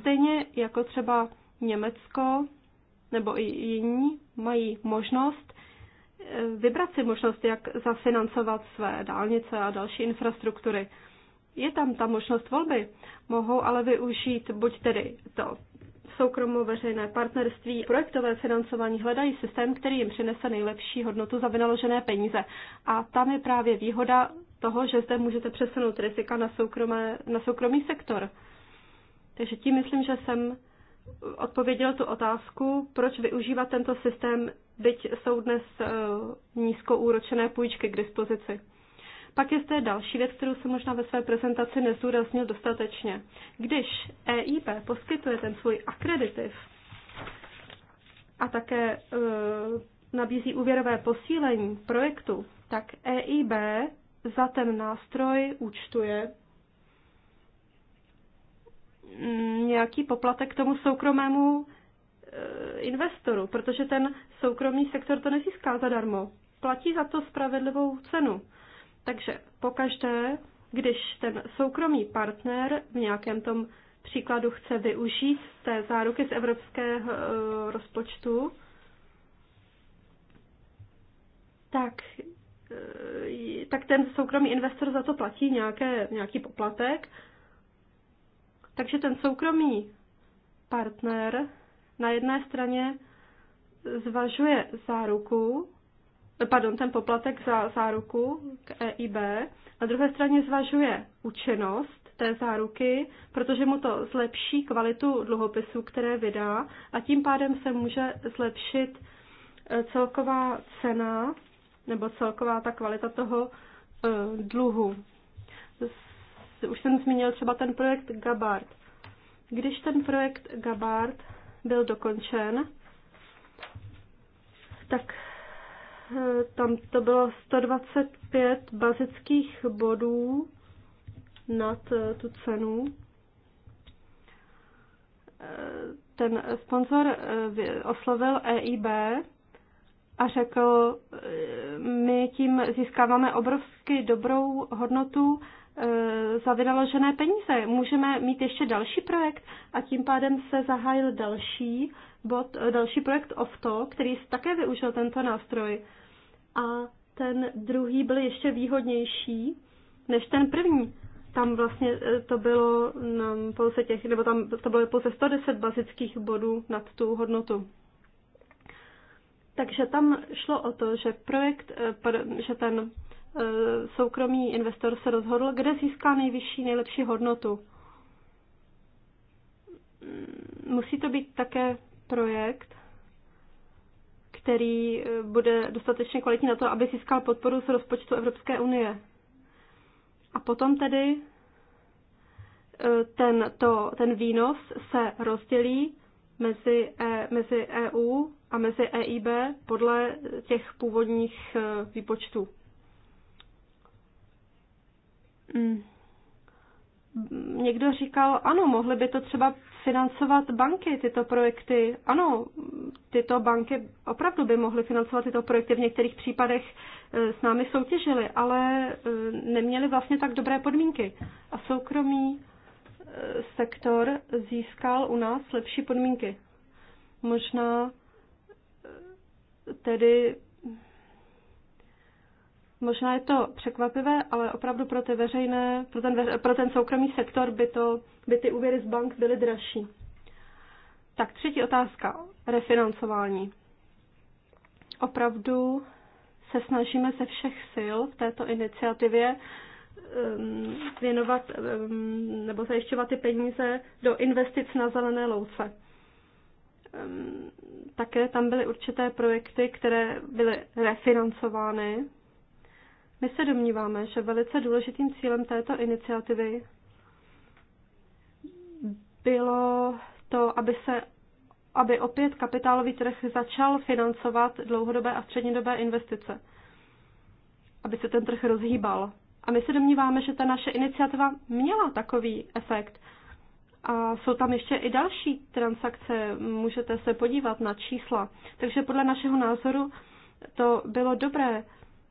[SPEAKER 2] Stejně jako třeba Německo nebo i jiní mají možnost eh, vybrat si možnost, jak zafinancovat své dálnice a další infrastruktury. Je tam ta možnost volby. Mohou ale využít buď tedy to soukromo-veřejné partnerství, projektové financování, hledají systém, který jim přinese nejlepší hodnotu za vynaložené peníze. A tam je právě výhoda toho, že zde můžete přesunout rizika na, soukromé, na soukromý sektor. Takže tím myslím, že jsem odpověděl tu otázku, proč využívat tento systém, byť jsou dnes eh, nízkoúročené půjčky k dispozici. Pak je zde další věc, kterou jsem možná ve své prezentaci nezdůraznil dostatečně. Když EIB poskytuje ten svůj akreditiv a také e, nabízí úvěrové posílení projektu, tak EIB za ten nástroj účtuje nějaký poplatek k tomu soukromému eh, investoru, protože ten soukromý sektor to nezíská zadarmo. Platí za to spravedlivou cenu. Takže pokaždé, když ten soukromý partner v nějakém tom příkladu chce využít té záruky z evropského eh, rozpočtu, tak, eh, tak ten soukromý investor za to platí nějaké, nějaký poplatek takže ten soukromý partner na jedné straně zvažuje záruku, pardon, ten poplatek za záruku k EIB, na druhé straně zvažuje účinnost té záruky, protože mu to zlepší kvalitu dluhopisu, které vydá a tím pádem se může zlepšit eh, celková cena nebo celková ta kvalita toho eh, dluhu už jsem zmínil třeba ten projekt Gabard. Když ten projekt Gabard byl dokončen, tak eh, tam to bylo 125 bazických bodů nad eh, tu cenu. Eh, ten sponzor oslovil EIB a řekl, my tím získáváme obrovsky dobrou hodnotu Eh, za vynaložené peníze. Můžeme mít ještě další projekt a tím pádem se zahájil další, bod, eh, další projekt OFTO, který také využil tento nástroj. A ten druhý byl ještě výhodnější než ten první. Tam vlastně eh, to bylo na pouze těch, nebo tam to bylo pouze 110 bazických bodů nad tu hodnotu. Takže tam šlo o to, že projekt, že ten Eh, soukromý investor se rozhodl, kde získá nejvyšší, nejlepší hodnotu. Mm, musí to být také projekt, který eh, bude dostatečně kvalitní na to, aby získal podporu z rozpočtu Evropské unie. A potom tedy eh, ten, to, ten výnos se rozdělí mezi, e, mezi EU a mezi EIB podle těch původních výpočtů. Hmm. někdo říkal, ano, mohly by to třeba financovat banky, tyto projekty. Ano, tyto banky opravdu by mohly financovat tyto projekty, v některých případech eh, s námi soutěžily, ale eh, neměly vlastně tak dobré podmínky. A soukromý eh, sektor získal u nás lepší podmínky. Možná tedy Možná je to překvapivé, ale opravdu pro ty veřejné, pro ten, pro ten soukromý sektor by, to, by ty úvěry z bank byly dražší. Tak třetí otázka, refinancování. Opravdu se snažíme ze všech sil v této iniciativě um, věnovat um, nebo zajišťovat ty peníze do investic na zelené louce. Um, také tam byly určité projekty, které byly refinancovány my se domníváme, že velice důležitým cílem této iniciativy bylo to, aby se aby opět kapitálový trh začal financovat dlouhodobé a střednědobé investice, aby se ten trh rozhýbal. A my se domníváme, že ta naše iniciativa měla takový efekt. A jsou tam ještě i další transakce, můžete se podívat na čísla. Takže podle našeho názoru to bylo dobré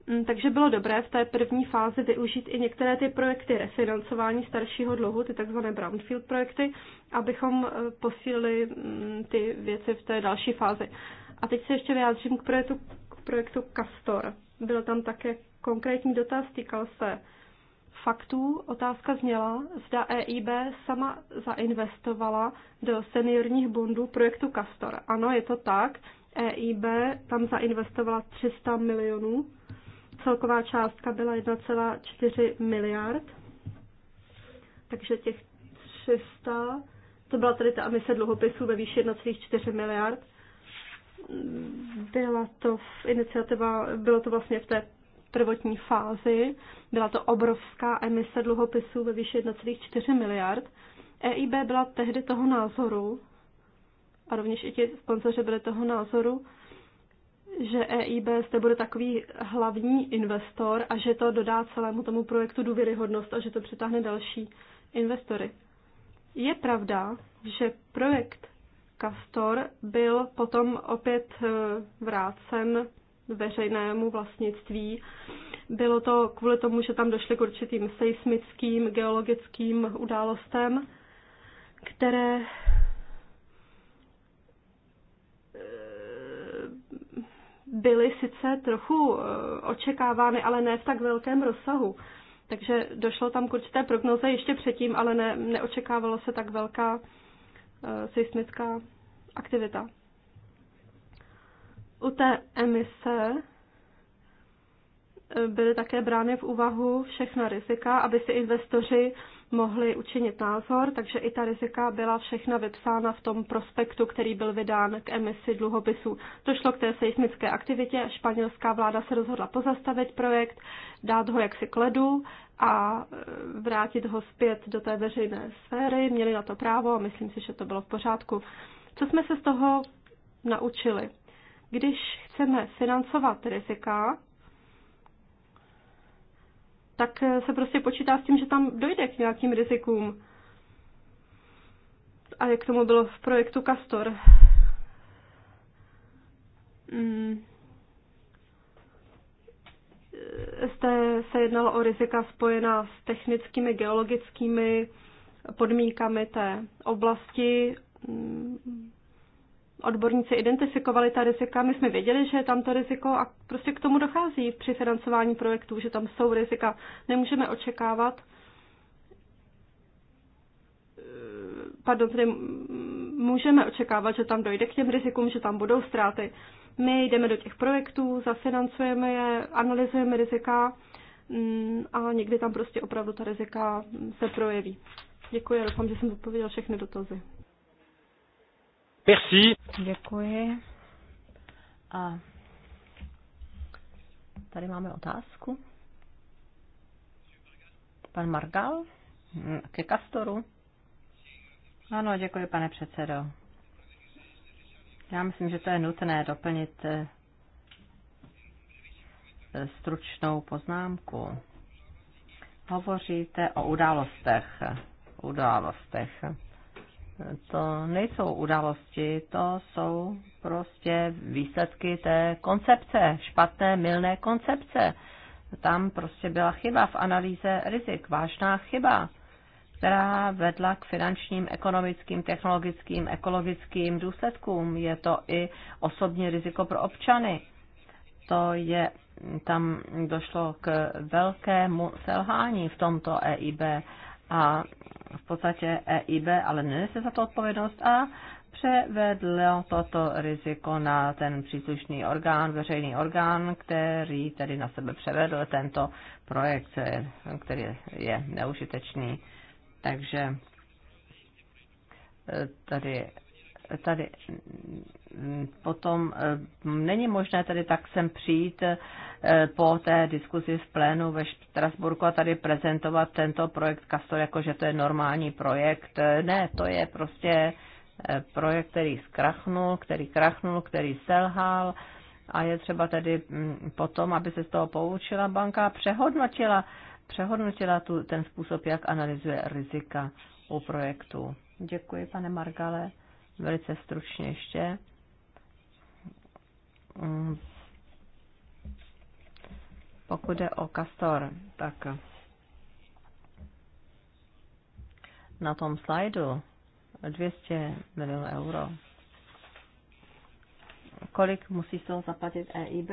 [SPEAKER 2] Mm, takže bylo dobré v té první fázi využít i některé ty projekty refinancování staršího dluhu, ty takzvané brownfield projekty, abychom eh, posílili mm, ty věci v té další fázi. A teď se ještě vyjádřím k projektu, k projektu Castor. Byl tam také konkrétní dotaz, týkal se faktů. Otázka zněla, zda EIB sama zainvestovala do seniorních bondů projektu Castor. Ano, je to tak. EIB tam zainvestovala 300 milionů Celková částka byla 1,4 miliard, takže těch 300, to byla tedy ta emise dluhopisů ve výši 1,4 miliard. Byla to iniciativa, bylo to vlastně v té prvotní fázi. Byla to obrovská emise dluhopisů ve výši 1,4 miliard. EIB byla tehdy toho názoru, a rovněž i ti sponzoři byli toho názoru, že EIB zde bude takový hlavní investor a že to dodá celému tomu projektu důvěryhodnost a že to přitáhne další investory. Je pravda, že projekt Castor byl potom opět eh, vrácen veřejnému vlastnictví. Bylo to kvůli tomu, že tam došly k určitým seismickým, geologickým událostem, které byly sice trochu eh, očekávány, ale ne v tak velkém rozsahu. Takže došlo tam k určité prognoze ještě předtím, ale ne, neočekávalo se tak velká eh, seismická aktivita. U té emise eh, byly také brány v úvahu všechna rizika, aby si investoři mohli učinit názor, takže i ta rizika byla všechna vypsána v tom prospektu, který byl vydán k emisi dluhopisů. Došlo k té seismické aktivitě, španělská vláda se rozhodla pozastavit projekt, dát ho jaksi k ledu a e, vrátit ho zpět do té veřejné sféry. Měli na to právo a myslím si, že to bylo v pořádku. Co jsme se z toho naučili? Když chceme financovat rizika, tak eh, se prostě počítá s tím, že tam dojde k nějakým rizikům. A jak tomu bylo v projektu Castor. Hmm. Zde se jednalo o rizika spojená s technickými, geologickými podmínkami té oblasti, mm odborníci identifikovali ta rizika. My jsme věděli, že je tam to riziko a prostě k tomu dochází při financování projektů, že tam jsou rizika. Nemůžeme očekávat, eh, pardon, tedy můžeme očekávat, že tam dojde k těm rizikům, že tam budou ztráty. My jdeme do těch projektů, zafinancujeme je, analyzujeme rizika mm, a někdy tam prostě opravdu ta rizika se projeví. Děkuji a doufám, že jsem odpověděl všechny dotazy.
[SPEAKER 1] Merci. Děkuji. A
[SPEAKER 3] tady máme otázku. Pan Margal ke Kastoru. Ano, děkuji, pane předsedo. Já myslím, že to je nutné doplnit eh, stručnou poznámku. Hovoříte o událostech. Událostech to nejsou události, to jsou prostě výsledky té koncepce, špatné, milné koncepce. Tam prostě byla chyba v analýze rizik, vážná chyba, která vedla k finančním, ekonomickým, technologickým, ekologickým důsledkům. Je to i osobní riziko pro občany. To je, tam došlo k velkému selhání v tomto EIB a v podstatě EIB ale nenese za to odpovědnost a převedlo toto riziko na ten příslušný orgán, veřejný orgán, který tedy na sebe převedl tento projekt, který je neužitečný. Takže eh, tady tady potom eh, není možné tady tak sem přijít eh, po té diskuzi v plénu ve Strasburku a tady prezentovat tento projekt Castor jako, že to je normální projekt. Eh, ne, to je prostě projekt, který zkrachnul, který krachnul, který selhal a je třeba tedy mm, potom, aby se z toho poučila banka, přehodnotila, přehodnotila tu, ten způsob, jak analyzuje rizika u projektu. Děkuji, pane Margale. Velice stručně ještě. Mm. Pokud jde o Castor, tak na tom slajdu 200 milionů euro. Kolik musí z toho zaplatit EIB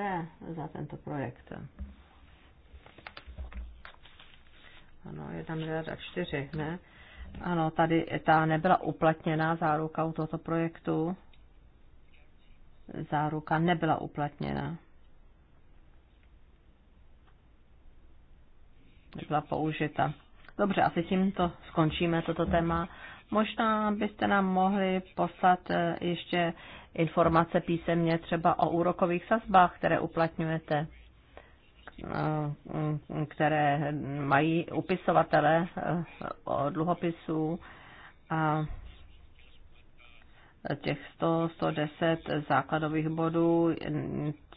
[SPEAKER 3] za tento projekt? Ano, je tam miliarda čtyři, ne? Ano, tady ta nebyla uplatněná záruka u tohoto projektu. Záruka nebyla uplatněna. Nebyla použita. Dobře, asi tím to skončíme, toto téma. Možná byste nám mohli poslat eh, ještě informace písemně třeba o úrokových sazbách, které uplatňujete. Eh, které mají upisovatele eh, dluhopisů a těch 100, 110 základových bodů,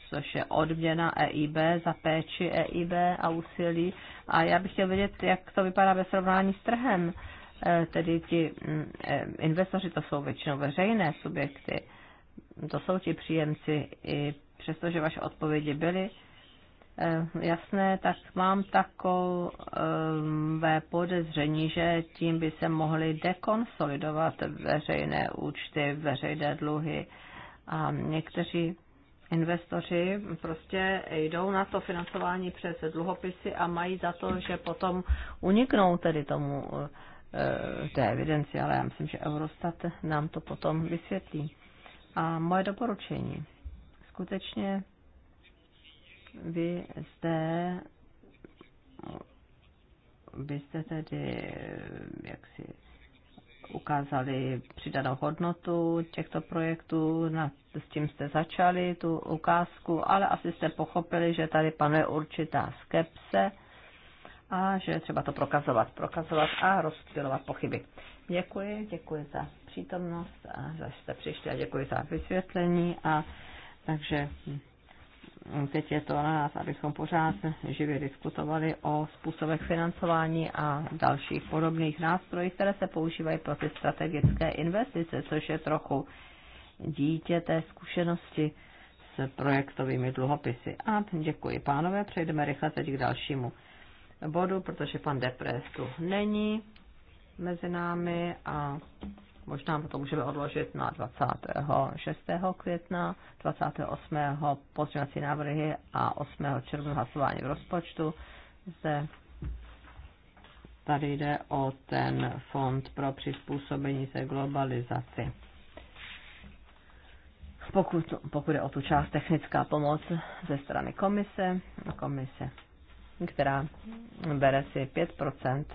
[SPEAKER 3] což je odměna EIB za péči EIB a úsilí. A já bych chtěl vědět, jak to vypadá ve srovnání s trhem. Eh, tedy ti mm, investoři to jsou většinou veřejné subjekty, to jsou ti příjemci, i přestože vaše odpovědi byly Eh, jasné, tak mám takové eh, podezření, že tím by se mohly dekonsolidovat veřejné účty, veřejné dluhy a někteří investoři prostě jdou na to financování přes dluhopisy a mají za to, že potom uniknou tedy tomu eh, té evidenci, ale já myslím, že Eurostat nám to potom vysvětlí. A moje doporučení. Skutečně vy zde byste tedy jak si ukázali přidanou hodnotu těchto projektů, na, s tím jste začali tu ukázku, ale asi jste pochopili, že tady panuje určitá skepse a že třeba to prokazovat, prokazovat a rozptilovat pochyby. Děkuji, děkuji za přítomnost a za že jste přišli a děkuji za vysvětlení a takže hm, teď je to na nás, abychom pořád živě diskutovali o způsobech financování a dalších podobných nástrojích, které se používají pro ty strategické investice, což je trochu dítě té zkušenosti s projektovými dluhopisy. A děkuji pánové, přejdeme rychle teď k dalšímu bodu, protože pan Depres tu není mezi námi a možná to můžeme odložit na 26. května, 28. pozměňovací návrhy a 8. června hlasování v rozpočtu. Zde tady jde o ten fond pro přizpůsobení se globalizaci. Pokud, pokud je o tu část technická pomoc ze strany komise, komise, která bere si 5%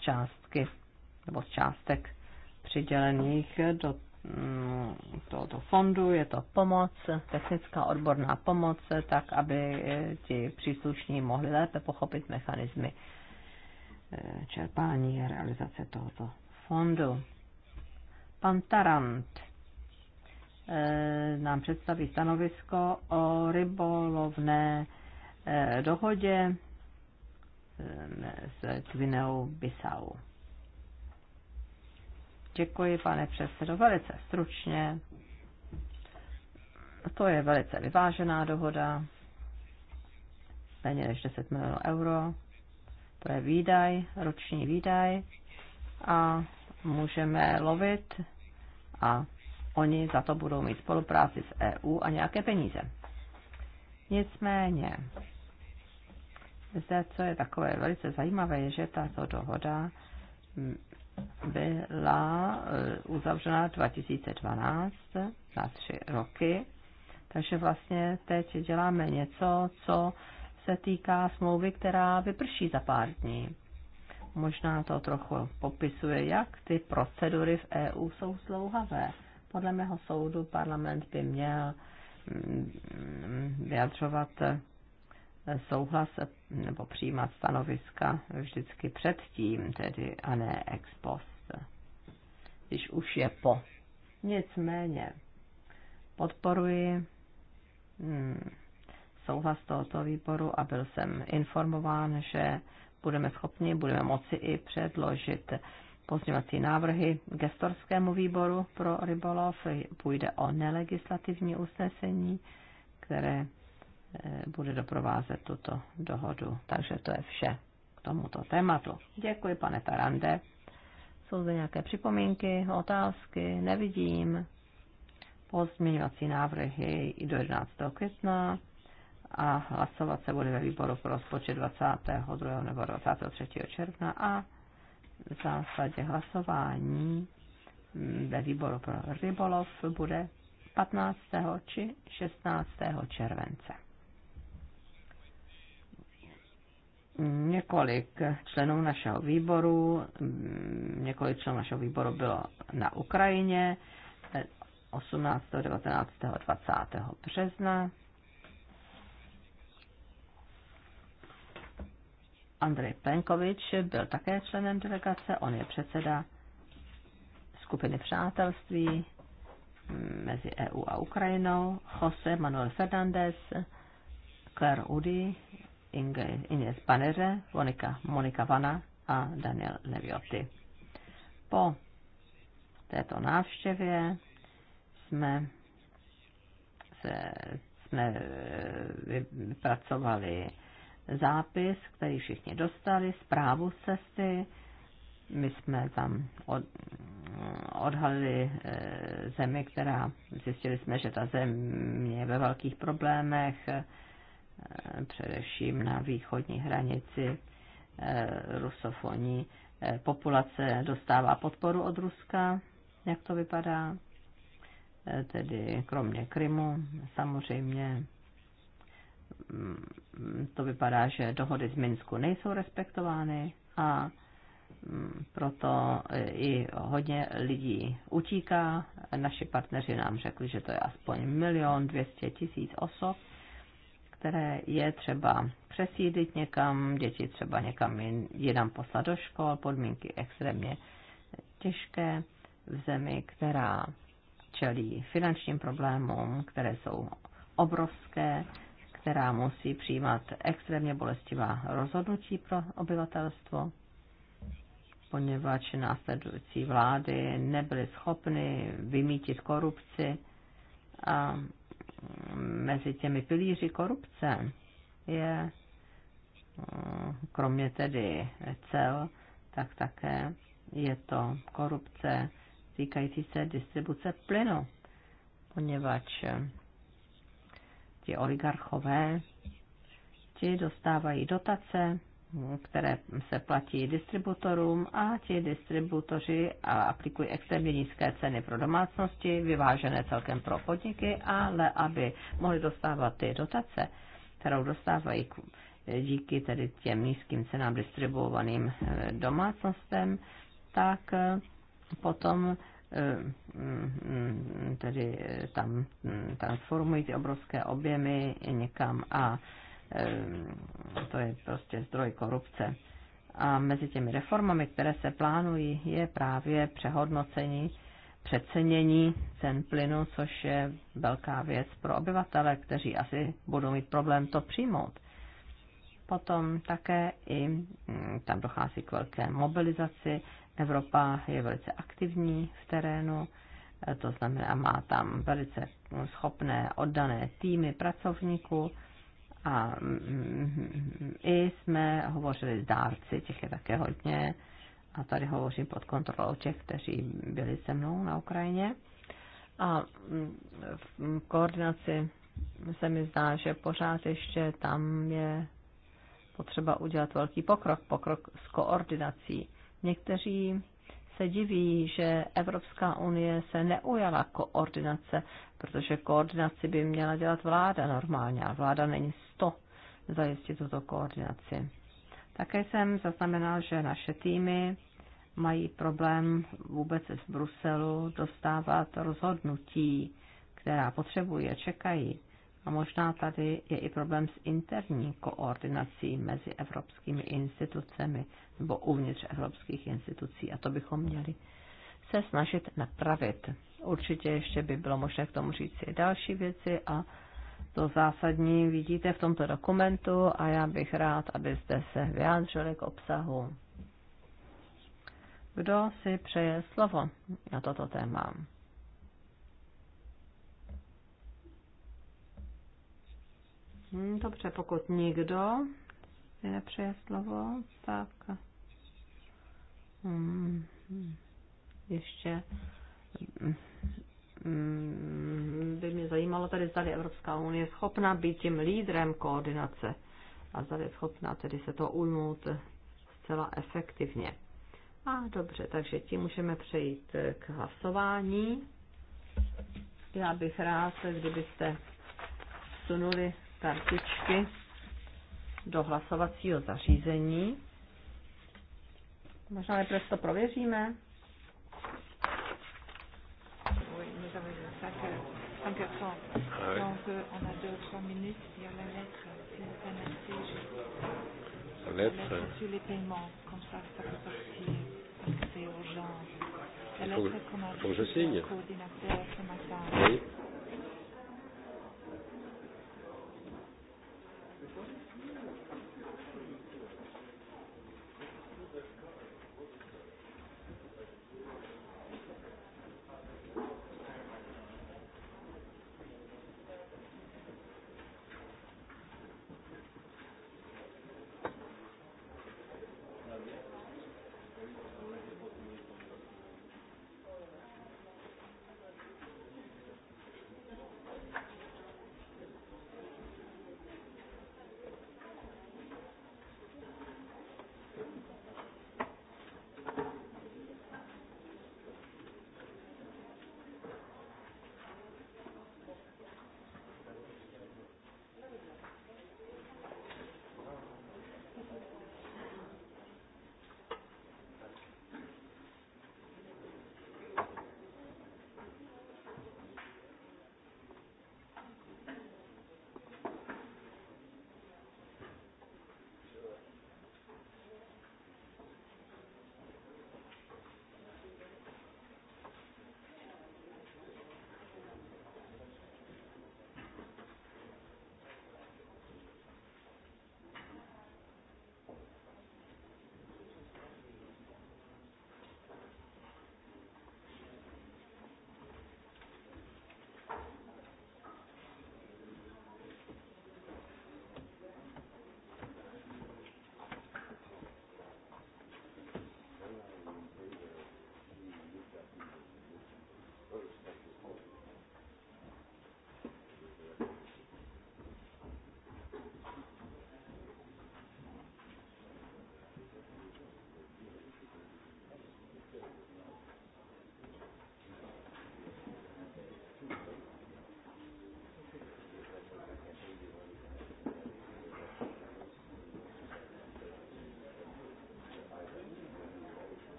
[SPEAKER 3] částky nebo z částek přidělených do mm, tohoto fondu, je to pomoc, technická odborná pomoc, tak aby eh, ti příslušní mohli lépe pochopit mechanismy eh, čerpání a realizace tohoto fondu. Pan Tarant eh, nám představí stanovisko o rybolovné dohodě s Gvineou Bissau. Děkuji, pane předsedo, velice stručně. To je velice vyvážená dohoda, méně než 10 milionů euro. To je výdaj, roční výdaj a můžeme lovit a oni za to budou mít spolupráci s EU a nějaké peníze. Nicméně, zde, co je takové velice zajímavé, je, že tato dohoda byla uzavřena 2012 na tři roky. Takže vlastně teď děláme něco, co se týká smlouvy, která vyprší za pár dní. Možná to trochu popisuje, jak ty procedury v EU jsou zlouhavé. Podle mého soudu parlament by měl mm, mm, vyjadřovat souhlas nebo přijímat stanoviska vždycky předtím, tedy a ne ex post, když už je po. Nicméně podporuji hmm, souhlas tohoto výboru a byl jsem informován, že budeme schopni, budeme moci i předložit pozměňovací návrhy gestorskému výboru pro rybolov. Půjde o nelegislativní usnesení, které Eh, bude doprovázet tuto dohodu. Takže to je vše k tomuto tématu. Děkuji, pane Tarande. Jsou zde nějaké připomínky, otázky? Nevidím. Pozměňovací návrhy i do 11. května a hlasovat se bude ve výboru pro rozpočet 22. nebo 23. června a v zásadě hlasování ve výboru pro rybolov bude 15. či 16. července. několik členů našeho výboru, několik členů našeho výboru bylo na Ukrajině 18., 19., 20. března. Andrej Penkovič byl také členem delegace, on je předseda skupiny přátelství mezi EU a Ukrajinou, Jose Manuel Fernández, Claire Udy Inge, Ines Panere, Monika, Monika Vana a Daniel Levioty. Po této návštěvě jsme, se, jsme eh, vypracovali zápis, který všichni dostali, zprávu z cesty. My jsme tam od, odhalili eh, zemi, která zjistili jsme, že ta země je ve velkých problémech, Eh, především na východní hranici eh, rusofoní eh, populace dostává podporu od Ruska, jak to vypadá, tedy kromě Krymu samozřejmě. Mm, to vypadá, že dohody z Minsku nejsou respektovány a mm, proto i hodně lidí utíká. Naši partneři nám řekli, že to je aspoň milion dvěstě tisíc osob které je třeba přesídit někam, děti třeba někam jinam poslat do škol, podmínky extrémně těžké v zemi, která čelí finančním problémům, které jsou obrovské, která musí přijímat extrémně bolestivá rozhodnutí pro obyvatelstvo, poněvadž následující vlády nebyly schopny vymítit korupci a mezi těmi pilíři korupce je eh, kromě tedy cel, tak také je to korupce týkající se distribuce plynu, poněvadž eh, ti oligarchové ti dostávají dotace které se platí distributorům a ti distributoři aplikují extrémně nízké ceny pro domácnosti, vyvážené celkem pro podniky, ale aby mohli dostávat ty dotace, kterou dostávají díky tedy těm nízkým cenám distribuovaným eh, domácnostem, tak eh, potom eh, mm, mm, tedy tam mm, transformují ty obrovské objemy někam a Ehm, to je prostě zdroj korupce. A mezi těmi reformami, které se plánují, je právě přehodnocení, přecenění cen plynu, což je velká věc pro obyvatele, kteří asi budou mít problém to přijmout. Potom také i mm, tam dochází k velké mobilizaci. Evropa je velice aktivní v terénu, e, to znamená, má tam velice mm, schopné, oddané týmy pracovníků a mm, mm, mm, i jsme hovořili s dárci, těch je také hodně. A tady hovořím pod kontrolou těch, kteří byli se mnou na Ukrajině. A v koordinaci se mi zdá, že pořád ještě tam je potřeba udělat velký pokrok, pokrok s koordinací. Někteří se diví, že Evropská unie se neujala koordinace protože koordinaci by měla dělat vláda normálně a vláda není sto zajistit tuto koordinaci. Také jsem zaznamenal, že naše týmy mají problém vůbec z Bruselu dostávat rozhodnutí, která potřebují a čekají. A možná tady je i problém s interní koordinací mezi evropskými institucemi nebo uvnitř evropských institucí a to bychom měli se snažit napravit. Určitě ještě by bylo možné k tomu říct i další věci a to zásadní vidíte v tomto dokumentu a já bych rád, abyste se vyjádřili k obsahu. Kdo si přeje slovo na toto téma? Dobře, pokud nikdo si nepřeje slovo, tak... Hmm. hmm ještě mm, by mě zajímalo tady, zda Evropská unie je schopna být tím lídrem koordinace a zda je schopna tedy se to ujmout zcela efektivně. A dobře, takže tím můžeme přejít k hlasování. Já bych rád, kdybyste sunuli kartičky do hlasovacího zařízení. Možná nejprve to prověříme.
[SPEAKER 1] 400. Ah ouais. Donc, euh, on a deux ou trois minutes. Il y a la lettre. Si vous permettez, je... La lettre, la lettre euh. sur les paiements. Comme ça, ça peut partir. Parce que c'est urgent. La lettre qu'on a faut que je signe. coordinateur ce matin. Oui.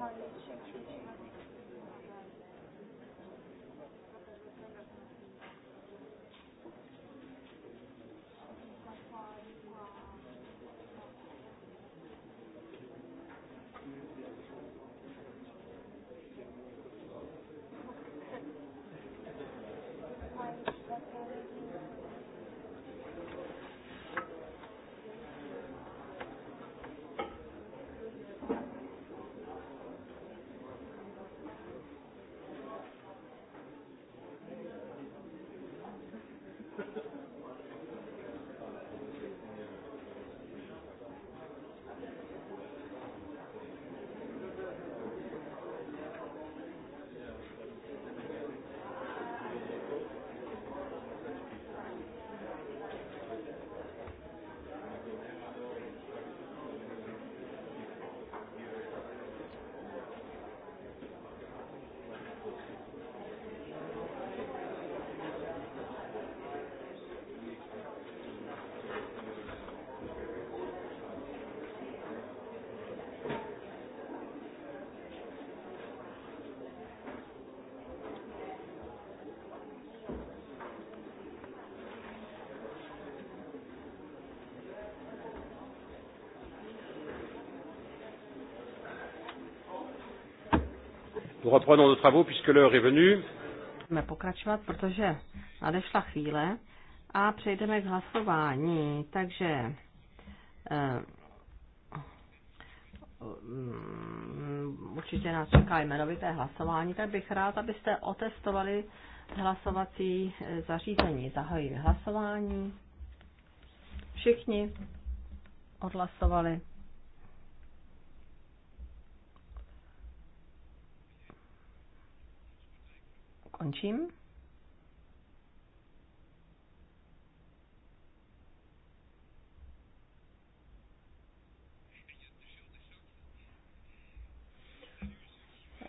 [SPEAKER 1] Harley Shake Shake Shake.
[SPEAKER 4] Nous reprenons nos travaux puisque l'heure est venue.
[SPEAKER 3] Budeme pokračovat, protože nadešla chvíle a přejdeme k hlasování. Takže um, určitě nás čeká jmenovité hlasování, tak bych rád, abyste otestovali hlasovací eh, zařízení. Zahajuji hlasování. Všichni odhlasovali. Končím.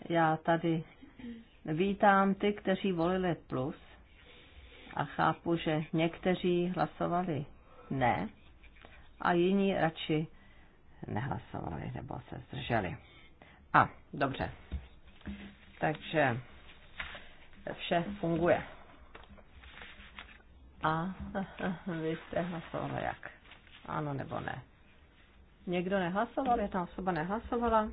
[SPEAKER 3] Já tady vítám ty, kteří volili plus a chápu, že někteří hlasovali ne a jiní radši nehlasovali nebo se zdrželi. A, dobře. Takže vše funguje. A vy jste hlasovala jak? Ano nebo ne? Někdo nehlasoval? Je ta osoba nehlasovala?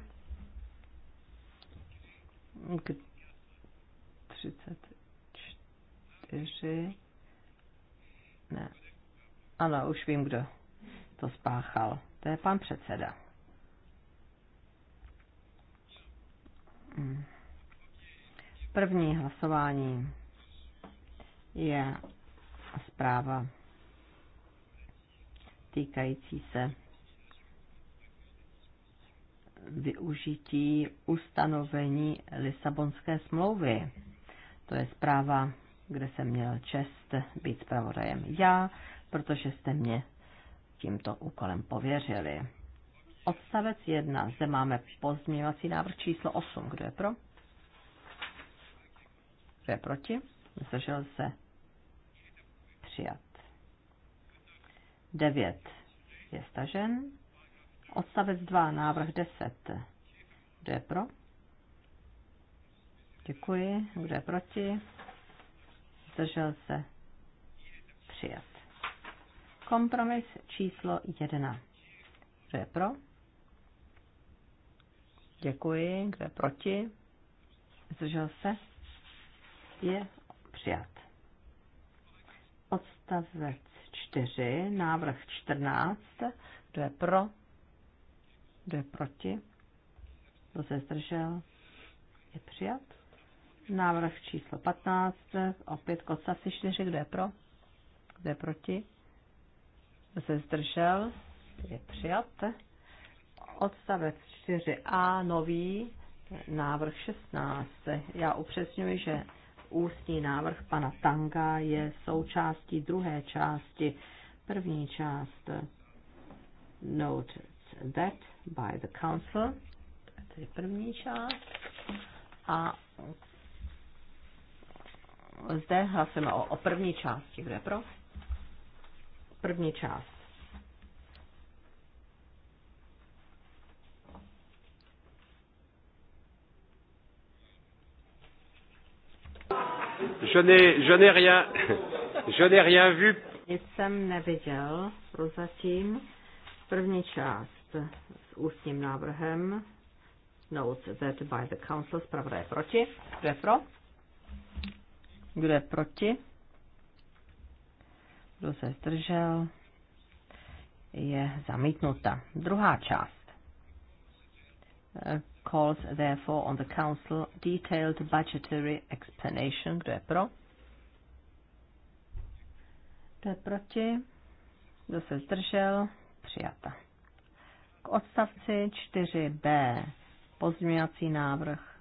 [SPEAKER 3] 34. Ne. Ano, už vím, kdo to spáchal. To je pan předseda. Mm. První hlasování je zpráva týkající se využití ustanovení Lisabonské smlouvy. To je zpráva, kde jsem měl čest být zpravodajem já, protože jste mě tímto úkolem pověřili. Odstavec 1. Zde máme pozměňovací návrh číslo 8. Kdo je pro? Kdo je proti? Zdržel se. Přijat. 9 je stažen. Odstavec 2, návrh 10. Kdo je pro? Děkuji. Kdo je proti? Zdržel se. Přijat. Kompromis číslo 1. Kdo je pro? Děkuji. Kdo je proti? Zdržel se? je přijat. Odstavec 4, návrh 14, kdo je pro, kdo je proti, kdo se zdržel, je přijat. Návrh číslo 15, opět k odstavci 4, kdo je pro, kdo je proti, kdo se zdržel, je přijat. Odstavec 4a, nový, návrh 16. Já upřesňuji, že ústní návrh pana Tanga je součástí druhé části. První část note that by the council, to je první část. A zde hlasujeme o, o první části. Kdo je pro? První část.
[SPEAKER 1] Je n'ai, je n'ai rien, je n'ai rien vu.
[SPEAKER 3] Nic jsem neviděl prozatím. První část s ústním návrhem Notes that by the Council je proti. Kdo je pro? Kdo je proti? Kdo se zdržel? Je zamítnuta. Druhá část calls therefore on the Council detailed budgetary explanation. Kdo je pro? Kdo je proti? Kdo se zdržel? Přijata. K odstavci 4b pozměňovací návrh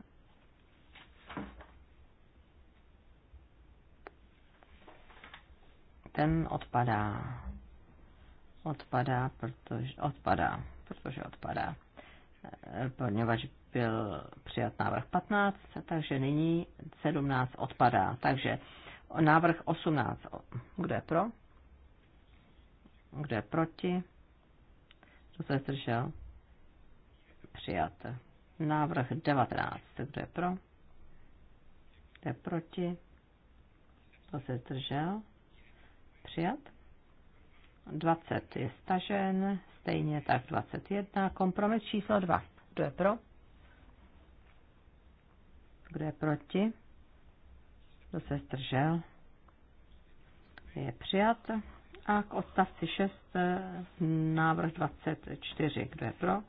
[SPEAKER 3] ten odpadá. Odpadá, protože odpadá, protože odpadá poněvadž byl přijat návrh 15, takže nyní 17 odpadá. Takže návrh 18. Kdo je pro? Kdo je proti? Kdo se zdržel? Přijat. Návrh 19. Kdo je pro? Kdo je proti? Kdo se zdržel? Přijat. 20 je stažen, stejně tak 21. Kompromis číslo 2. Kdo je pro? Kdo je proti? Kdo se zdržel? Je přijat. A k odstavci 6 eh, návrh 24. Kdo je pro?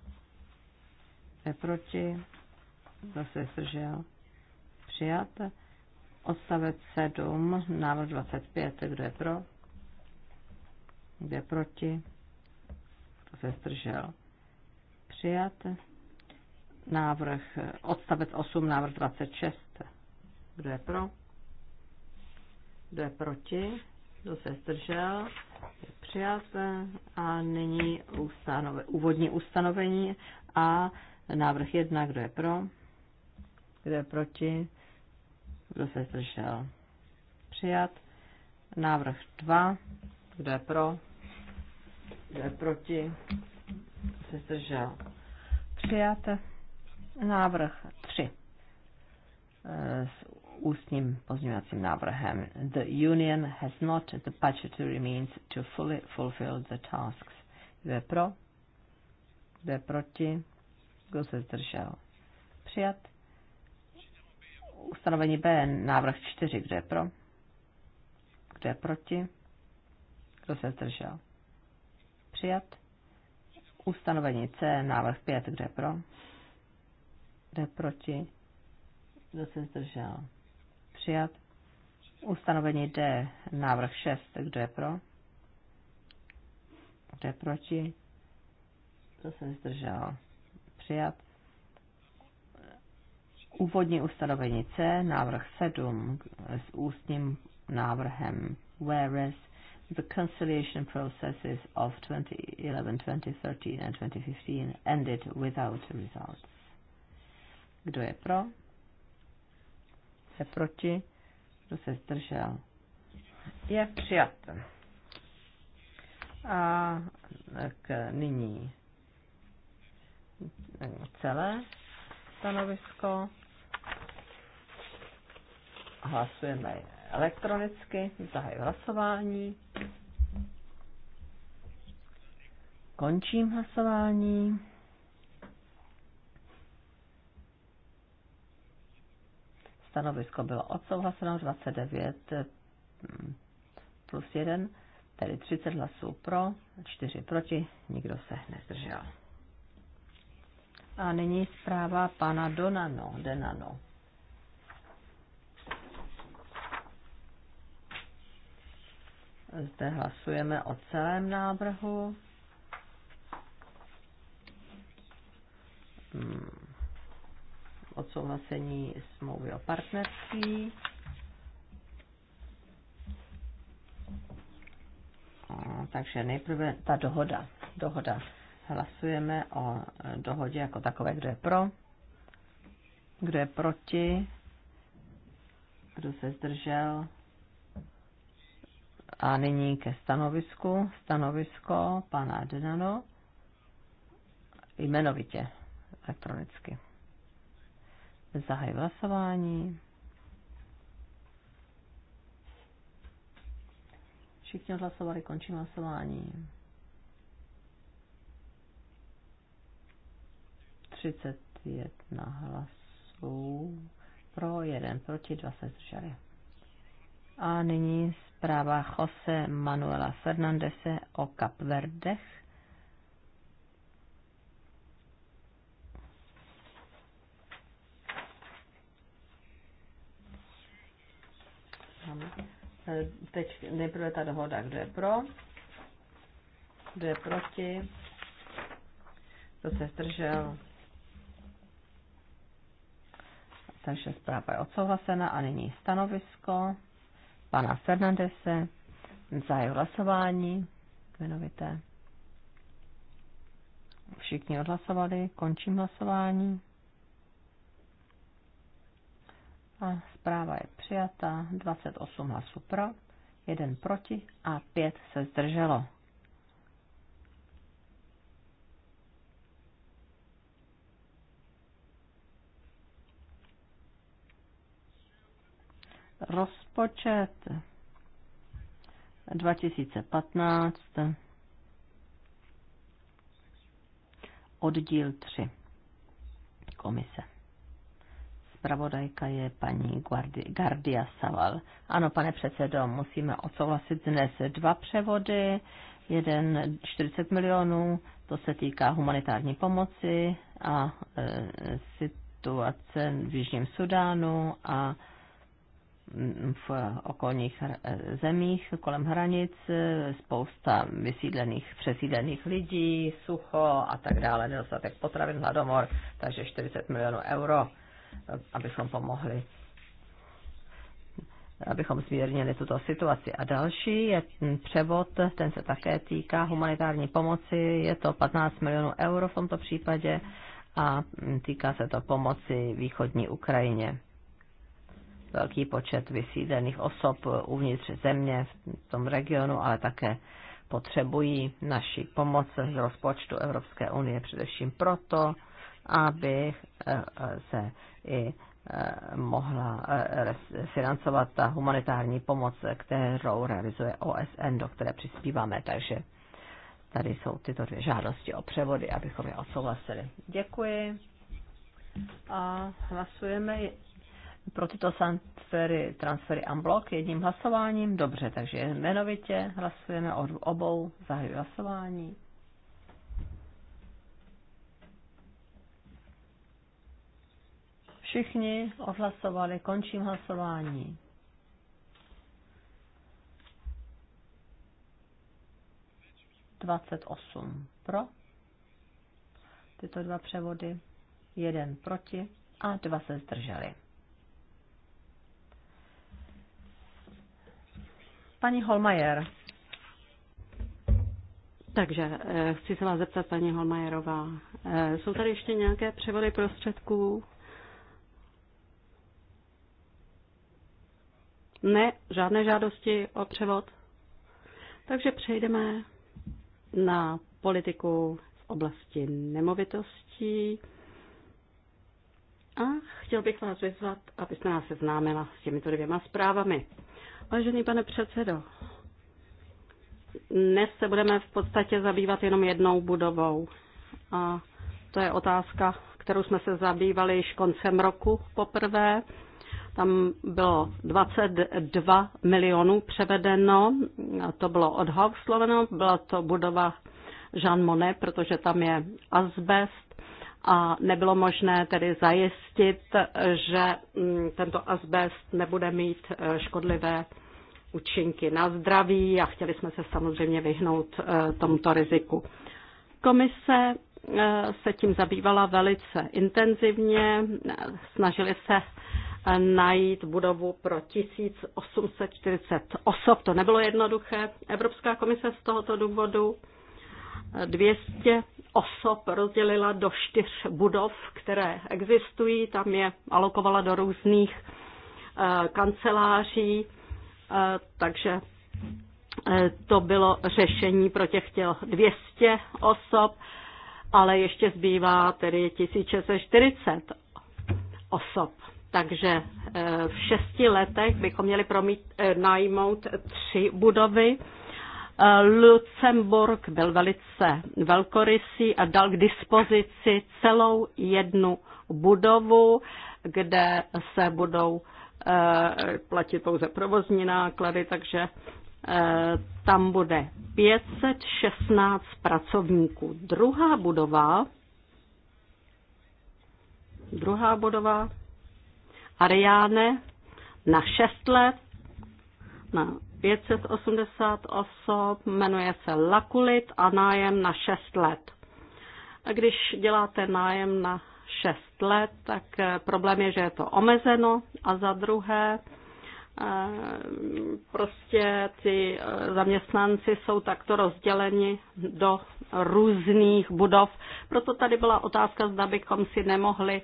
[SPEAKER 3] Kdo je proti? Kdo se zdržel? Přijat. Odstavec 7, návrh 25. Kdo je pro? Kdo je proti? se zdržel. Přijat. Návrh odstavec 8, návrh 26. Kdo je pro? Kdo je proti? Kdo se zdržel? Je přijat. A nyní ustanove, úvodní ustanovení a návrh 1. Kdo je pro? Kdo je proti? Kdo se zdržel? Přijat. Návrh 2. Kdo je pro? proti, se zdržel. Přijat návrh 3 e, s ústním pozměňovacím návrhem. The union has not the budgetary means to fully fulfill the tasks. Kdo je pro? Kdo je proti? Kdo se zdržel? Přijat. Ustanovení B, návrh 4. Kdo je pro? Kdo je proti? Kdo se zdržel? Přijat. Ustanovení C, návrh 5, kde pro? Kde proti? Kdo se zdržel? Přijat. Ustanovení D, návrh 6, kde pro? Kde proti? Kdo se zdržel? Přijat. Úvodní ustanovení C, návrh 7 s ústním návrhem Whereas the conciliation processes of 2011, 2013 and 2015 ended without results. Kdo je pro? Je proti? Kdo se zdržel? Je přijat. A k nyní celé stanovisko. Hlasujeme elektronicky, zahajuji hlasování. Končím hlasování. Stanovisko bylo odsouhlaseno 29 mm, plus 1, tedy 30 hlasů pro, 4 proti, nikdo se nezdržel. A nyní zpráva pana Donano, Denano. Zde hlasujeme o celém návrhu. Hmm. Odsouhlasení smlouvy o partnerství. Hmm, takže nejprve ta dohoda. Dohoda. Hlasujeme o dohodě jako takové, kdo je pro, kdo je proti, kdo se zdržel, a nyní ke stanovisku. Stanovisko pana Denano jmenovitě elektronicky. Zahaj hlasování. Všichni hlasovali, končím hlasování. 31 hlasů pro, jeden proti, dva se zdrželi. A nyní zpráva Jose Manuela Fernandese o Kapverdech. Teď nejprve ta dohoda, kdo je pro, kdo je proti, kdo se zdržel. Takže zpráva je odsouhlasena a nyní stanovisko pana Fernandese za jeho hlasování jmenovité. Všichni odhlasovali, končím hlasování. A zpráva je přijata, 28 hlasů pro, 1 proti a 5 se zdrželo.
[SPEAKER 2] Rozpočet
[SPEAKER 3] 2015 oddíl 3 komise. Spravodajka je paní Guardi- Gardia Saval. Ano, pane předsedo, musíme odsouhlasit dnes dva převody. Jeden 40 milionů, to se týká humanitární pomoci a e, situace v Jižním Sudánu a e, v okolních zemích kolem hranic, spousta vysídlených, přesídlených lidí, sucho a tak dále, nedostatek potravin, hladomor, takže 40 milionů euro, abychom pomohli abychom zmírnili tuto situaci. A další je převod, ten se také týká humanitární pomoci, je to 15 milionů euro v tomto případě a týká se to pomoci východní Ukrajině velký počet vysídlených osob uvnitř země v tom regionu, ale také potřebují naši pomoc z rozpočtu Evropské unie především proto, aby eh, se i eh, mohla eh, financovat ta humanitární pomoc, kterou realizuje OSN, do které přispíváme. Takže tady jsou tyto dvě žádosti o převody, abychom je odsouhlasili. Děkuji. A hlasujeme pro tyto transfery, transfery unblock jedním hlasováním. Dobře, takže jmenovitě hlasujeme o obou, zahajuji hlasování. Všichni odhlasovali, končím hlasování. Dvacet osm pro tyto dva převody, jeden proti a dva se zdrželi. Paní
[SPEAKER 2] Holmajer. Takže eh, chci se vás zeptat, paní Holmajerová, eh, jsou tady ještě nějaké převody prostředků? Ne, žádné žádosti o převod. Takže přejdeme na politiku v oblasti nemovitostí. A chtěl bych vás vyzvat, abyste nás seznámila s těmito dvěma zprávami. Vážený pane předsedo, dnes se budeme v podstatě zabývat jenom jednou budovou. A to je otázka, kterou jsme se zabývali již koncem roku poprvé. Tam bylo 22 milionů převedeno, a to bylo odhausloveno, byla to budova Jean Monnet, protože tam je asbest a nebylo možné tedy zajistit, že mm, tento asbest nebude mít e, škodlivé účinky na zdraví a chtěli jsme se samozřejmě vyhnout e, tomuto riziku. Komise e, se tím zabývala velice intenzivně, snažili se najít budovu pro 1840 osob. To nebylo jednoduché. Evropská komise z tohoto důvodu 200 osob rozdělila do čtyř budov, které existují, tam je alokovala do různých eh, kanceláří, eh, takže eh, to bylo řešení pro těch 200 osob, ale ještě zbývá tedy 1640 osob. Takže v šesti letech bychom měli promít, najmout tři budovy Lucemburg byl velice velkorysý a dal k dispozici celou jednu budovu, kde se budou eh, platit pouze provozní náklady, takže eh, tam bude 516 pracovníků. Druhá budova, druhá budova Ariane na 6 let na 580 osob, jmenuje se Lakulit a nájem na 6 let. A když děláte nájem na 6 let, tak eh, problém je, že je to omezeno a za druhé eh, prostě ty eh, zaměstnanci jsou takto rozděleni do různých budov. Proto tady byla otázka, zda bychom si nemohli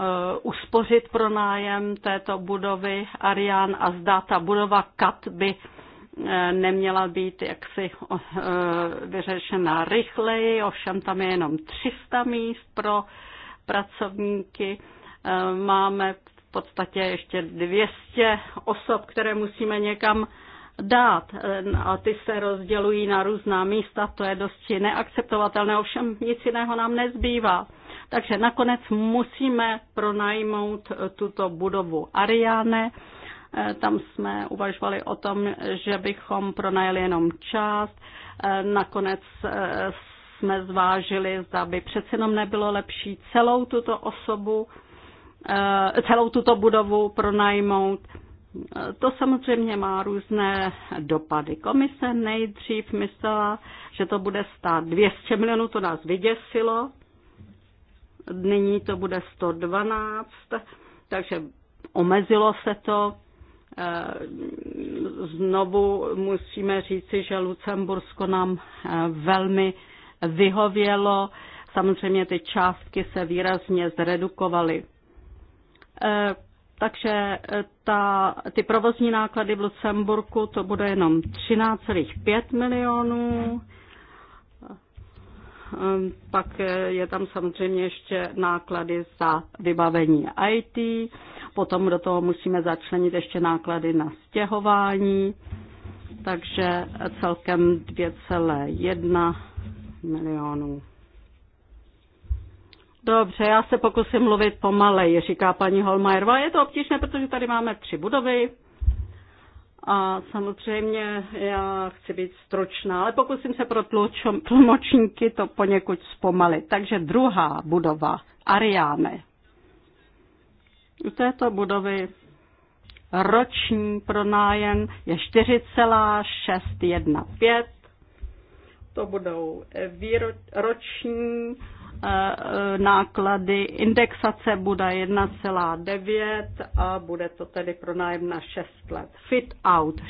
[SPEAKER 2] Eh, uspořit pro nájem této budovy Arián a zdá ta budova KAT by eh, neměla být jaksi eh, vyřešena rychleji, ovšem tam je jenom 300 míst pro pracovníky. Máme v podstatě ještě 200 osob, které musíme někam dát a ty se rozdělují na různá místa, to je dosti neakceptovatelné, ovšem nic jiného nám nezbývá. Takže nakonec musíme pronajmout eh, tuto budovu Ariane. Eh, tam jsme uvažovali o tom, že bychom pronajeli jenom část. Eh, nakonec jsme zvážili, zda by přece jenom nebylo lepší celou tuto osobu, celou tuto budovu pronajmout. To samozřejmě má různé dopady. Komise nejdřív myslela, že to bude stát 200 milionů, to nás vyděsilo, nyní to bude 112, takže omezilo se to. Eh, znovu musíme říci, že Lucembursko nám eh, velmi vyhovělo. Samozřejmě ty částky se výrazně zredukovaly. Eh, takže ta, ty provozní náklady v Lucemburku to bude jenom 13,5 milionů Ehm, pak eh, je tam samozřejmě ještě náklady za vybavení IT, potom do toho musíme začlenit ještě náklady na stěhování, takže celkem 2,1 milionů. Dobře, já se pokusím mluvit pomalej, říká paní Holmajerová. Je to obtížné, protože tady máme tři budovy, a samozřejmě já chci být stručná, ale pokusím se pro tlumočníky to poněkud zpomalit. Takže druhá budova, Ariáne. U této budovy roční pronájem je 4,615. To budou výroční Eh, náklady, indexace bude 1,9 a bude to tedy pronájem na 6 let. Fit out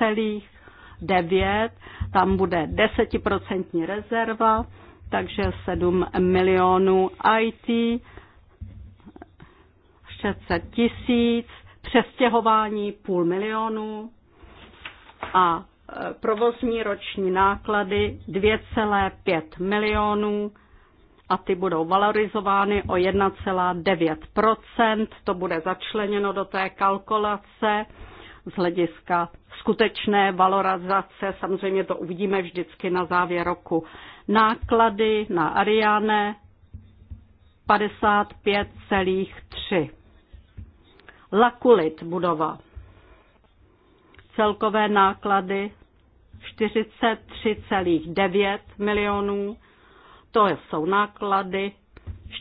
[SPEAKER 2] 6,9, tam bude 10% rezerva, takže 7 milionů IT, 600 tisíc, přestěhování půl milionu a eh, provozní roční náklady 2,5 milionů, a ty budou valorizovány o 1,9 To bude začleněno do té kalkulace z hlediska skutečné valorizace. Samozřejmě to uvidíme vždycky na závěr roku. Náklady na Ariane 55,3. Lakulit budova. Celkové náklady 43,9 milionů to jsou náklady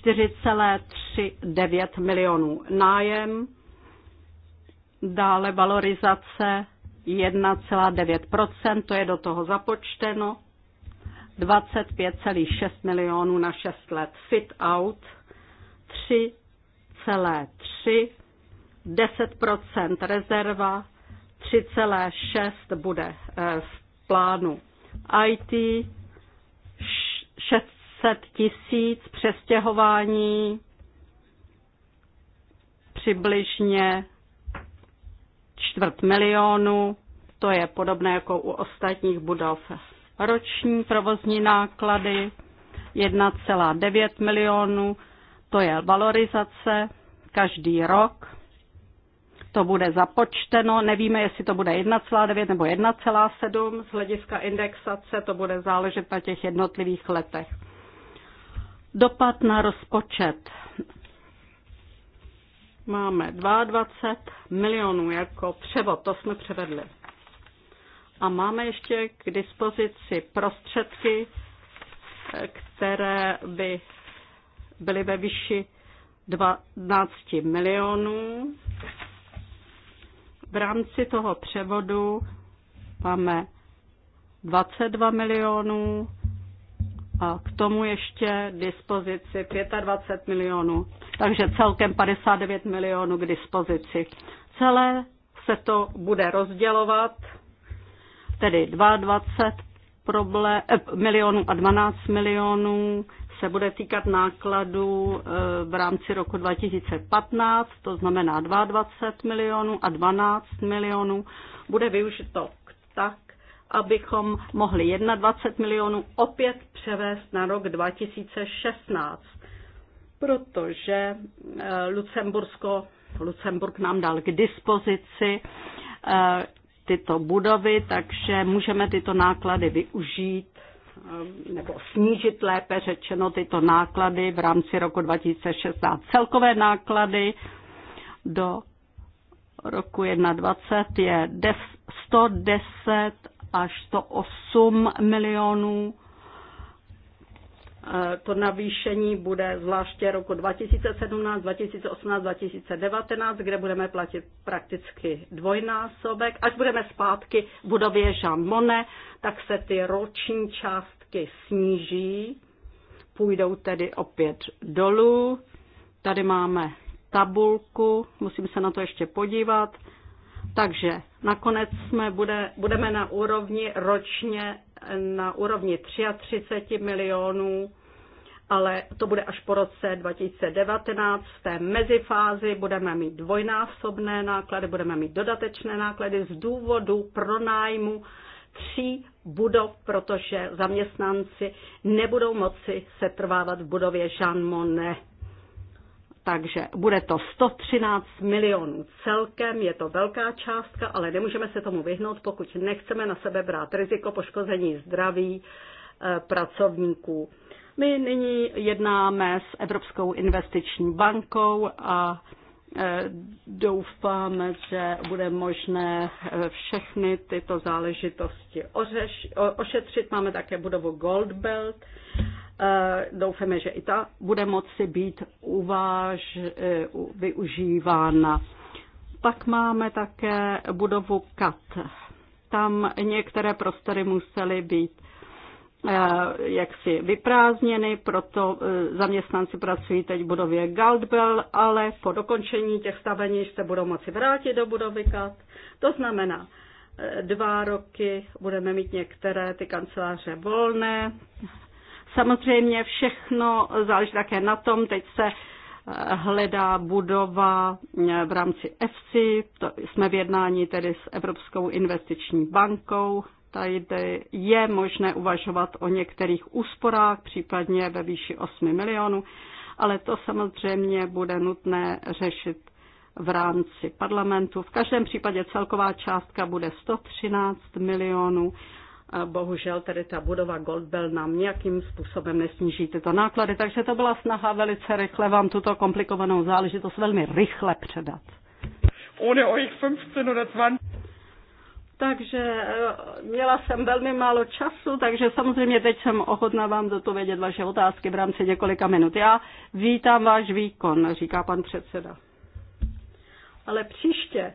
[SPEAKER 2] 4,39 milionů nájem, dále valorizace 1,9%, to je do toho započteno, 25,6 milionů na 6 let fit out, 3,3, 10% rezerva, 3,6 bude eh, v plánu IT, tisíc přestěhování, přibližně čtvrt milionu, to je podobné jako u ostatních budov. Roční provozní náklady 1,9 milionů, to je valorizace každý rok. To bude započteno, nevíme, jestli to bude 1,9 nebo 1,7, z hlediska indexace to bude záležet na těch jednotlivých letech. Dopad na rozpočet. Máme 22 milionů jako převod, to jsme převedli. A máme ještě k dispozici prostředky, které by byly ve výši 12 milionů. V rámci toho převodu máme 22 milionů a k tomu ještě dispozici 25 milionů, takže celkem 59 milionů k dispozici. Celé se to bude rozdělovat, tedy 22 eh, milionů a 12 milionů se bude týkat nákladů eh, v rámci roku 2015, to znamená 22 milionů a 12 milionů bude využito tak, abychom mohli 21 milionů opět převést na rok 2016, protože eh, Lucembursko, Lucemburg nám dal k dispozici eh, tyto budovy, takže můžeme tyto náklady využít eh, nebo snížit lépe řečeno tyto náklady v rámci roku 2016. Celkové náklady do roku 2021 je 110 až 108 milionů. E, to navýšení bude zvláště roku 2017, 2018, 2019, kde budeme platit prakticky dvojnásobek. Až budeme zpátky v budově Jean Monnet, tak se ty roční částky sníží, půjdou tedy opět dolů. Tady máme tabulku, musím se na to ještě podívat. Takže nakonec jsme bude, budeme na úrovni ročně na úrovni 33 milionů, ale to bude až po roce 2019. V té mezifázi budeme mít dvojnásobné náklady, budeme mít dodatečné náklady z důvodu pronájmu tří budov, protože zaměstnanci nebudou moci setrvávat v budově Jean Monnet. Takže bude to 113 milionů celkem, je to velká částka, ale nemůžeme se tomu vyhnout, pokud nechceme na sebe brát riziko poškození zdraví eh, pracovníků. My nyní jednáme s Evropskou investiční bankou a Eh, Doufám, že bude možné eh, všechny tyto záležitosti ořeš, ošetřit. Máme také budovu Goldbelt. Eh, doufáme, že i ta bude moci být uváž, využívána. Pak máme také budovu KAT. Tam některé prostory musely být jaksi vyprázdněny, proto e, zaměstnanci pracují teď v budově Galdbel, ale po dokončení těch stavení se budou moci vrátit do budovy Kat. To znamená, e, dva roky budeme mít některé ty kanceláře volné. Samozřejmě všechno záleží také na tom, teď se e, hledá budova v rámci EFSI, to jsme v jednání tedy s Evropskou investiční bankou, Tady je možné uvažovat o některých úsporách, případně ve výši 8 milionů, ale to samozřejmě bude nutné řešit v rámci parlamentu. V každém případě celková částka bude 113 milionů. Bohužel tedy ta budova Goldbell nám nějakým způsobem nesníží tyto náklady, takže to byla snaha velice rychle vám tuto komplikovanou záležitost velmi rychle předat. Ohne euch 15 oder 20 takže e, měla jsem velmi málo času, takže samozřejmě teď jsem ochotná vám vědět, vaše otázky v rámci několika minut. Já vítám váš výkon, říká pan předseda. Ale příště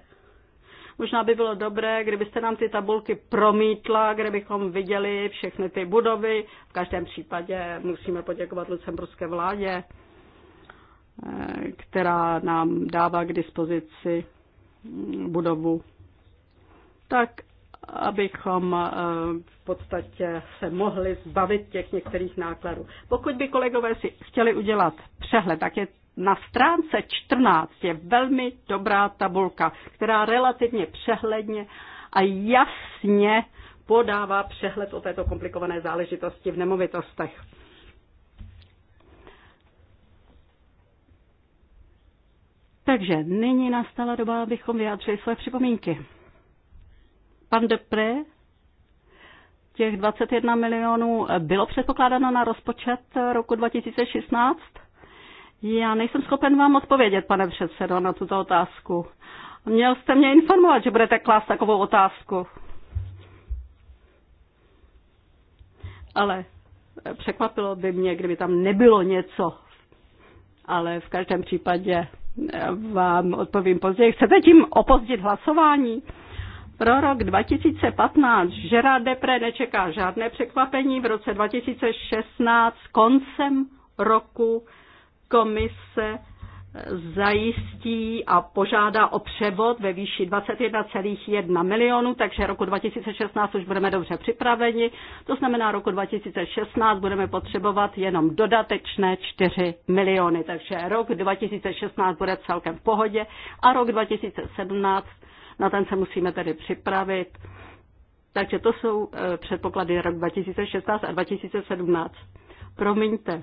[SPEAKER 2] možná by bylo dobré, kdybyste nám ty tabulky promítla, kde bychom viděli všechny ty budovy. V každém případě musíme poděkovat lucemburské vládě, e, která nám dává k dispozici budovu tak abychom eh, v podstatě se mohli zbavit těch některých nákladů. Pokud by kolegové si chtěli udělat přehled, tak je na stránce 14 je velmi dobrá tabulka, která relativně přehledně a jasně podává přehled o této komplikované záležitosti v nemovitostech. Takže nyní nastala doba, abychom vyjádřili své připomínky. Pan Depre, těch 21 milionů eh, bylo předpokládáno na rozpočet eh, roku 2016? Já nejsem schopen vám odpovědět, pane předsedo, na tuto otázku. Měl jste mě informovat, že budete klást takovou otázku. Ale eh, překvapilo by mě, kdyby tam nebylo něco. Ale v každém případě vám odpovím později. Chcete tím opozdit hlasování? Pro rok 2015 Gerard Depre nečeká žádné překvapení. V roce 2016 koncem roku komise eh, zajistí a požádá o převod ve výši 21,1 milionu, takže roku 2016 už budeme dobře připraveni. To znamená, roku 2016 budeme potřebovat jenom dodatečné 4 miliony, takže rok 2016 bude celkem v pohodě a rok 2017 na ten se musíme tedy připravit. Takže to jsou eh, předpoklady rok 2016 a 2017. Promiňte,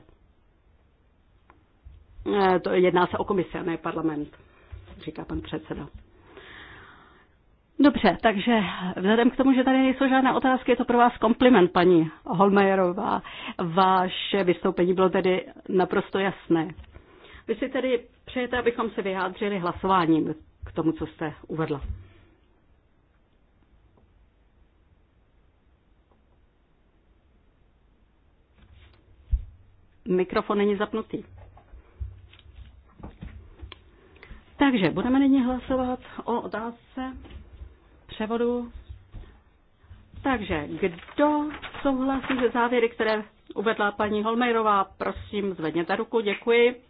[SPEAKER 2] eh, to jedná se o komisi, a ne parlament, říká pan předseda. Dobře, takže vzhledem k tomu, že tady nejsou žádné otázky, je to pro vás kompliment, paní Holmejerová. Vaše vystoupení bylo tedy naprosto jasné. Vy si tedy přejete, abychom se vyjádřili hlasováním k tomu, co jste uvedla. Mikrofon není zapnutý. Takže budeme nyní hlasovat o otázce převodu. Takže kdo souhlasí se závěry, které uvedla paní Holmejrová, prosím, zvedněte ruku, děkuji.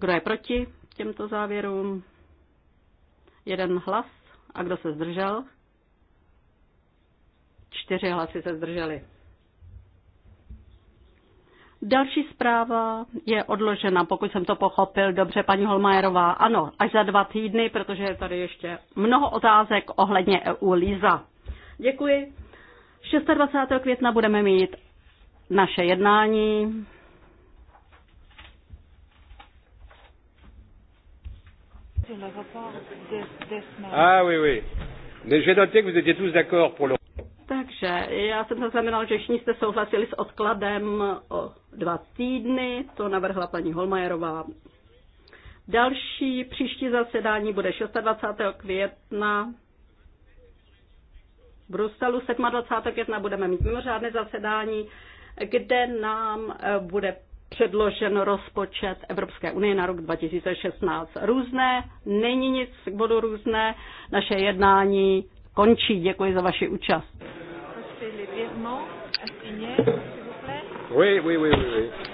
[SPEAKER 2] Kdo je proti těmto závěrům? Jeden hlas. A kdo se zdržel? Čtyři hlasy se zdrželi. Další zpráva je odložena, pokud jsem to pochopil dobře, paní Holmajerová. Ano, až za dva týdny, protože je tady ještě mnoho otázek ohledně EU Liza. Děkuji. 26. května budeme mít naše jednání.
[SPEAKER 1] Ah
[SPEAKER 4] oui, oui. Mais j'ai noté que vous étiez tous d'accord pour le...
[SPEAKER 2] Takže já jsem zaznamenal, že všichni jste souhlasili s odkladem o dva týdny, to navrhla paní Holmajerová. Další příští zasedání bude 26. května. V Bruselu 27. května budeme mít mimořádné zasedání, kde nám eh, bude předložen rozpočet Evropské unie na rok 2016. Různé, není nic k bodu různé, naše jednání končí. Děkuji za vaši účast.
[SPEAKER 4] Oui, oui, oui, oui, oui.